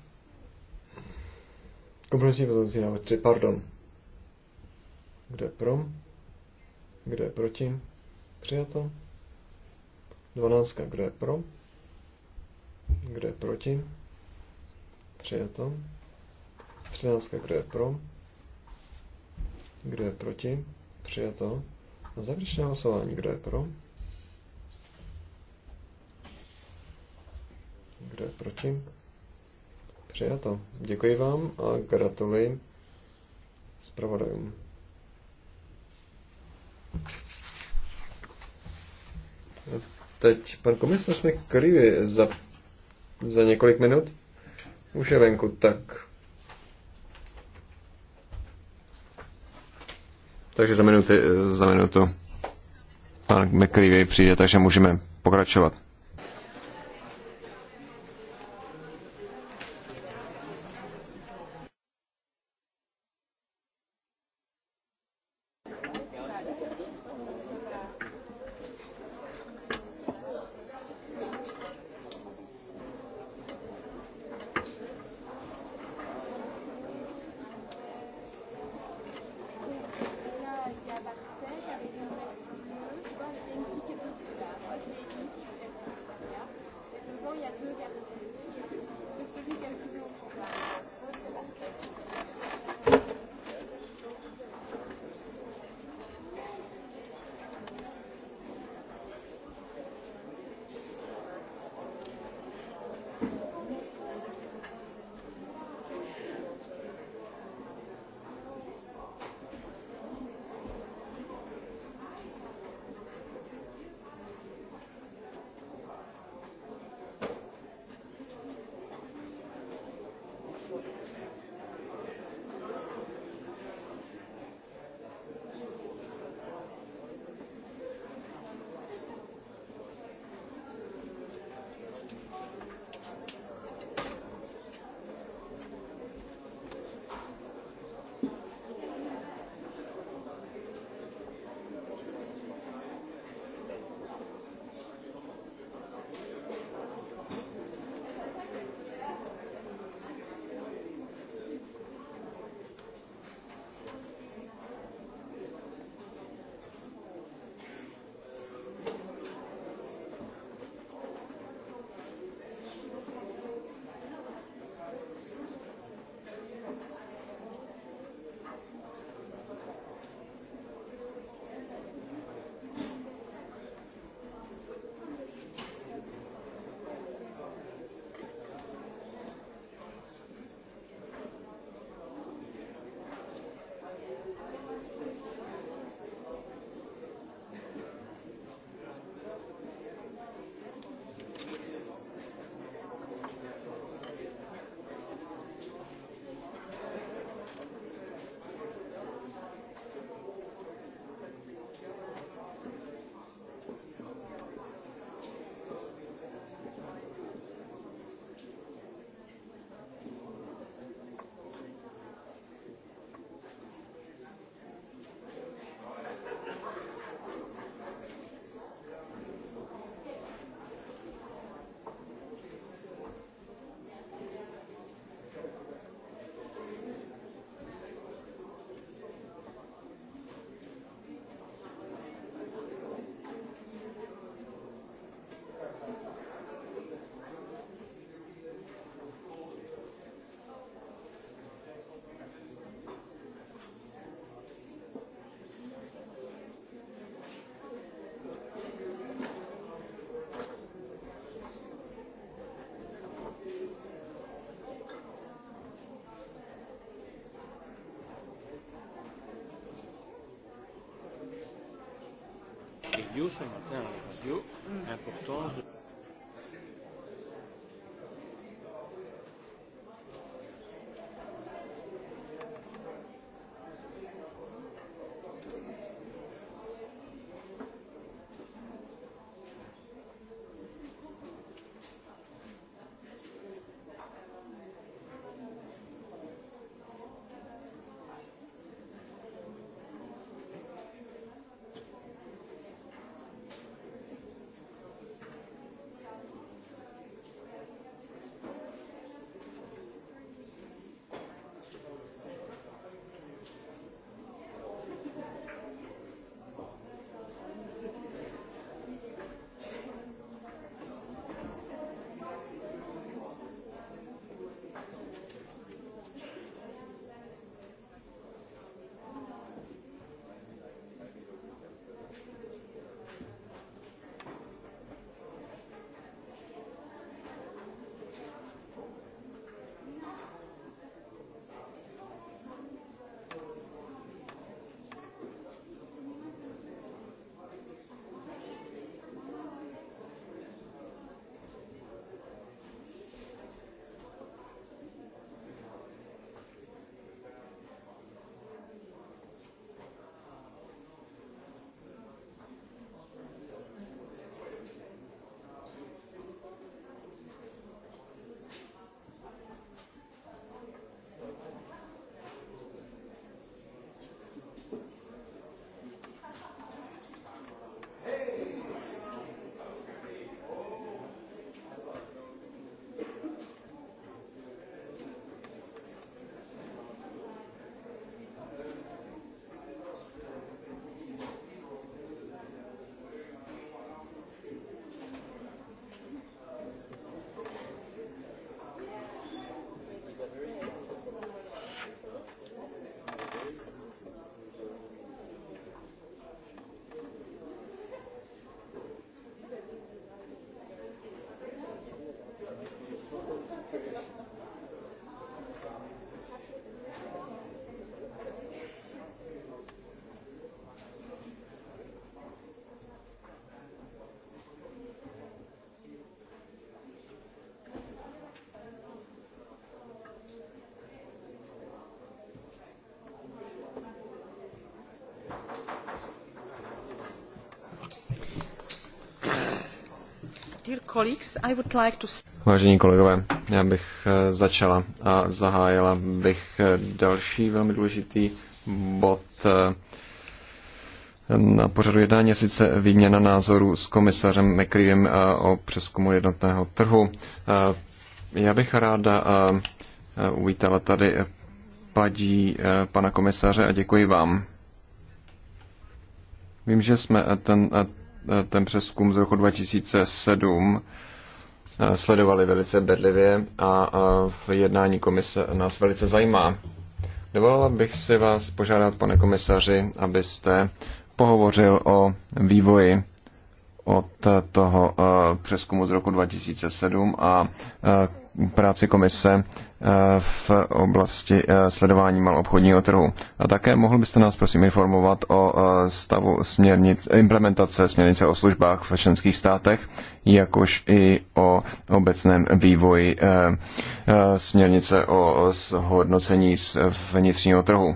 Kompromisní pozornosti návrh 3, pardon. Kdo je pro, kdo je proti, přijato. 12, kdo je pro, kdo je proti, přijato. 13, kdo je pro, kdo je proti? Přijato. Závěrečné hlasování, kdo je pro? Kdo je proti? Přijato. Děkuji vám a gratuluji zpravodajům. Teď pan komisař mi kryje za, za několik minut. Už je venku, tak Takže za minuty, eh, za minutu pan McCreevy přijde, takže můžeme pokračovat. Dieu ce matin à la radio l'importance de Vážení kolegové, já bych eh, začala a zahájila bych eh, další velmi důležitý bod eh, na pořadu jednání sice výměna názorů s komisařem McCreevem o přeskumu jednotného trhu. Já bych ráda uvítala tady padí pana komisaře a děkuji vám. Vím, že jsme ten Eh, ten přeskum z roku 2007 eh, sledovali velice bedlivě a v jednání komise nás velice zajímá. Dovolila bych si vás požádat, pane komisaři, abyste pohovořil o vývoji od toho eh, přeskumu z roku 2007 a práci komise eh, v oblasti eh, sledování malobchodního trhu. A také mohl byste nás prosím informovat o eh, stavu směrnic, implementace směrnice o službách v členských státech, jakož i o obecném vývoji směrnice o hodnocení z vnitřního trhu.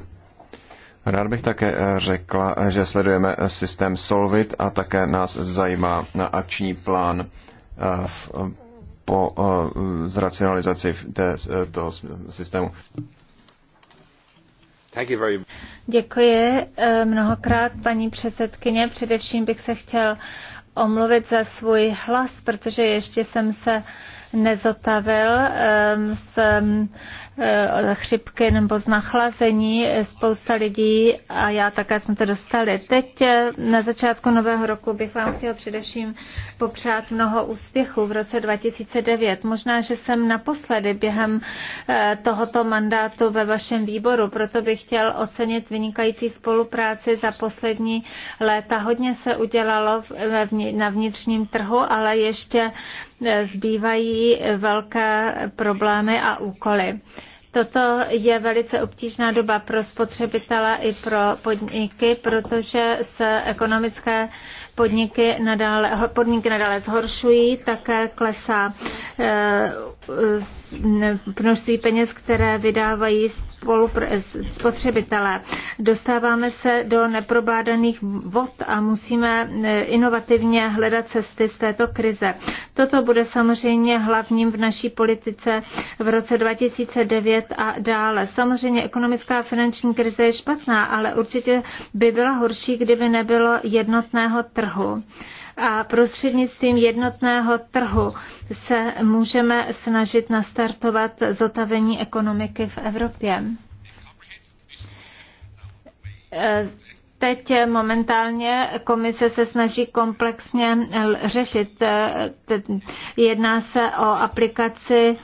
Rád bych také řekla, že sledujeme systém Solvit a také nás zajímá na akční plán v po eh, zracionalizaci té, eh, toho systému. Děkuji eh, mnohokrát, paní předsedkyně. Především bych se chtěl omluvit za svůj hlas, protože ještě jsem se nezotavil. Jsem Eh, chřipky nebo z nachlazení. Eh, spousta lidí a já také jsme to dostali. Teď eh, na začátku nového roku bych vám chtěl především popřát mnoho úspěchů v roce 2009. Možná, že jsem naposledy během tohoto mandátu ve vašem výboru, proto bych chtěl ocenit vynikající spolupráci za poslední léta. Hodně se udělalo na vnitřním trhu, ale ještě zbývají velké problémy a úkoly. Toto je velice obtížná doba pro spotřebitele i pro podniky, protože se ekonomické podniky nadále, podmínky nadále zhoršují, také klesá eh, množství peněz, které vydávají spotřebitelé. Dostáváme se do neprobádaných vod a musíme eh, inovativně hledat cesty z této krize. Toto bude samozřejmě hlavním v naší politice v roce 2009 a dále. Samozřejmě ekonomická a finanční krize je špatná, ale určitě by byla horší, kdyby nebylo jednotného trhu trhu a prostřednictvím jednotného trhu se můžeme snažit nastartovat zotavení ekonomiky v Evropě. Teď momentálně komise se snaží komplexně řešit. Jedná se o aplikaci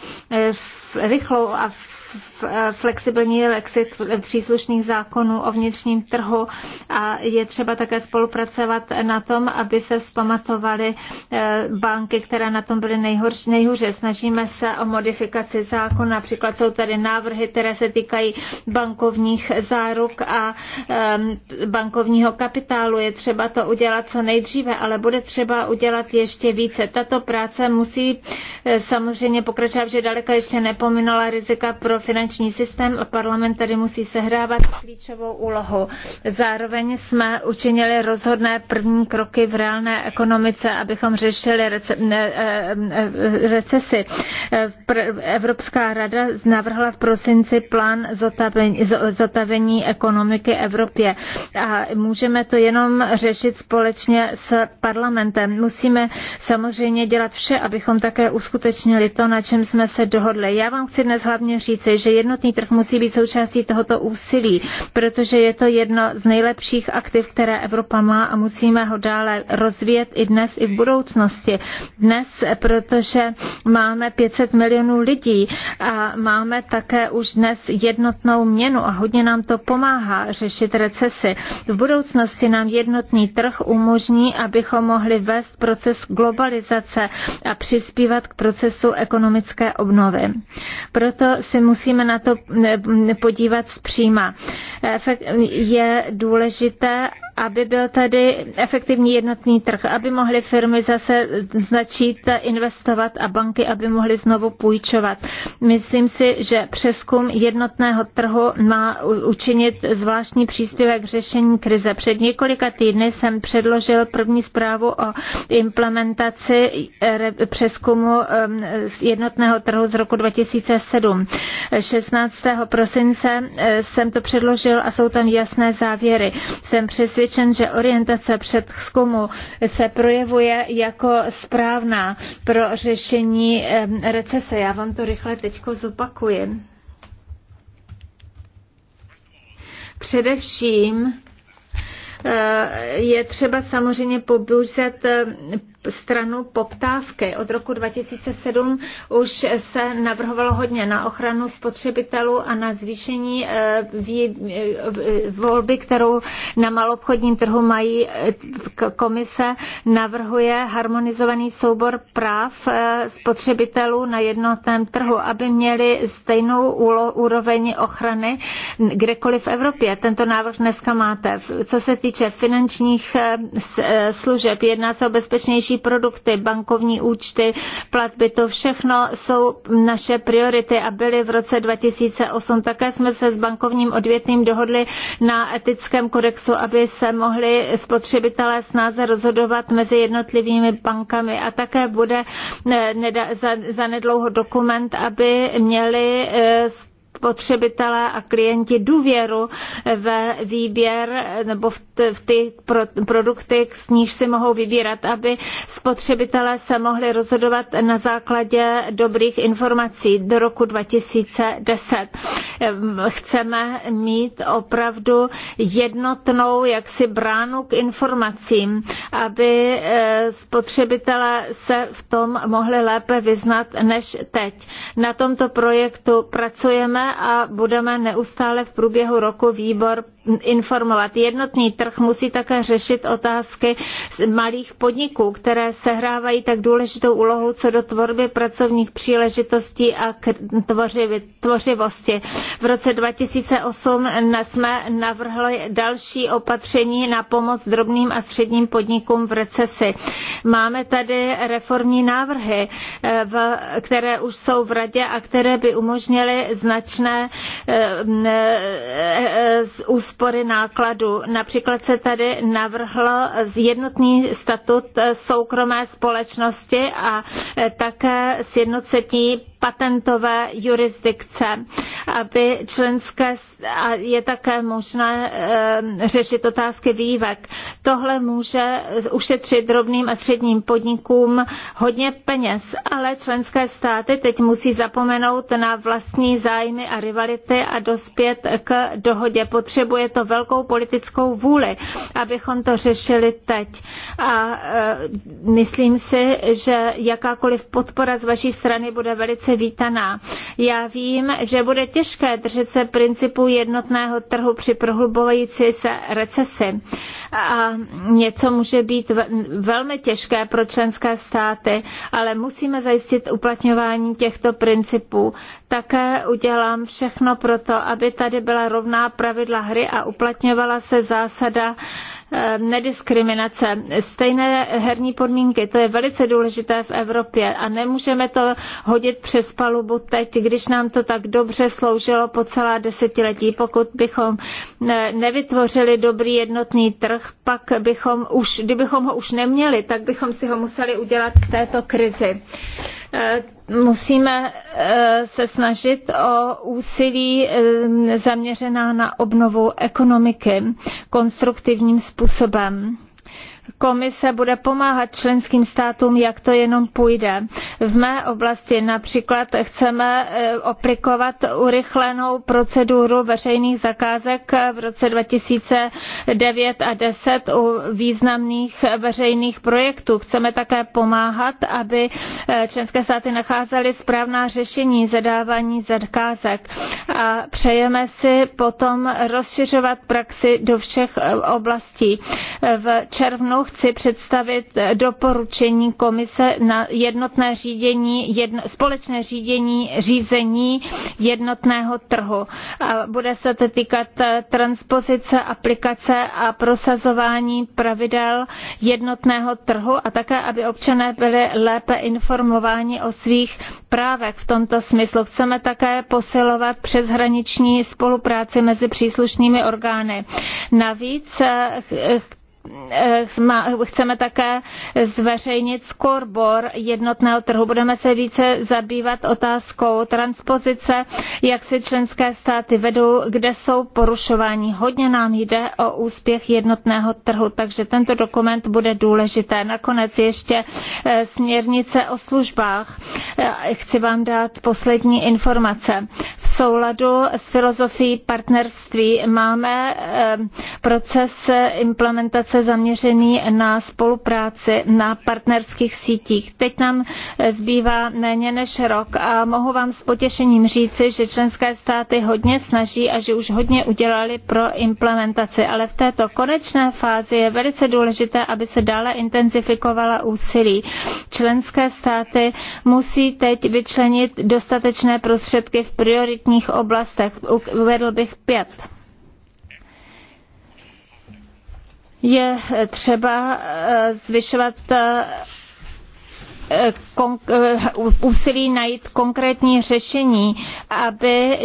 rychlou a flexibilní lexit příslušných zákonů o vnitřním trhu a je třeba také spolupracovat na tom, aby se zpamatovaly eh, banky, které na tom byly nejhorší, nejhůře. Snažíme se o modifikaci zákona, například jsou tady návrhy, které se týkají bankovních záruk a eh, bankovního kapitálu. Je třeba to udělat co nejdříve, ale bude třeba udělat ještě více. Tato práce musí eh, samozřejmě pokračovat, že daleko ještě nepominula rizika pro finanční finanční systém a parlament tady musí sehrávat klíčovou úlohu. Zároveň jsme učinili rozhodné první kroky v reálné ekonomice, abychom řešili e- e- recesi. Evropská rada navrhla v prosinci plán zotavení, zotavení ekonomiky Evropě a můžeme to jenom řešit společně s parlamentem. Musíme samozřejmě dělat vše, abychom také uskutečnili to, na čem jsme se dohodli. Já vám chci dnes hlavně říci, že je jednotný trh musí být součástí tohoto úsilí, protože je to jedno z nejlepších aktiv, které Evropa má a musíme ho dále rozvíjet i dnes, i v budoucnosti. Dnes, protože máme 500 milionů lidí a máme také už dnes jednotnou měnu a hodně nám to pomáhá řešit recesi. V budoucnosti nám jednotný trh umožní, abychom mohli vést proces globalizace a přispívat k procesu ekonomické obnovy. Proto si musíme na to podívat zpříma. Je důležité, aby byl tady efektivní jednotný trh, aby mohly firmy zase začít investovat a banky, aby mohly znovu půjčovat. Myslím si, že přeskum jednotného trhu má učinit zvláštní příspěvek k řešení krize. Před několika týdny jsem předložil první zprávu o implementaci eh, přeskumu eh, jednotného trhu z roku 2007. 16. prosince e, jsem to předložil a jsou tam jasné závěry. Jsem přesvědčen, že orientace před zkumu se projevuje jako správná pro řešení e, recese. Já vám to rychle teď zopakuji. Především e, je třeba samozřejmě pobuzet stranu poptávky. Od roku 2007 už se navrhovalo hodně na ochranu spotřebitelů a na zvýšení eh, eh, volby, kterou na malobchodním trhu mají eh, komise, navrhuje harmonizovaný soubor práv spotřebitelů na jednotném trhu, aby měli stejnou úroveň ochrany kdekoliv v Evropě. Tento návrh dneska máte. Co se týče finančních služeb, jedná se o bezpečnější další produkty, bankovní účty, platby, to všechno jsou naše priority a byly v roce 2008. Také jsme se s bankovním odvětným dohodli na etickém kodexu, aby se mohli spotřebitelé snáze rozhodovat mezi jednotlivými bankami a také bude eh, zanedlouho dokument, aby měli spotřebitelé eh, spotřebitelé a klienti důvěru ve výběr nebo v, v ty pro, produkty, s níž si mohou vybírat, aby spotřebitelé se mohli rozhodovat na základě dobrých informací do roku 2010. Ehm, chceme mít opravdu jednotnou jaksi bránu k informacím, aby e, spotřebitelé se v tom mohli lépe vyznat než teď. Na tomto projektu pracujeme a budeme neustále v průběhu roku výbor informovat. Jednotný trh musí také řešit otázky malých podniků, které sehrávají tak důležitou úlohu co do tvorby pracovních příležitostí a tvořivosti. V roce 2008 jsme navrhli další opatření na pomoc drobným a středním podnikům v recesi. Máme tady reformní návrhy, eh, které už jsou v radě a které by umožnily značné eh, eh, úspory úspory nákladů. Například se tady navrhlo jednotný statut soukromé společnosti a také sjednocení patentové jurisdikce, aby členské a je také možné ehm, řešit otázky vývek. Tohle může ušetřit drobným a středním podnikům hodně peněz, ale členské státy teď musí zapomenout na vlastní zájmy a rivality a dospět k dohodě. Potřebuje to velkou politickou vůli, abychom to řešili teď. A ehm, myslím si, že jakákoliv podpora z vaší strany bude velice velice vítaná. Já vím, že bude těžké držet se principu jednotného trhu při prohlubující se recesi. A něco může být velmi těžké pro členské státy, ale musíme zajistit uplatňování těchto principů. Také udělám všechno pro to, aby tady byla rovná pravidla hry a uplatňovala se zásada uh, Eh, nediskriminace, stejné herní podmínky, to je velice důležité v Evropě a nemůžeme to hodit přes palubu teď, když nám to tak dobře sloužilo po celá desetiletí. Pokud bychom eh, nevytvořili dobrý jednotný trh, pak bychom už, kdybychom ho už neměli, tak bychom si ho museli udělat v této krizi. Eh, musíme eh, se snažit o úsilí eh, zaměřená na obnovu ekonomiky konstruktivním způsobem komise bude pomáhat členským státům, jak to jenom půjde. V mé oblasti například chceme eh, aplikovat urychlenou proceduru veřejných zakázek v roce 2009 a 10 u významných veřejných projektů. Chceme také pomáhat, aby eh, členské státy nacházely správná řešení zadávání zakázek a přejeme si potom rozšiřovat praxi do všech eh, oblastí. V červnu stranu chci představit eh, doporučení komise na jednotné řízení, jedno, společné řízení, řízení jednotného trhu. A bude se to týkat eh, transpozice, aplikace a prosazování pravidel jednotného trhu a také, aby občané byli lépe informováni o svých právech v tomto smyslu. Chceme také posilovat přeshraniční spolupráci mezi příslušnými orgány. Navíc eh, Eh, chceme také zveřejnit skorbor jednotného trhu. Budeme se více zabývat otázkou transpozice, jak si členské státy vedou, kde jsou porušování. Hodně nám jde o úspěch jednotného trhu, takže tento dokument bude důležité. Nakonec ještě eh, směrnice o službách. Eh, chci vám dát poslední informace. V souladu s filozofií partnerství máme proces implementace velice zaměřený na spolupráci na partnerských sítích. Teď nám eh, zbývá méně než rok a mohu vám s potěšením říci, že členské státy hodně snaží a že už hodně udělali pro implementaci, ale v této konečné fázi je velice důležité, aby se dále intenzifikovala úsilí. Členské státy musí teď vyčlenit dostatečné prostředky v prioritních oblastech. Uvedl bych pět. je třeba eh, zvyšovat eh, Eh, eh, úsilí najít konkrétní řešení, aby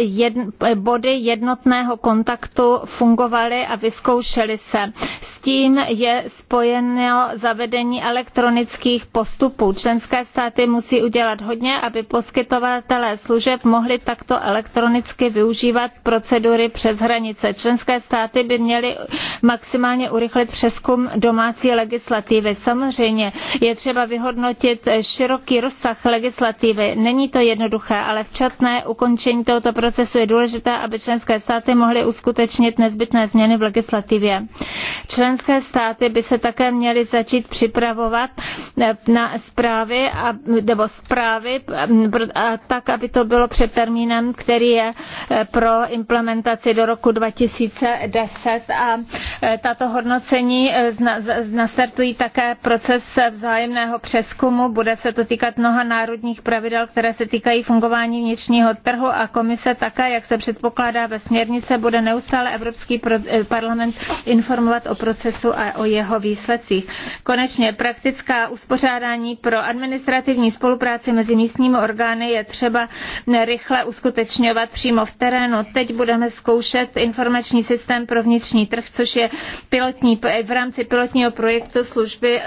body jednotného kontaktu fungovaly a vyzkoušely se. S tím je spojeno zavedení elektronických postupů. Členské státy musí udělat hodně, aby poskytovatelé služeb mohli takto elektronicky využívat procedury přes hranice. Členské státy by měly maximálně urychlit přeskum domácí legislativy. Samozřejmě je třeba vyhodnotit široký rozsah legislativy. Není to jednoduché, ale včatné ukončení tohoto procesu je důležité, aby členské státy mohly uskutečnit nezbytné změny v legislativě. Členské státy by se také měly začít připravovat eh, na zprávy a, nebo zprávy eh, tak, aby to bylo před termínem, který je eh, pro implementaci do roku 2010 a tato hodnocení nastartují také proces vzájemného přeskumu bude se to týkat mnoha národních pravidel, které se týkají fungování vnitřního trhu a komise také, jak se předpokládá ve směrnice, bude neustále Evropský eh, parlament informovat o procesu a o jeho výsledcích. Konečně praktická uspořádání pro administrativní spolupráci mezi místními orgány je třeba rychle uskutečňovat přímo v terénu. Teď budeme zkoušet informační systém pro vnitřní trh, což je pilotní, v rámci pilotního projektu služby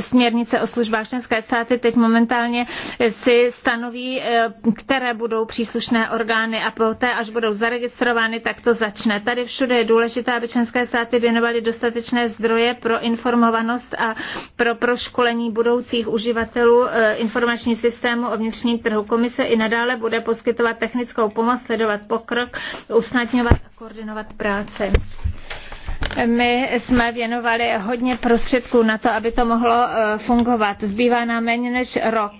směrnice o službách členské členské státy teď momentálně si stanoví, eh, které budou příslušné orgány a poté, až budou zaregistrovány, tak to začne. Tady všude je důležité, aby členské státy věnovaly dostatečné zdroje pro informovanost a pro proškolení budoucích uživatelů eh, informační systému o vnitřním trhu. Komise i nadále bude poskytovat technickou pomoc, sledovat pokrok, usnadňovat a koordinovat práci. My jsme věnovali hodně prostředků na to, aby to mohlo eh, fungovat. Zbývá nám méně než rok.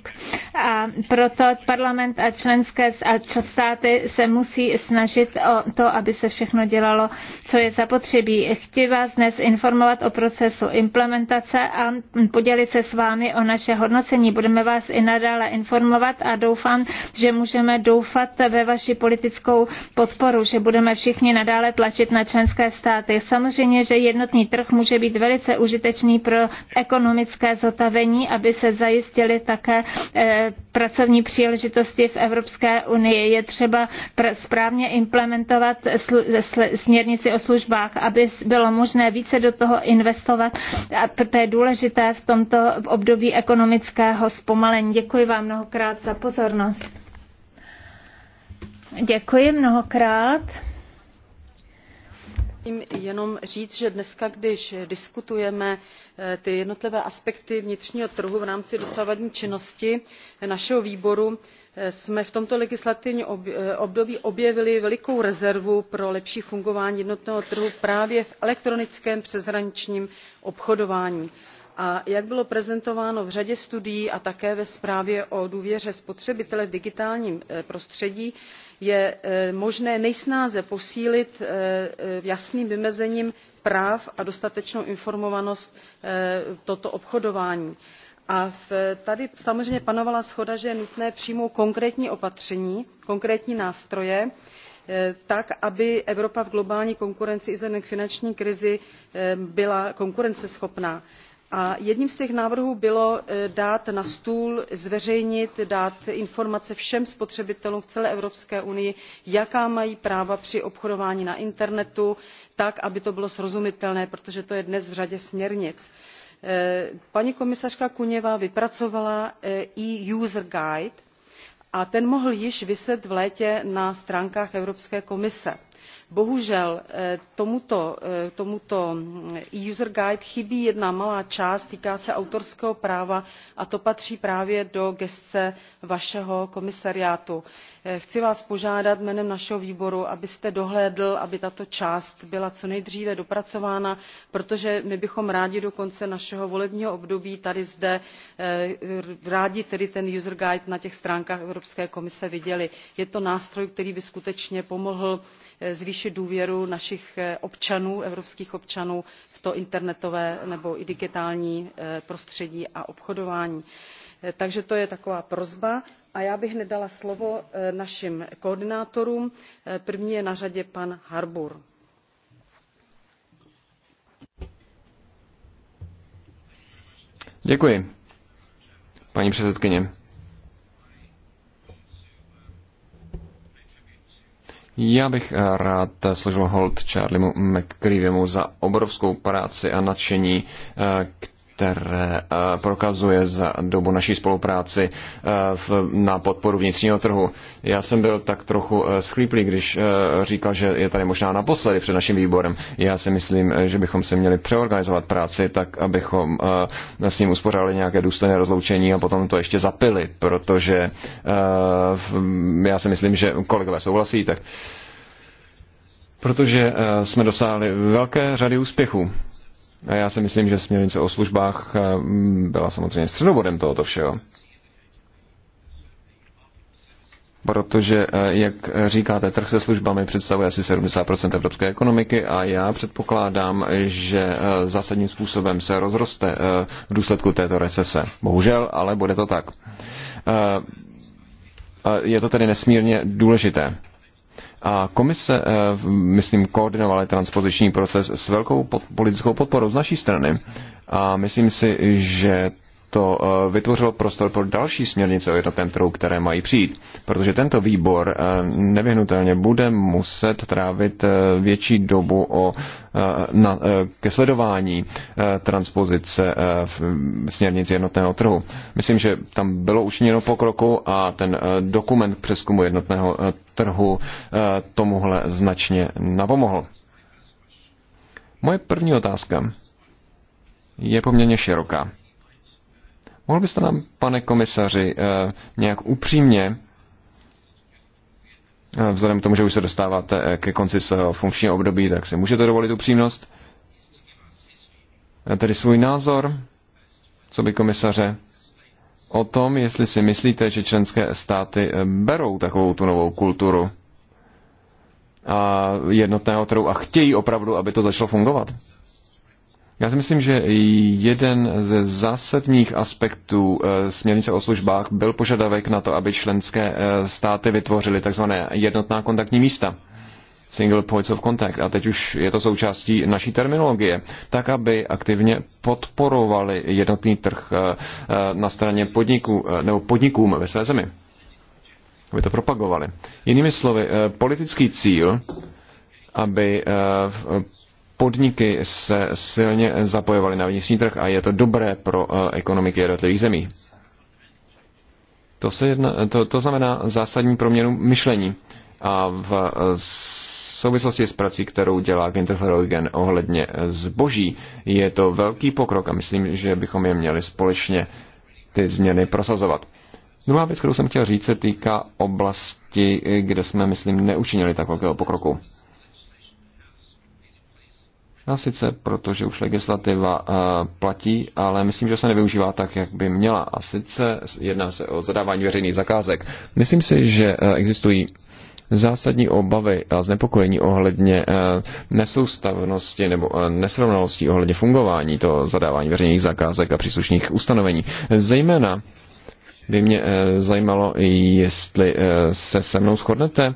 A proto parlament a členské a státy se musí snažit o to, aby se všechno dělalo, co je zapotřebí. Chci vás dnes informovat o procesu implementace a podělit se s vámi o naše hodnocení. Budeme vás i nadále informovat a doufám, že můžeme doufat ve vaši politickou podporu, že budeme všichni nadále tlačit na členské státy. Samozřejmě Samozřejmě, že jednotný trh může být velice užitečný pro ekonomické zotavení, aby se zajistily také eh, pracovní příležitosti v Evropské unii. Je třeba správně implementovat směrnici o službách, aby bylo možné více do toho investovat. A to je důležité v tomto období ekonomického zpomalení. Děkuji vám mnohokrát za pozornost. Děkuji mnohokrát jenom říct že dneska když diskutujeme eh, ty jednotlivé aspekty vnitřního trhu v rámci dosavadní činnosti našeho výboru eh, jsme v tomto legislativním eh, období objevili velikou rezervu pro lepší fungování jednotného trhu právě v elektronickém přeshraničním obchodování a jak bylo prezentováno v řadě studií a také ve zprávě o důvěře spotřebitele v digitálním eh, prostředí je eh, možné nejsnáze posílit eh, jasným vymezením práv a dostatečnou informovanost toto obchodování a tady samozřejmě panovala shoda že je nutné přijmout konkrétní opatření konkrétní nástroje tak aby evropa v globální konkurenci i vzhledem k finanční krizi byla konkurenceschopná. A jedním z těch návrhů bylo e, dát na stůl, zveřejnit, dát informace všem spotřebitelům v celé Evropské unii, jaká mají práva při obchodování na internetu, tak, aby to bylo srozumitelné, protože to je dnes v řadě směrnic e, paní komisařka kuněvá vypracovala e user guide a ten mohl již viset v létě na stránkách evropské komise bohužel eh, tomuto, eh, tomuto mm, user guide chybí jedna malá část týká se autorského práva a to patří právě do gesce vašeho komisariátu. Eh, chci vás požádat jménem našeho výboru abyste dohlédl aby tato část byla co nejdříve dopracována protože my bychom rádi do konce našeho volebního období tady zde rádi tedy ten user guide na těch stránkách evropské komise viděli. je to nástroj který by skutečně pomohl zvýšit důvěru našich eh, občanů evropských občanů v to internetové nebo i digitální eh, prostředí a obchodování. Eh, takže to je taková prosba a já bych hned dala slovo našim koordinátorům první je na řadě pan harbour. Děkuji. Paní předsedkyně, Já bych eh, rád eh, složil hold Charliemu McCreevymu za obrovskou práci a nadšení, eh, které eh, prokazuje za dobu naší spolupráci eh, na podporu vnitřního trhu. Já jsem byl tak trochu eh, schlíplý, když říkal, že je tady možná naposledy před naším výborem. Já si myslím, že bychom se měli přeorganizovat práci tak, abychom s ním uspořádali nějaké důstojné rozloučení a potom to ještě zapili, protože já si myslím, že kolegové souhlasí, tak protože jsme dosáhli velké řady úspěchů. A já si myslím, že směrnice o službách eh, byla samozřejmě středobodem tohoto všeho. Protože, eh, jak říkáte, trh se službami představuje asi 70% evropské ekonomiky a já předpokládám, že eh, zásadním způsobem se rozroste v důsledku této recese. Bohužel, ale bude to tak. Je to tedy nesmírně důležité. A komise, eh, myslím, koordinovala transpoziční proces s velkou politickou podporou z naší strany. A myslím si, že to eh, vytvořilo prostor pro další směrnice o jednotném trhu, které mají přijít. Protože tento výbor eh, nevyhnutelně bude muset trávit eh, větší dobu o, na, ke sledování transpozice v směrnici jednotného trhu. Myslím, že tam bylo učiněno pokroku a ten dokument přeskumu jednotného trhu tomuhle značně napomohl. Moje první otázka je poměrně široká. Mohl byste nám, pane komisaři, eh, nějak upřímně, eh, vzhledem k tomu, že už se dostáváte eh, ke konci svého funkčního období, tak si můžete dovolit upřímnost, tedy svůj názor, co by komisaře, o tom, jestli si myslíte, že členské státy berou takovou tu novou kulturu a jednotného trhu a chtějí opravdu, aby to začalo fungovat. Já si myslím, že jeden ze zásadních aspektů eh, směrnice o službách byl požadavek na to, aby členské eh, státy vytvořily tzv. jednotná kontaktní místa single points of contact, a teď už je to součástí naší terminologie, tak aby aktivně podporovali jednotný trh eh, na straně podniků nebo podnikům ve své zemi. Aby to propagovali. Jinými slovy, politický cíl, aby podniky se silně zapojovaly na vnitřní trh a je to dobré pro eh, ekonomiky jednotlivých zemí. To, se jedna, to, to znamená zásadní proměnu myšlení. A v eh, souvislosti s prací, kterou dělá Ginterferogen ohledně eh, zboží, je to velký pokrok a myslím, že bychom je měli společně ty změny prosazovat. Druhá věc, kterou jsem chtěl říct, se týká oblasti, kde jsme, myslím, neučinili tak velkého pokroku. Já sice protože už legislativa eh, platí, ale myslím, že se nevyužívá tak, jak by měla. A sice jedná se o zadávání veřejných zakázek. Myslím si, že eh, existují zásadní obavy a znepokojení ohledně eh, nesoustavnosti nebo nesrovnalosti ohledně fungování toho zadávání veřejných zakázek a příslušných ustanovení. Zejména by mě zajímalo, jestli se se mnou shodnete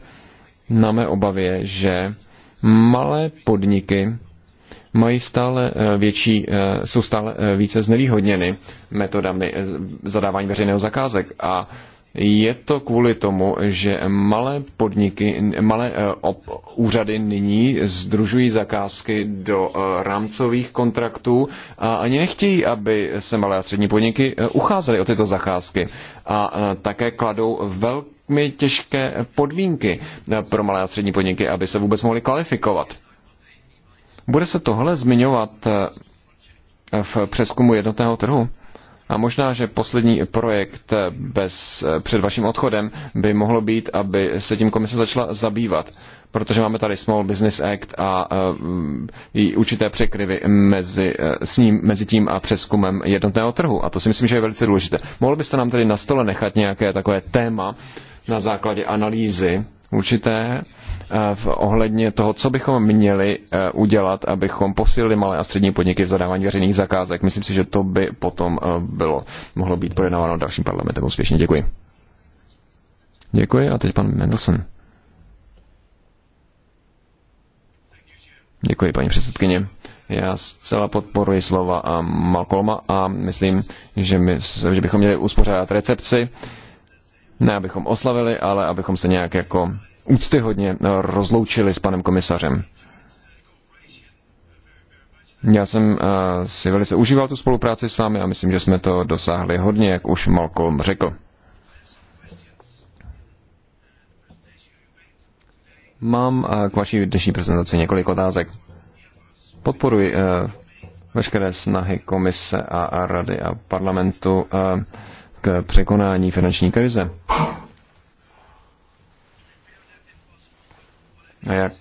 na mé obavě, že malé podniky mají stále eh, větší, eh, jsou stále eh, více znevýhodněny metodami zadávání veřejného zakázek a je to kvůli tomu, že malé podniky, malé úřady nyní združují zakázky do rámcových kontraktů a ani nechtějí, aby se malé a střední podniky ucházely o tyto zakázky. A také kladou velmi těžké podmínky pro malé a střední podniky, aby se vůbec mohly kvalifikovat. Bude se tohle zmiňovat eh, v přeskumu jednotného trhu? A možná, že poslední projekt eh, bez, eh, před vaším odchodem by mohlo být, aby se tím komise začala zabývat, protože máme tady Small Business Act a i určité překryvy mezi, s ním, mezi tím a přeskumem jednotného trhu. A to si myslím, že je velice důležité. Mohl byste nám tady na stole nechat nějaké takové téma na základě analýzy určité eh, v ohledně toho, co bychom měli eh, udělat, abychom posílili malé a střední podniky v zadávání veřejných zakázek. Myslím si, že to by potom eh, bylo, mohlo být pojednáváno dalším parlamentem úspěšně. Děkuji. Děkuji a teď pan Mendelson. Děkuji, paní předsedkyně. Já zcela podporuji slova Malcolma a myslím, že, my, že bychom měli uspořádat recepci. Uh, ne abychom oslavili, ale abychom se nějak jako úctyhodně eh, rozloučili s panem komisařem. Já jsem uh, si velice užíval tu spolupráci s vámi a myslím, že jsme to dosáhli hodně, jak už Malcolm řekl. Mám uh, k vaší dnešní prezentaci několik otázek. Podporuji uh, veškeré snahy komise a, a rady a parlamentu uh, k překonání finanční krize. A jak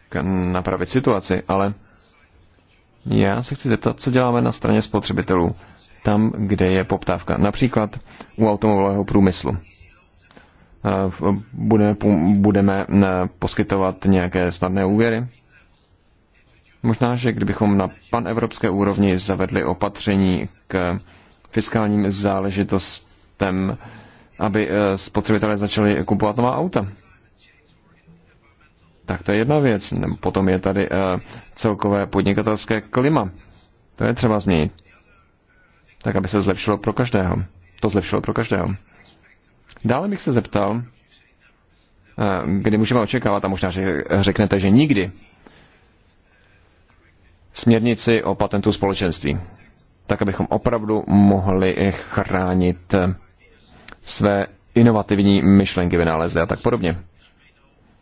napravit situaci, ale já se chci zeptat, co děláme na straně spotřebitelů, tam, kde je poptávka. Například u automobilového průmyslu. Budeme, budeme eh, poskytovat nějaké snadné úvěry. Možná, že kdybychom na panevropské úrovni zavedli opatření k fiskálním záležitost, autem, aby eh, spotřebitelé začali kupovat nová auta. Tak to je jedna věc. Potom je tady eh, celkové podnikatelské klima. To je třeba změnit. Tak, aby se zlepšilo pro každého. To zlepšilo pro každého. Dále bych se zeptal, eh, kdy můžeme očekávat, a možná řeknete, že nikdy, směrnici o patentu společenství. Tak, abychom opravdu mohli chránit své inovativní myšlenky vynálezli a tak podobně.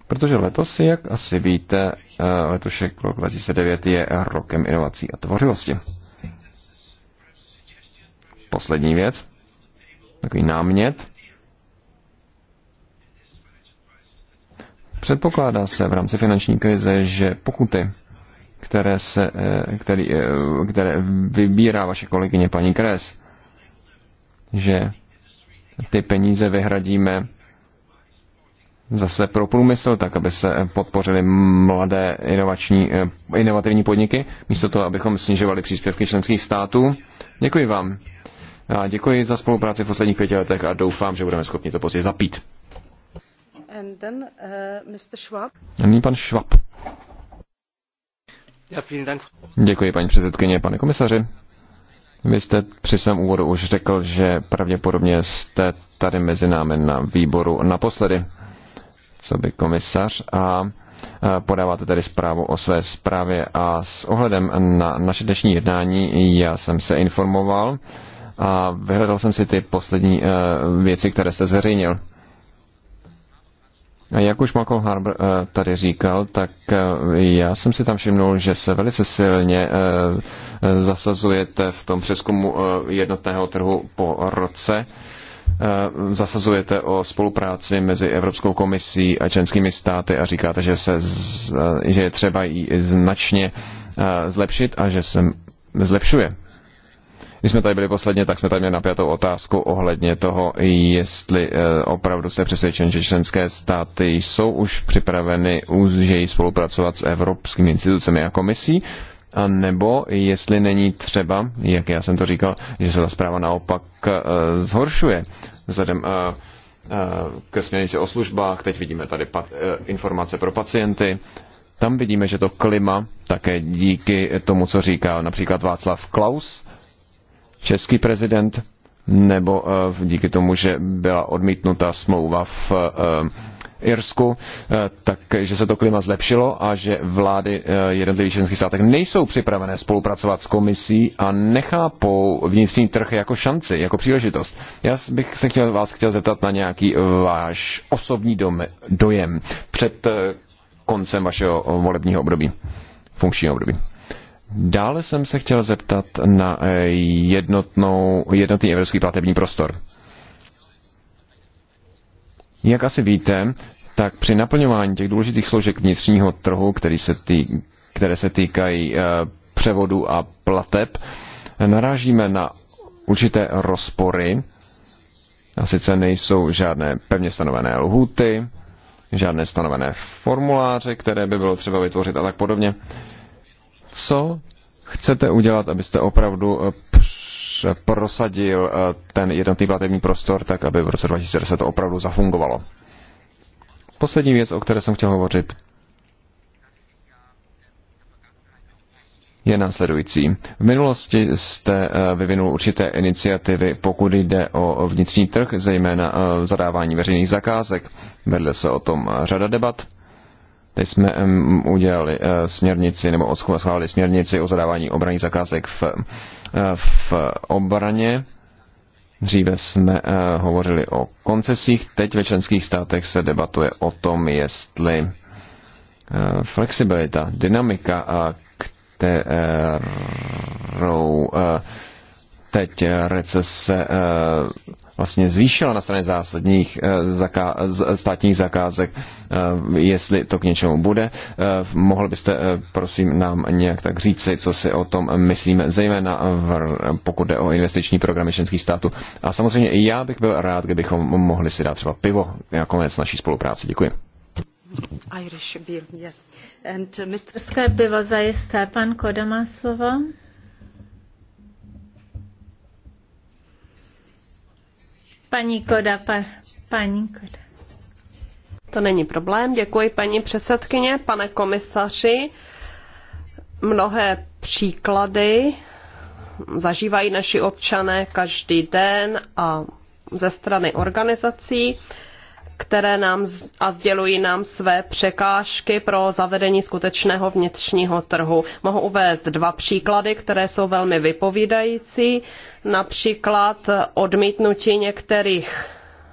Protože letos, jak asi víte, eh, letošek rok 2009 je rokem inovací a tvořivosti. Poslední věc, takový námět. Předpokládá se v rámci finanční krize, že pokuty, které, se, eh, který, eh, které vybírá vaše kolegyně paní Kres, že ty peníze vyhradíme zase pro průmysl, tak aby se podpořili mladé inovační, eh, inovativní podniky, místo toho, abychom snižovali příspěvky členských států. Děkuji vám. A děkuji za spolupráci v posledních pěti letech a doufám, že budeme schopni to později zapít. And then, uh, Mr. Schwab. A nyní pan Schwab. Děkuji, paní předsedkyně, pane komisaři. Vy jste při svém úvodu už řekl, že pravděpodobně jste tady mezi námi na výboru naposledy, co by komisař, a podáváte tady zprávu o své zprávě a s ohledem na naše dnešní jednání já jsem se informoval a vyhledal jsem si ty poslední e, věci, které jste zveřejnil. Jak už Michael Harbour eh, tady říkal, tak eh, já jsem si tam všimnul, že se velice silně eh, zasazujete v tom přeskumu jednotného trhu po roce. Zasazujete o spolupráci mezi Evropskou komisí a členskými státy a říkáte, že, se, že je třeba ji značně zlepšit a že se zlepšuje. Když jsme tady byli posledně, tak jsme tady měli napjatou otázku ohledně toho, jestli eh, opravdu se přesvědčen, že členské státy jsou už připraveny úžeji spolupracovat s evropskými institucemi a komisí, a nebo jestli není třeba, jak já jsem to říkal, že se ta zpráva naopak eh, zhoršuje vzhledem eh, ke směrnici o službách, teď vidíme tady informace pro pacienty, tam vidíme, že to klima také díky tomu, co říká například Václav Klaus, český prezident, nebo eh, díky tomu, že byla odmítnuta smlouva v eh, Irsku, eh, takže se to klima zlepšilo a že vlády jednotlivých členských států nejsou připravené spolupracovat s komisí a nechápou vnitřní trh jako šanci, jako příležitost. Já bych se chtěl, vás chtěl zeptat na nějaký váš osobní dom, dojem před koncem vašeho volebního období, funkčního období. Dále jsem se chtěl zeptat na eh, jednotnou, jednotný evropský platební prostor. Jak asi víte, tak při naplňování těch důležitých složek vnitřního trhu, který se tý, které se týkají eh, převodu a plateb, narážíme na určité rozpory. A sice nejsou žádné pevně stanovené lhuty, žádné stanovené formuláře, které by bylo třeba vytvořit a tak podobně. Uh, co chcete udělat, abyste opravdu eh, prosadil eh, ten jednotný platební prostor tak, aby v roce 2010 to opravdu zafungovalo? Poslední věc, o které jsem chtěl hovořit, je následující. V minulosti jste eh, vyvinul určité iniciativy, pokud jde o vnitřní trh, zejména zadávání veřejných zakázek. Vedle se o tom řada debat. Teď jsme udělali eh, směrnici, nebo schválili směrnici o zadávání obraných zakázek v, eh, v obraně. Dříve jsme eh, hovořili o koncesích, teď ve členských státech se debatuje o tom, jestli flexibilita, dynamika, kterou teď eh, recese eh, vlastně zvýšila na straně zásadních eh, státních zakázek, jestli to k něčemu bude. Mohl byste, prosím, nám nějak tak říci, co si o tom myslíme, zejména v, pokud jde o investiční programy členských států. A samozřejmě i já bych byl rád, kdybychom mohli si dát třeba pivo jako konec naší spolupráce. Děkuji. Irish beer, yes. And Mr. Skype, Skepy, zajisté, pan Koda má slovo. Paní Koda, pa, paní Koda. To není problém. Děkuji, paní předsedkyně, pane komisaři. Mnohé příklady zažívají naši občané každý den a ze strany organizací které nám a sdělují nám své překážky pro zavedení skutečného vnitřního trhu. Mohu uvést dva příklady, které jsou velmi vypovídající, například odmítnutí některých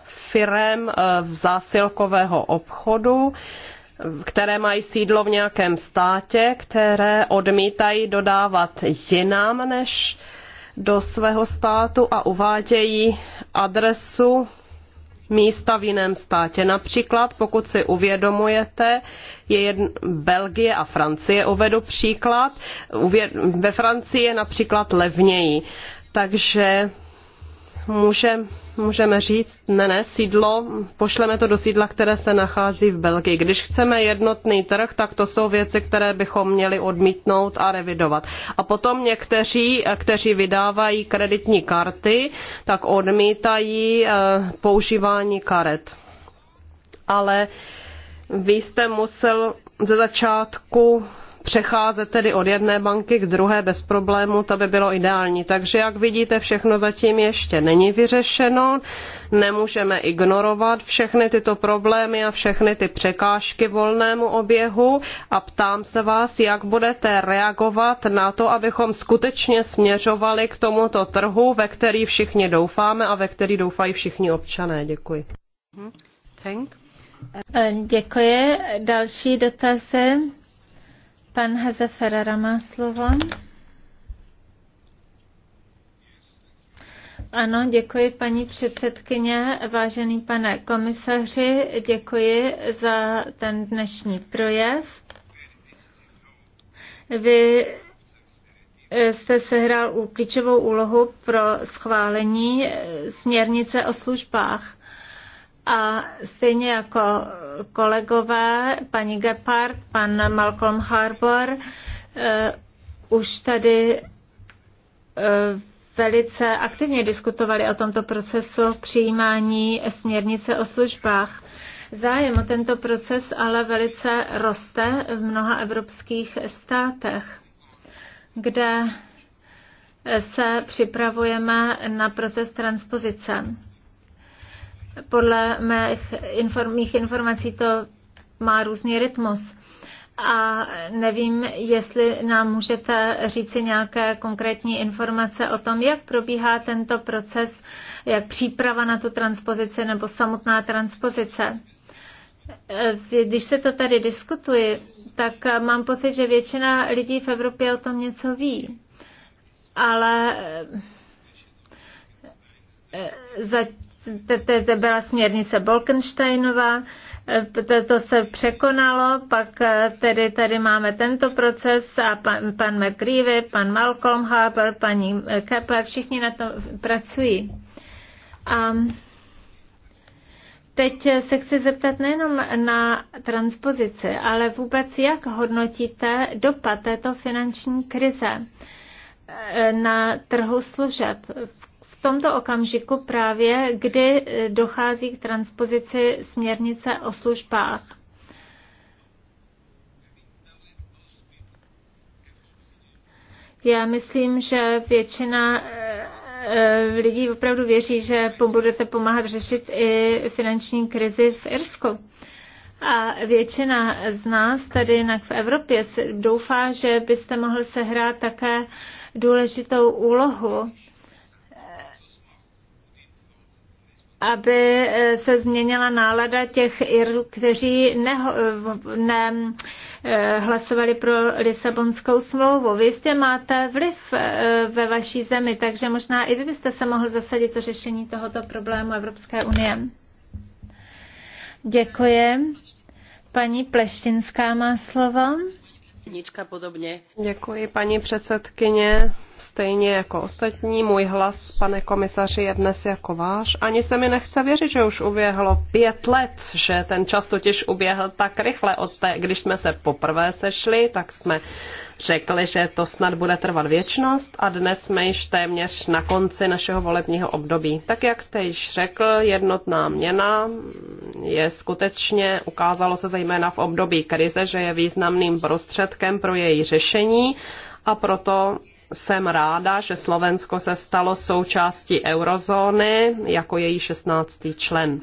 firem eh, v zásilkového obchodu, které mají sídlo v nějakém státě, které odmítají dodávat jinam než do svého státu a uvádějí adresu místa v jiném státě. Například, pokud si uvědomujete, je jedn, Belgie a Francie, uvedu příklad, ve Francii je například levněji. Takže můžeme říct, ne, ne, sídlo, pošleme to do sídla, které se nachází v Belgii. Když chceme jednotný trh, tak to jsou věci, které bychom měli odmítnout a revidovat. A potom někteří, kteří vydávají kreditní karty, tak odmítají eh, používání karet. Ale vy jste musel ze začátku přecházet tedy od jedné banky k druhé bez problému, to by bylo ideální. Takže jak vidíte, všechno zatím ještě není vyřešeno. Nemůžeme ignorovat všechny tyto problémy a všechny ty překážky volnému oběhu a ptám se vás, jak budete reagovat na to, abychom skutečně směřovali k tomuto trhu, ve který všichni doufáme a ve který doufají všichni občané. Děkuji. Mhm. Thank. Děkuji. Další dotazy. Pan Haze Ferrara má slovo. Ano, děkuji paní předsedkyně, vážený pane komisaři, děkuji za ten dnešní projev. Vy jste sehrál klíčovou úlohu pro schválení směrnice o službách. A stejně jako kolegové, paní Gepard, pan Malcolm Harbour, uh, už tady uh, velice aktivně diskutovali o tomto procesu přijímání směrnice o službách. Zájem o tento proces ale velice roste v mnoha evropských státech, kde se připravujeme na proces transpozice. Podle mých informací to má různý rytmus a nevím, jestli nám můžete říci nějaké konkrétní informace o tom, jak probíhá tento proces, jak příprava na tu transpozici nebo samotná transpozice. Eh, když se to tady diskutuje, tak eh, mám pocit, že většina lidí v Evropě o tom něco ví. Ale eh, za to byla směrnice Bolkensteinová, e, to se překonalo, pak e, tedy tady máme tento proces a pan, pan McCreevy, pan Malcolm Harper, paní e, Kepler všichni na tom pracují. A teď se chci zeptat nejenom na transpozici, ale vůbec jak hodnotíte dopad této finanční krize na trhu služeb tomto okamžiku právě, kdy e, dochází k transpozici směrnice o službách. Já myslím, že většina e, e, lidí opravdu věří, že budete pomáhat řešit i finanční krizi v Irsku. A většina z nás tady jinak v Evropě doufá, že byste mohl sehrát také důležitou úlohu aby eh, se změnila nálada těch Irů, kteří eh, ne, ne, eh, hlasovali pro Lisabonskou smlouvu. Vy jistě máte vliv ve vaší zemi, takže možná i vy byste se mohl zasadit o řešení tohoto problému Evropské unie. Děkuji. Paní Pleštinská má slovo. Podobně. Děkuji, paní předsedkyně. Stejně jako ostatní, můj hlas, pane komisaři, je dnes jako váš. Ani se mi nechce věřit, že už uběhlo pět let, že ten čas totiž uběhl tak rychle. Od té, když jsme se poprvé sešli, tak jsme řekli, že to snad bude trvat věčnost a dnes jsme již téměř na konci našeho volebního období. Tak jak jste již řekl, jednotná měna je skutečně, ukázalo se zejména v období krize, že je významným prostředkem pro její řešení a proto jsem ráda, že Slovensko se stalo součástí eurozóny jako její 16. člen.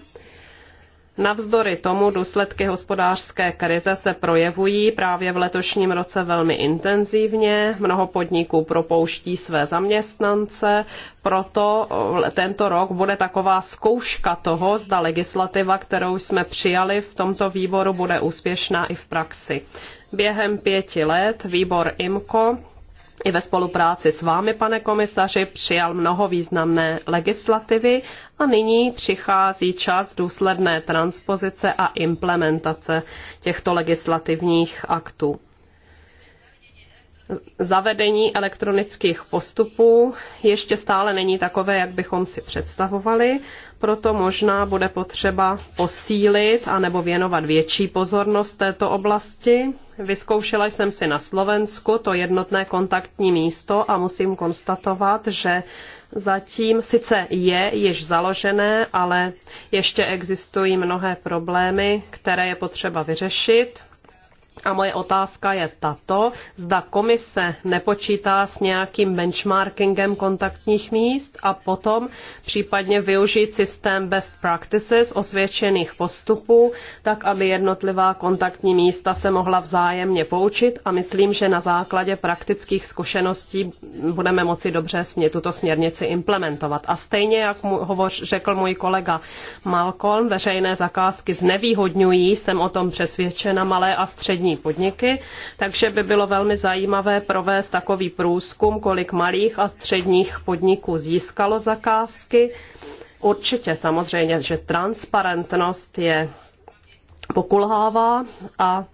Navzdory tomu důsledky hospodářské krize se projevují právě v letošním roce velmi intenzivně. Mnoho podniků propouští své zaměstnance, proto eh, tento rok bude taková zkouška toho, zda legislativa, kterou jsme přijali v tomto výboru, bude úspěšná i v praxi. Během pěti let výbor IMCO i ve spolupráci s vámi, pane komisaři, přijal mnoho významné legislativy a nyní přichází čas důsledné transpozice a implementace těchto legislativních aktů zavedení elektronických postupů ještě stále není takové, jak bychom si představovali, proto možná bude potřeba posílit anebo věnovat větší pozornost této oblasti. Vyzkoušela jsem si na Slovensku to jednotné kontaktní místo a musím konstatovat, že zatím sice je již založené, ale ještě existují mnohé problémy, které je potřeba vyřešit a moje otázka je tato, zda komise nepočítá s nějakým benchmarkingem kontaktních míst a potom případně využít systém best practices osvědčených postupů, tak aby jednotlivá kontaktní místa se mohla vzájemně poučit a myslím, že na základě praktických zkušeností budeme moci dobře smě, tuto směrnici implementovat. A stejně, jak mu, hovoř, řekl můj kolega Malcolm, veřejné zakázky znevýhodňují, jsem o tom přesvědčena, malé a střední obchodní podniky, takže by bylo velmi zajímavé provést takový průzkum, kolik malých a středních podniků získalo zakázky. Určitě samozřejmě, že transparentnost je pokulhává a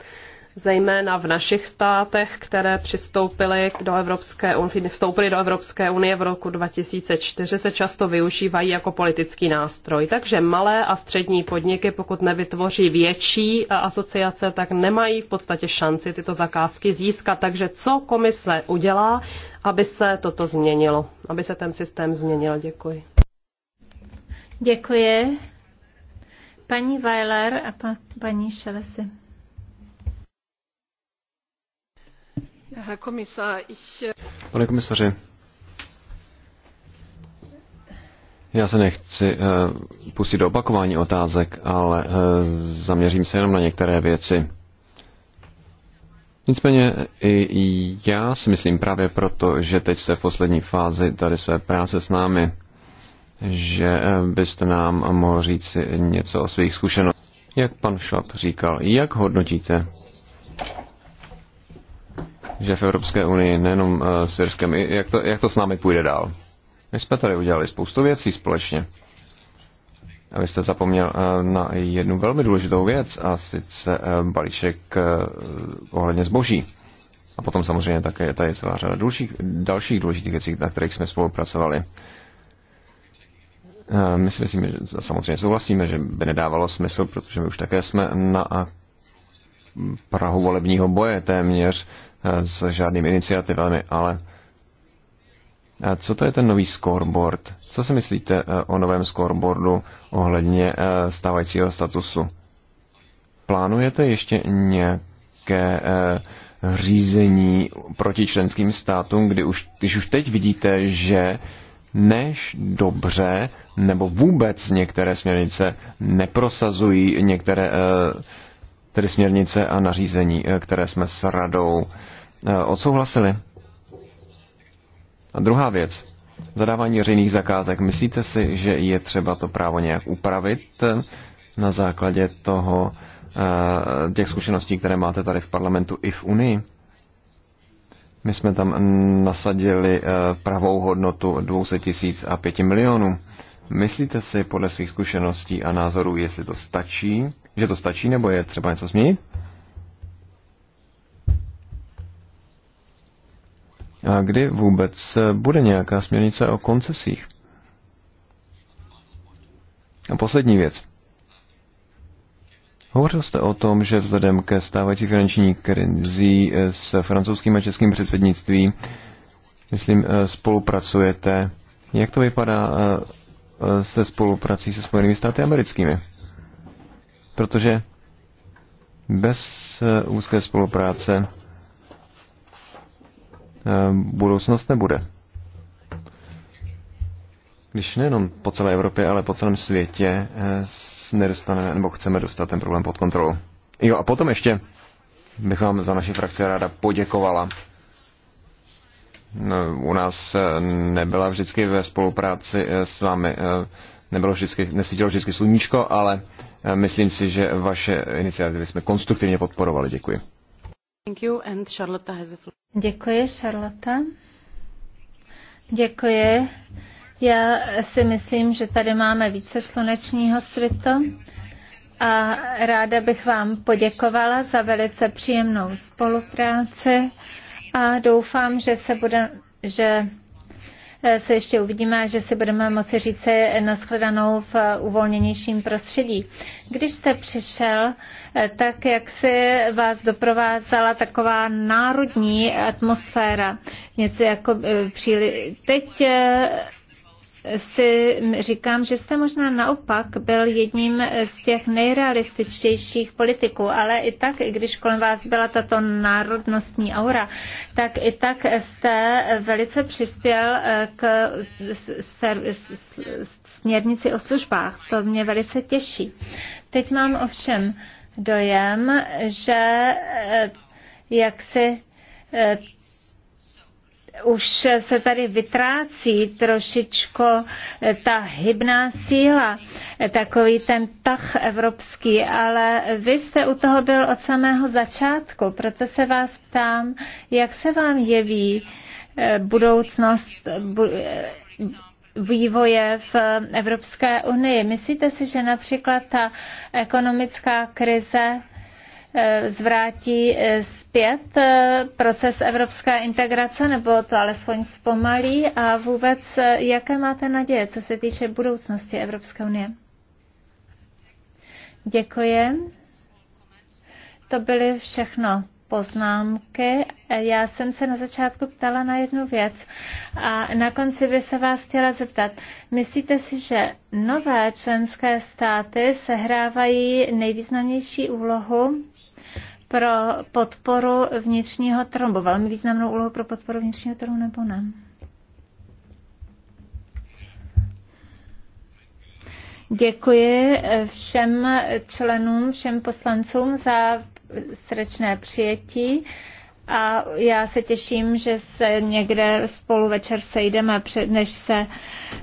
zejména v našich státech, které přistoupily do Evropské unie, vstoupily do Evropské unie v roku 2004, se často využívají jako politický nástroj. Takže malé a střední podniky, pokud nevytvoří větší asociace, tak nemají v podstatě šanci tyto zakázky získat. Takže co komise udělá, aby se toto změnilo, aby se ten systém změnil? Děkuji. Děkuji. Paní Weiler a pa, paní Šelesi. Äh, Pane komisaři, já se nechci uh, pustit do opakování otázek, ale uh, zaměřím se jenom na některé věci. Nicméně i já si myslím právě proto, že teď jste v poslední fázi tady své práce s námi, že eh, byste nám mohl říct něco o svých zkušenostech. Jak pan Šlap říkal, jak hodnotíte že v Evropské unii, nejenom eh, s Jirskem, jak to, jak to s námi půjde dál. My jsme tady udělali spoustu věcí společně. A vy jste zapomněl eh, na jednu velmi důležitou věc, a sice eh, balíček ohledně zboží. A potom samozřejmě také tady je celá řada dalších, dalších důležitých věcí, na kterých jsme spolupracovali. My si myslíme, že samozřejmě souhlasíme, že by nedávalo smysl, protože my už také jsme na Prahu volebního boje téměř Eh, s žádnými iniciativami, ale eh, co to je ten nový scoreboard? Co si myslíte eh, o novém scoreboardu ohledně stávajícího statusu? Plánujete ještě nějaké řízení proti členským státům, kdy už, když už teď vidíte, že než dobře nebo vůbec některé směrnice neprosazují některé tedy směrnice a nařízení, které jsme s radou Eh, odsouhlasili? A druhá věc. Zadávání veřejných zakázek. Myslíte si, že je třeba to právo nějak upravit eh, na základě toho, eh, těch zkušeností, které máte tady v parlamentu i v Unii? My jsme tam nasadili pravou hodnotu 200 tisíc a 5 milionů. Myslíte si podle svých zkušeností a názorů, jestli to stačí, že to stačí, nebo je třeba něco změnit? A kdy vůbec bude nějaká směrnice o koncesích? A poslední věc. Hovořil jste o tom, že vzhledem ke stávající finanční krizi s francouzským a českým předsednictvím, myslím, eh, spolupracujete. Jak to vypadá eh, se spoluprací se Spojenými státy americkými? Protože bez eh, úzké spolupráce Eh, budoucnost nebude. Když nejenom po celé Evropě, ale po celém světě eh, nedostaneme, nebo chceme dostat ten problém pod kontrolu. Jo, a potom ještě bych vám za naši frakci ráda poděkovala. No, u nás eh, nebyla vždycky ve spolupráci s vámi, nebylo vždycky, nesvítilo vždycky sluníčko, ale myslím si, že vaše iniciativy jsme konstruktivně podporovali. Děkuji. Thank you and Charlotte has a floor. Děkuji, Charlotte. Děkuji. Já si myslím, že tady máme více slunečního svitu a ráda bych vám poděkovala za velice příjemnou spolupráci a doufám, že se bude, že Eh, se ještě uvidíme a že si budeme moci říct eh, nashledanou v eh, uvolněnějším prostředí. Když jste přišel, tak jak se vás doprovázala taková národní atmosféra, něco jako příliš... Teď si říkám, že jste možná naopak byl jedním z těch nejrealističtějších politiků, ale i tak, i když kolem vás byla tato národnostní aura, tak i tak jste velice přispěl eh, k směrnici o službách. To mě velice těší. Teď mám ovšem dojem, že eh, jak si eh, už se tady vytrácí trošičko ta hybná síla, takový ten tah evropský, ale vy jste u toho byl od samého začátku, proto se vás ptám, jak se vám jeví eh, budoucnost eh, vývoje v Evropské unii. Myslíte si, že například ta ekonomická krize Eh, zvrátí eh, zpět eh, proces evropské integrace, nebo to alespoň zpomalí? A vůbec, jaké máte naděje, co se týče budoucnosti Evropské unie? Děkuji. To byly všechno poznámky. Já jsem se na začátku ptala na jednu věc a na konci by se vás chtěla zeptat. Myslíte si, že nové členské státy sehrávají nejvýznamnější úlohu pro podporu vnitřního trombu? velmi významnou úlohu pro podporu vnitřního trhu, nebo ne? Děkuji všem členům, všem poslancům za srdečné přijetí a já se těším, že se někde spolu večer sejdeme, než se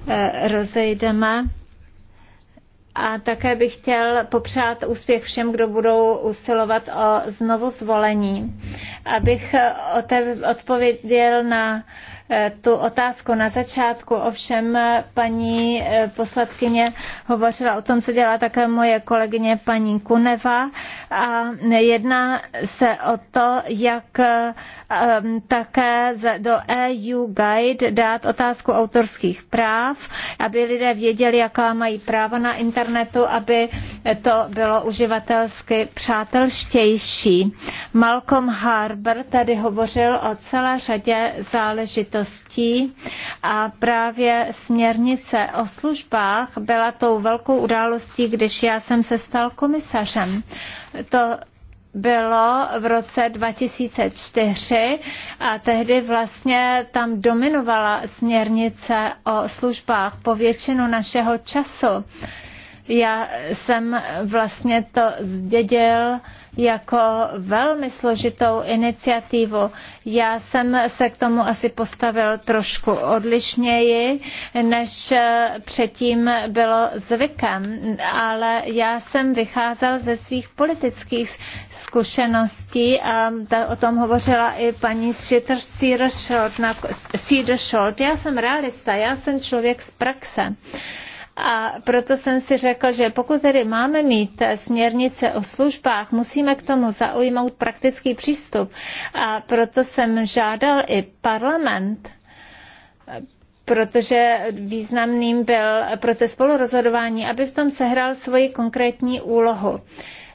eh, rozejdeme. A také bych chtěl popřát úspěch všem, kdo budou usilovat o znovu zvolení. Abych odpověděl na Eh, tu otázku na začátku. Ovšem eh, paní eh, poslankyně hovořila o tom, co dělá také moje kolegyně paní Kuneva a jedná se o to, jak také do EU Guide dát otázku autorských práv, aby lidé věděli, jaká mají práva na internetu, aby to bylo uživatelsky přátelštější. Malcolm Harbour tady hovořil o celé řadě záležitostí příležitostí a právě směrnice o službách byla tou velkou událostí, když já jsem se stal komisařem. To bylo v roce 2004 a tehdy vlastně tam dominovala směrnice o službách po většinu našeho času. Já jsem vlastně to zdědil jako velmi složitou iniciativu. Já jsem se k tomu asi postavil trošku odlišněji, než předtím bylo zvykem, ale já jsem vycházel ze svých politických zkušeností a ta, o tom hovořila i paní Cedar Já jsem realista, já jsem člověk z praxe. Uh, a proto jsem si řekl, že pokud tedy máme mít směrnice o službách, musíme k tomu zaujmout praktický přístup. A proto jsem žádal i parlament, protože významným byl proces spolurozhodování, aby v tom sehrál svoji konkrétní úlohu.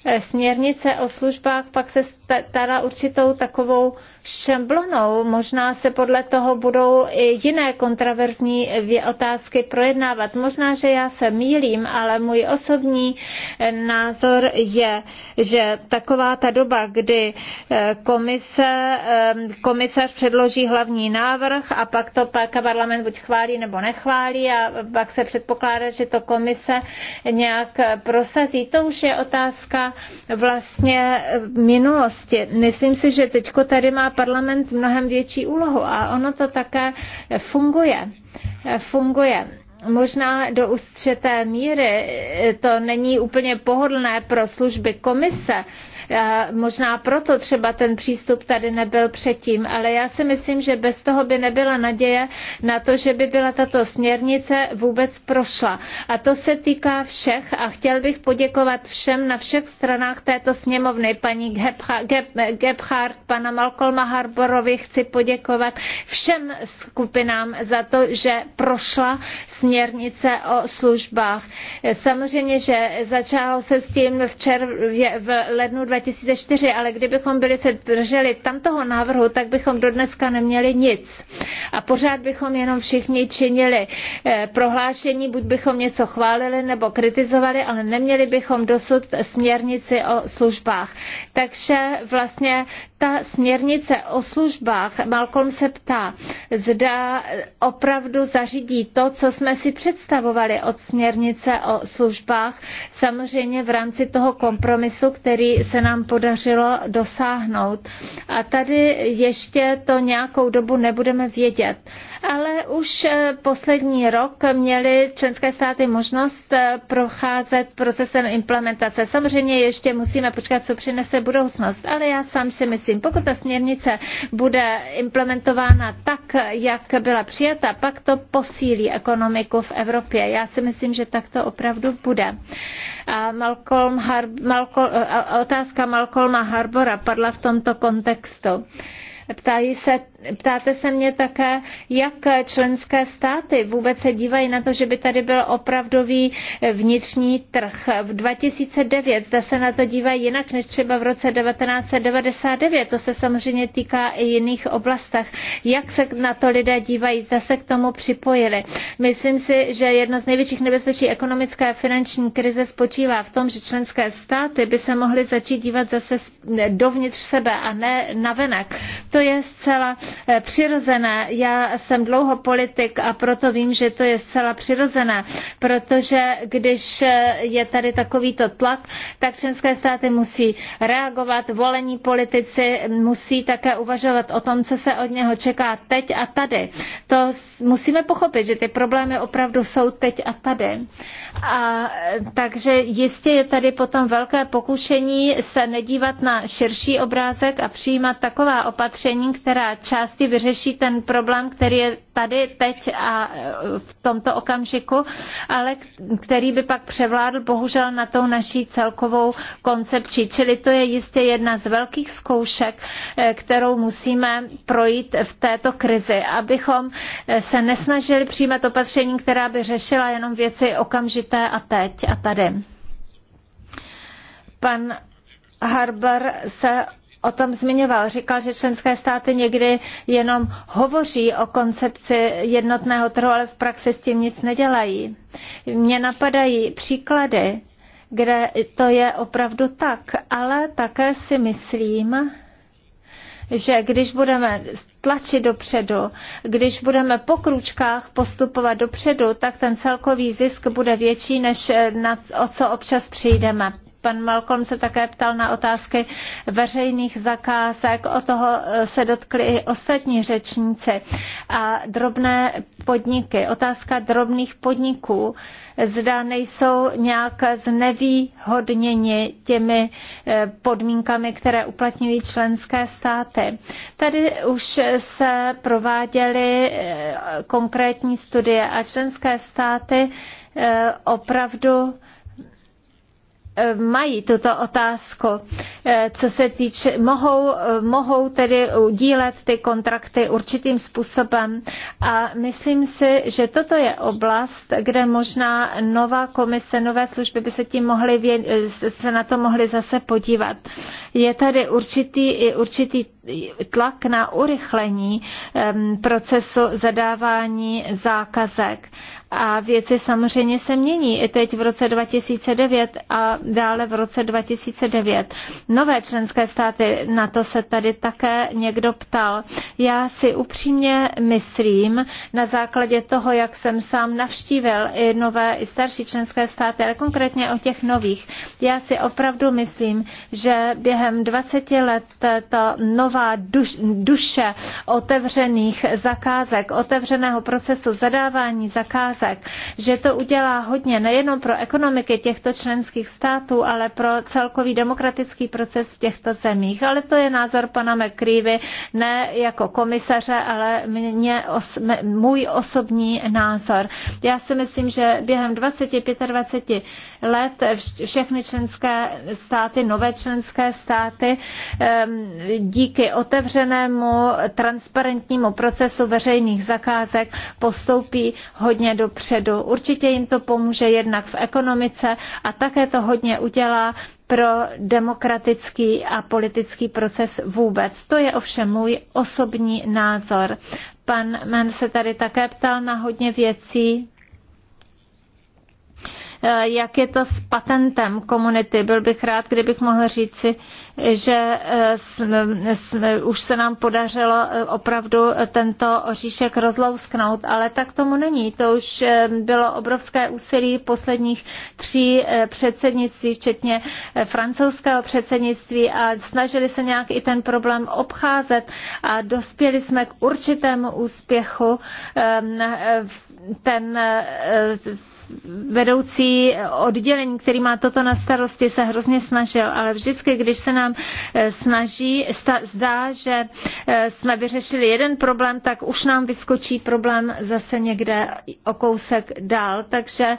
E, směrnice o službách pak se stala určitou takovou šablonou. Možná se podle toho budou i jiné kontraverzní otázky projednávat. Možná, že já se mílím, ale můj osobní eh, názor je, že taková ta doba, kdy eh, komise, eh, komisař předloží hlavní návrh a pak to pak parlament buď chválí nebo nechválí a pak se předpokládá, že to komise nějak prosazí. To už je otázka vlastně minulosti. Myslím si, že teďko tady má parlament mnohem větší úlohu a ono to také funguje. Funguje možná do ústřeté míry to není úplně pohodlné pro služby komise, Eh, možná proto třeba ten přístup tady nebyl předtím, ale já si myslím, že bez toho by nebyla naděje na to, že by byla tato směrnice vůbec prošla. A to se týká všech a chtěl bych poděkovat všem na všech stranách této sněmovny, paní Gebhardt, pana Malcolma Harborovi, chci poděkovat všem skupinám za to, že prošla směrnice o službách. Samozřejmě, že začalo se s tím v, červ- v lednu 2004, ale kdybychom byli se drželi tamtoho návrhu, tak bychom do dneska neměli nic. A pořád bychom jenom všichni činili eh, prohlášení, buď bychom něco chválili nebo kritizovali, ale neměli bychom dosud směrnici o službách. Takže vlastně ta směrnice o službách, Malcolm se ptá, zda opravdu zařídí to, co jsme jsme si představovali od směrnice o službách, samozřejmě v rámci toho kompromisu, který se nám podařilo dosáhnout. A tady ještě to nějakou dobu nebudeme vědět. Ale už eh, poslední rok měly členské státy možnost eh, procházet procesem implementace. Samozřejmě ještě musíme počkat, co přinese budoucnost, ale já sám si myslím, pokud ta směrnice bude implementována tak, jak byla přijata, pak to posílí ekonomiku ekonomiku v Evropě. Já si myslím, že tak to opravdu bude. A Malcolm Har- Malcolm, otázka Malcolma Harbora padla v tomto kontextu. Ptají se, ptáte se mě také, jak členské státy vůbec se dívají na to, že by tady byl opravdový vnitřní trh. V 2009 zda se na to dívají jinak než třeba v roce 1999. To se samozřejmě týká i jiných oblastech. Jak se na to lidé dívají, zda se k tomu připojili. Myslím si, že jedno z největších nebezpečí ekonomické a finanční krize spočívá v tom, že členské státy by se mohly začít dívat zase dovnitř sebe a ne navenek. To je zcela Eh, přirozené. Já jsem dlouho politik a proto vím, že to je zcela přirozené, protože když eh, je tady takovýto tlak, tak členské státy musí reagovat, volení politici musí také uvažovat o tom, co se od něho čeká teď a tady. To musíme pochopit, že ty problémy opravdu jsou teď a tady. A, eh, takže jistě je tady potom velké pokušení se nedívat na širší obrázek a přijímat taková opatření, která částečně části vyřeší ten problém, který je tady teď a e, v tomto okamžiku, ale který by pak převládl bohužel na tou naší celkovou koncepci. Čili to je jistě jedna z velkých zkoušek, e, kterou musíme projít v této krizi, abychom e, se nesnažili přijímat opatření, která by řešila jenom věci okamžité a teď a tady. Pan Harbar se o tom zmiňoval. Říkal, že členské státy někdy jenom hovoří o koncepci jednotného trhu, ale v praxi s tím nic nedělají. Mně napadají příklady, kde to je opravdu tak, ale také si myslím, že když budeme tlačit dopředu, když budeme po kručkách postupovat dopředu, tak ten celkový zisk bude větší, než na, o co občas přijdeme. Pan Malcolm se také ptal na otázky veřejných zakázek, o toho eh, se dotkli i ostatní řečníci. A drobné podniky, otázka drobných podniků, zda nejsou nějak znevýhodněni těmi eh, podmínkami, které uplatňují členské státy. Tady už se prováděly eh, konkrétní studie a členské státy opravdu Eh, mají tuto otázku, eh, co se týče, mohou, eh, mohou tedy udílet ty kontrakty určitým způsobem a myslím si, že toto je oblast, kde možná nová komise, nové služby by se tím mohly, se na to mohly zase podívat. Je tady určitý, určitý tlak na urychlení procesu zadávání zákazek a věci samozřejmě se mění i teď v roce 2009 a dále v roce 2009. Nové členské státy, na to se tady také někdo ptal. Já si upřímně myslím, na základě toho, jak jsem sám navštívil i nové, i starší členské státy, ale konkrétně o těch nových, já si opravdu myslím, že během 20 let ta nová duš, duše otevřených zakázek, otevřeného procesu zadávání zakázek, efekt, že to udělá hodně nejenom pro ekonomiky těchto členských států, ale pro celkový demokratický proces v těchto zemích. Ale to je názor pana McCreevy, ne jako komisaře, ale mě, os, můj osobní názor. Já si myslím, že během 20-25 let všechny členské státy, nové členské státy díky otevřenému transparentnímu procesu veřejných zakázek postoupí hodně do dopředu. Určitě jim to pomůže jednak v ekonomice a také to hodně udělá pro demokratický a politický proces vůbec. To je ovšem můj osobní názor. Pan Men se tady také ptal na hodně věcí, Eh, jak je to s patentem komunity. Byl bych rád, kdybych mohl říci, že jsme, eh, jsme, už se nám podařilo eh, opravdu tento oříšek rozlousknout, ale tak tomu není. To už bylo obrovské úsilí posledních tří předsednictví, včetně francouzského předsednictví a snažili se nějak i ten problém obcházet a dospěli jsme k určitému úspěchu. Ten vedoucí oddělení, který má toto na starosti, se hrozně snažil, ale vždycky, když se nám eh, snaží, zdá, že eh, jsme vyřešili jeden problém, tak už nám vyskočí problém zase někde o kousek dál. Takže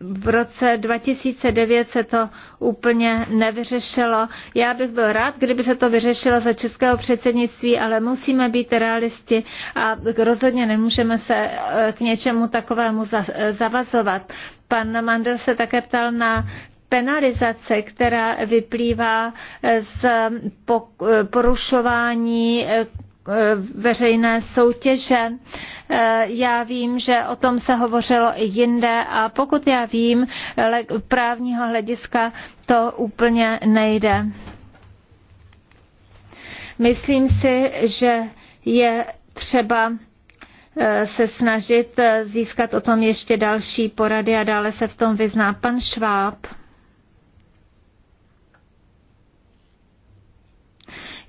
v roce 2009 se to úplně nevyřešilo. Já bych byl rád, kdyby se to vyřešilo za českého předsednictví, ale musíme být realisti a rozhodně nemůžeme se eh, k něčemu takovému eh, zavazovat. Pan Mandel se také ptal na penalizace, která vyplývá eh, z porušování veřejné soutěže Eh, já vím, že o tom se hovořilo i jinde a pokud já vím, právního hlediska to úplně nejde. Myslím si, že je třeba eh, se snažit eh, získat o tom ještě další porady a dále se v tom vyzná pan Schwab.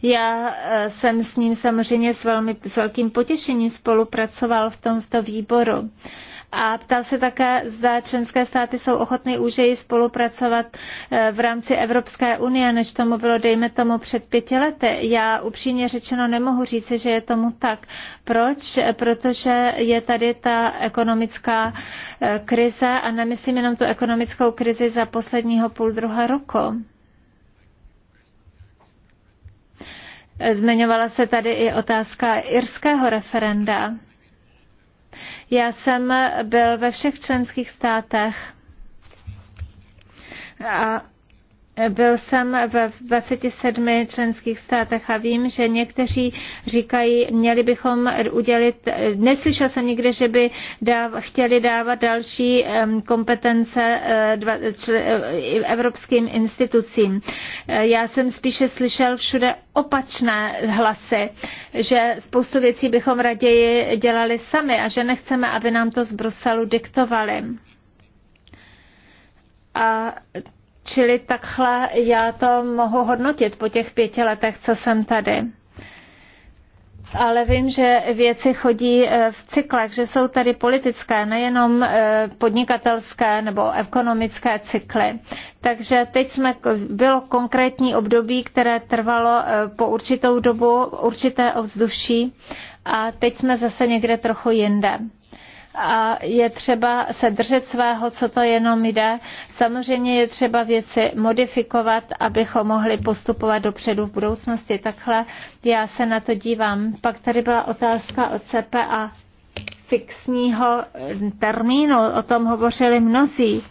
Já e, jsem s ním samozřejmě s, velmi, s velkým potěšením spolupracoval v tomto výboru a ptal se také, zda členské státy jsou ochotny jej spolupracovat e, v rámci Evropské unie, než tomu bylo, dejme tomu, před pěti lety. Já upřímně řečeno nemohu říct, že je tomu tak. Proč? Protože je tady ta ekonomická e, krize a nemyslím jenom tu ekonomickou krizi za posledního půl druhá roku Zmiňovala se tady i otázka irského referenda. Já jsem byl ve všech členských státech a byl jsem ve 27 členských státech a vím, že někteří říkají, měli bychom udělit, neslyšel jsem nikde, že by dáv, chtěli dávat další kompetence eh, eh, evropským institucím. Eh, já jsem spíše slyšel všude opačné hlasy, že spoustu věcí bychom raději dělali sami a že nechceme, aby nám to z Bruselu diktovali. A Čili takhle já to mohu hodnotit po těch pěti letech, co jsem tady. Ale vím, že věci chodí eh, v cyklech, že jsou tady politické, nejenom eh, podnikatelské nebo ekonomické cykly. Takže teď jsme, bylo konkrétní období, které trvalo eh, po určitou dobu, určité ovzduší a teď jsme zase někde trochu jinde a je třeba se držet svého, co to jenom jde. Samozřejmě je třeba věci modifikovat, abychom mohli postupovat dopředu v budoucnosti. Takhle já se na to dívám. Pak tady byla otázka o CPA fixního termínu, o tom hovořili mnozí.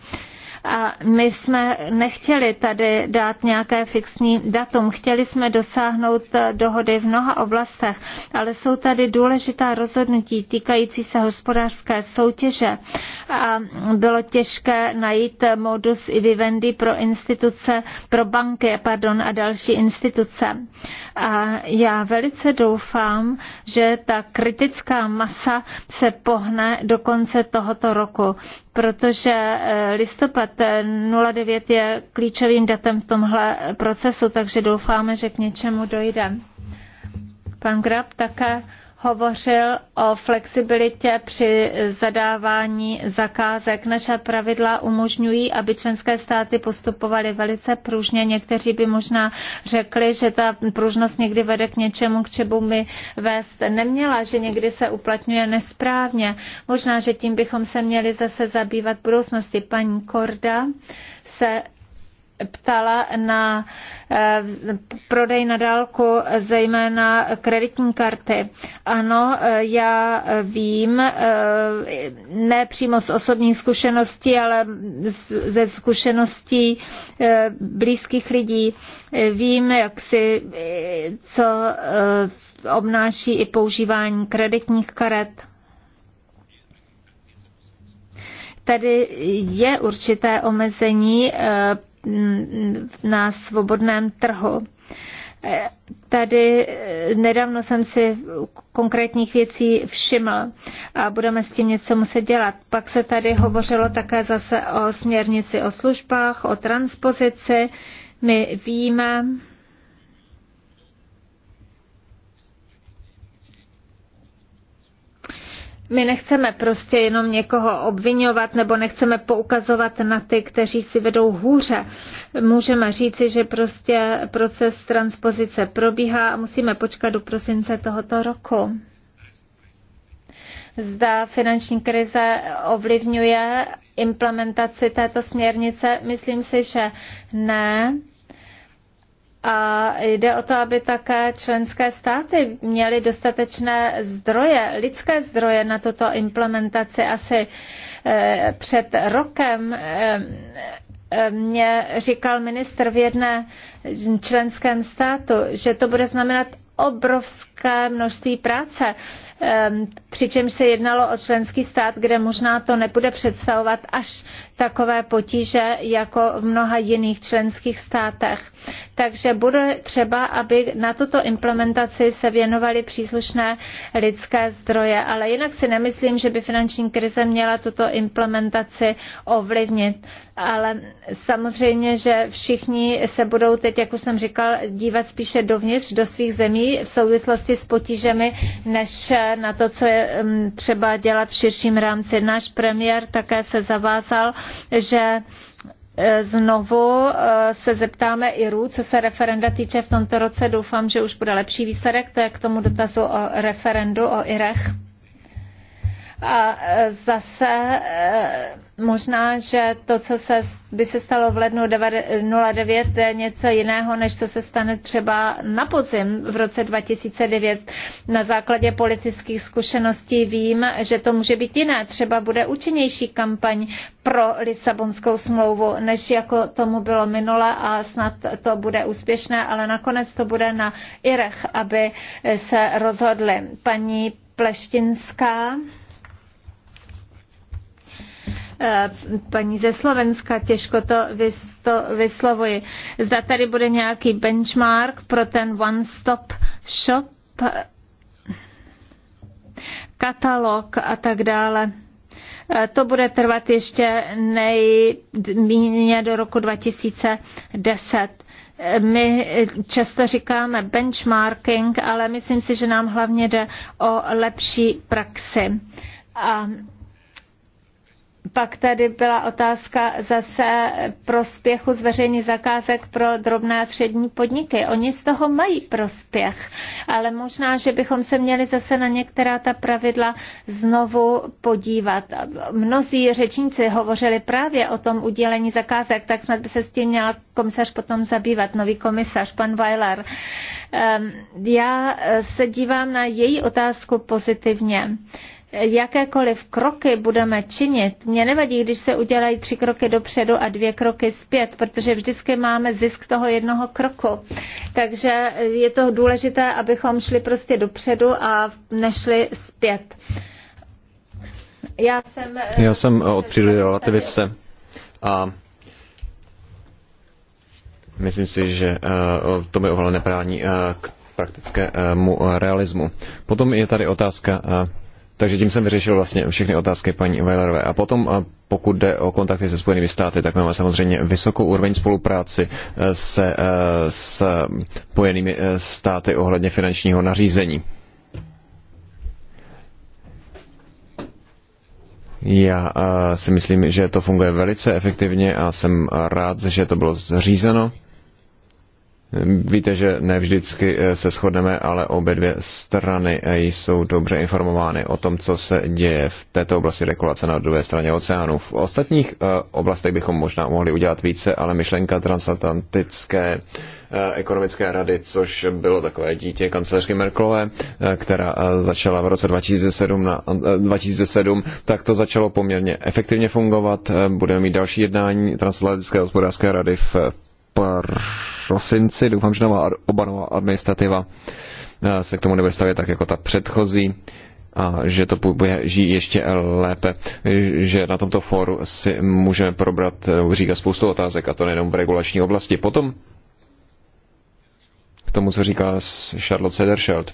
A my jsme nechtěli tady dát nějaké fixní datum, chtěli jsme dosáhnout eh, dohody v mnoha oblastech, ale jsou tady důležitá rozhodnutí týkající se hospodářské soutěže a bylo těžké najít modus i vivendi pro instituce, pro banky pardon, a další instituce. A já velice doufám, že ta kritická masa se pohne do konce tohoto roku protože eh, listopad 09 eh, je klíčovým datem v tomhle procesu, takže doufáme, že k něčemu dojde. Pan Grab také hovořil o flexibilitě při zadávání zakázek. Naše pravidla umožňují, aby členské státy postupovaly velice pružně. Někteří by možná řekli, že ta pružnost někdy vede k něčemu, k čemu by vést neměla, že někdy se uplatňuje nesprávně. Možná, že tím bychom se měli zase zabývat v budoucnosti. Paní Korda se ptala na eh, prodej na dálku, zejména kreditní karty. Ano, eh, já vím, eh, ne přímo z osobních zkušenosti, ale ze zkušeností blízkých lidí. Vím, jak si, co obnáší i používání kreditních karet. Tady je určité omezení na svobodném trhu. Eh, tady eh, nedávno jsem si konkrétních věcí všiml a budeme s tím něco muset dělat. Pak se tady hovořilo také zase o směrnici o službách, o transpozici. My víme, My nechceme prostě jenom někoho obvinovat nebo nechceme poukazovat na ty, kteří si vedou hůře. Můžeme říci, že prostě proces transpozice probíhá a musíme počkat do prosince tohoto roku. Zda finanční krize ovlivňuje implementaci této směrnice? Myslím si, že ne a jde o to, aby také členské státy měly dostatečné zdroje, lidské zdroje na tuto implementaci. Asi eh, před rokem eh, eh, mě říkal ministr v jedné členském státu, že to bude znamenat obrovské množství práce Ehm, přičemž se jednalo o členský stát, kde možná to nebude představovat až takové potíže jako v mnoha jiných členských státech. Takže bude třeba, aby na tuto implementaci se věnovaly příslušné lidské zdroje, ale jinak si nemyslím, že by finanční krize měla tuto implementaci ovlivnit. Ale samozřejmě, že všichni se budou teď, jak už jsem říkal, dívat spíše dovnitř, do svých zemí v souvislosti s potížemi, než na to, co je mm, třeba dělat v širším rámci. Náš premiér také se zavázal, že e, znovu e, se zeptáme Iru, co se referenda týče v tomto roce. Doufám, že už bude lepší výsledek. To je k tomu dotazu o referendu o Irech. A e, zase e, možná, že to, co se, by se stalo v lednu 09, je něco jiného, než co se stane třeba na podzim v roce 2009. Na základě politických zkušeností vím, že to může být jiné. Třeba bude účinnější kampaň pro Lisabonskou smlouvu, než jako tomu bylo minule a snad to bude úspěšné, ale nakonec to bude na Irech, aby se rozhodli. Paní Pleštinská. Eh, paní ze Slovenska, těžko to, to vyslovuji. Zda tady bude nějaký benchmark pro ten one-stop shop, eh, katalog a tak dále. Eh, to bude trvat ještě nejméně do roku 2010 my často říkáme benchmarking, ale myslím si, že nám hlavně jde o lepší praxi. A pak tady byla otázka zase prospěchu z veřejných zakázek pro drobné a střední podniky. Oni z toho mají prospěch, ale možná, že bychom se měli zase na některá ta pravidla znovu podívat. Mnozí řečníci hovořili právě o tom udělení zakázek, tak snad by se s tím měla komisař potom zabývat, nový komisař, pan Weiler. Ehm, já se dívám na její otázku pozitivně jakékoliv kroky budeme činit, mě nevadí, když se udělají tři kroky dopředu a dvě kroky zpět, protože vždycky máme zisk toho jednoho kroku. Takže je to důležité, abychom šli prostě dopředu a nešli zpět. Já jsem, eh, Já jsem eh, od přírody relativice a myslím si, že eh, to by ohledně nebrání k praktickému realismu. Potom je tady otázka takže tím jsem vyřešil vlastně všechny otázky paní Weilerové. A potom, pokud jde o kontakty se Spojenými státy, tak máme samozřejmě vysokou úroveň spolupráci e, se e, s Spojenými e, státy ohledně finančního nařízení. Já si myslím, že to funguje velice efektivně a jsem rád, že to bylo zřízeno. Víte, že ne vždycky eh, se shodneme, ale obě dvě strany eh, jsou dobře informovány o tom, co se děje v této oblasti regulace na druhé straně oceánu. V ostatních eh, oblastech bychom možná mohli udělat více, ale myšlenka transatlantické ekonomické rady, což bylo takové dítě kancelářky Merkelové, která začala v roce 2007, na, 2007, tak to začalo poměrně efektivně fungovat. Budeme mít další jednání transatlantické hospodářské rady v Par prosinci. Doufám, že nová obanová administrativa eh, se k tomu nebude stavět tak jako ta předchozí a že to bude žít ještě lépe, že na tomto fóru si můžeme probrat, eh, říkat spoustu otázek a to nejenom v regulační oblasti. Potom k tomu, co říká Charlotte Sederschild.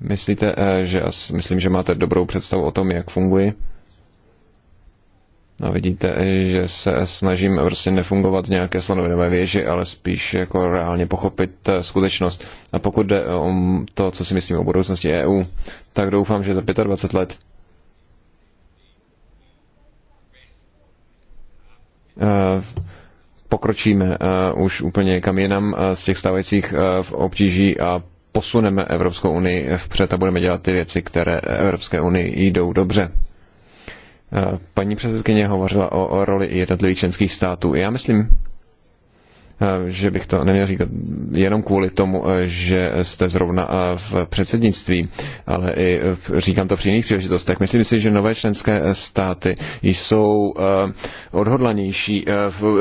Myslíte, eh, že myslím, že máte dobrou představu o tom, jak funguje? No vidíte, že se snažím prostě nefungovat nějaké slonovinové věži, ale spíš jako reálně pochopit eh, skutečnost. A pokud jde o to, co si myslím o budoucnosti EU, tak doufám, že za 25 let eh, pokročíme eh, už úplně kam jinam z těch stávajících v obtíží a posuneme Evropskou unii vpřed a budeme dělat ty věci, které Evropské unii jdou dobře. Eh, paní předsedkyně hovořila o, o roli jednotlivých členských států. Já myslím, eh, že bych to neměl říkat jenom kvůli tomu, eh, že jste zrovna v předsednictví, ale i říkám to při jiných příležitostech. Myslím si, že nové členské státy jsou odhodlanější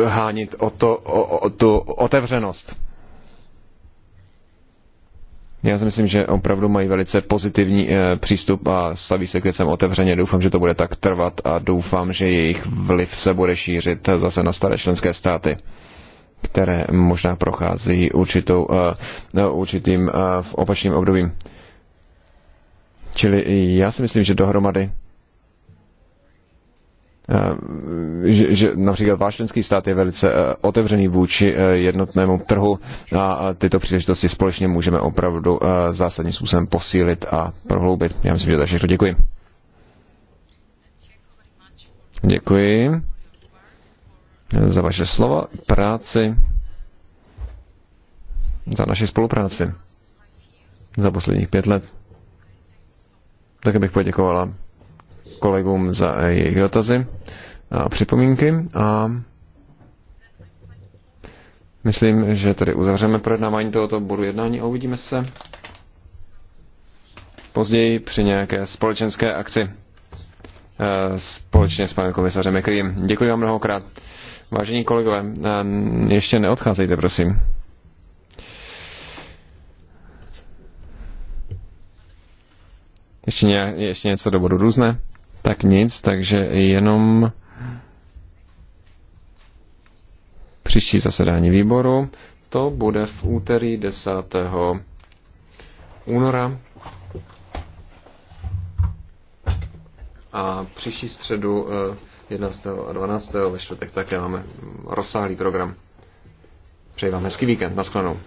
hánit o, to, o, o tu otevřenost já si myslím, že opravdu mají velice pozitivní eh, přístup a staví se k věcem otevřeně. Doufám, že to bude tak trvat a doufám, že jejich vliv se bude šířit zase na staré členské státy které možná prochází určitou, eh, eh, určitým opačným obdobím. Čili já si myslím, že dohromady Eh, že, že například váš členský stát je velice eh, otevřený vůči eh, jednotnému trhu a tyto příležitosti společně můžeme opravdu zásadním způsobem posílit a prohloubit. Já myslím, že to všechno. Děkuji. Děkuji za vaše slova, práci, za naši spolupráci za posledních pět let. Také bych poděkovala kolegům za jejich dotazy a připomínky a myslím, že tady uzavřeme projednávání tohoto bodu jednání a uvidíme se později při nějaké společenské akci eh, společně s panem komisařem Ekrým. Děkuji vám mnohokrát. Vážení kolegové, eh, ještě neodcházejte, prosím. Ještě, ně, ještě něco do bodu různé? tak nic, takže jenom příští zasedání výboru. To bude v úterý 10. února. A příští středu 11. Eh, a 12. ve čtvrtek také máme rozsáhlý program. Přeji vám hezký víkend. Naschledanou.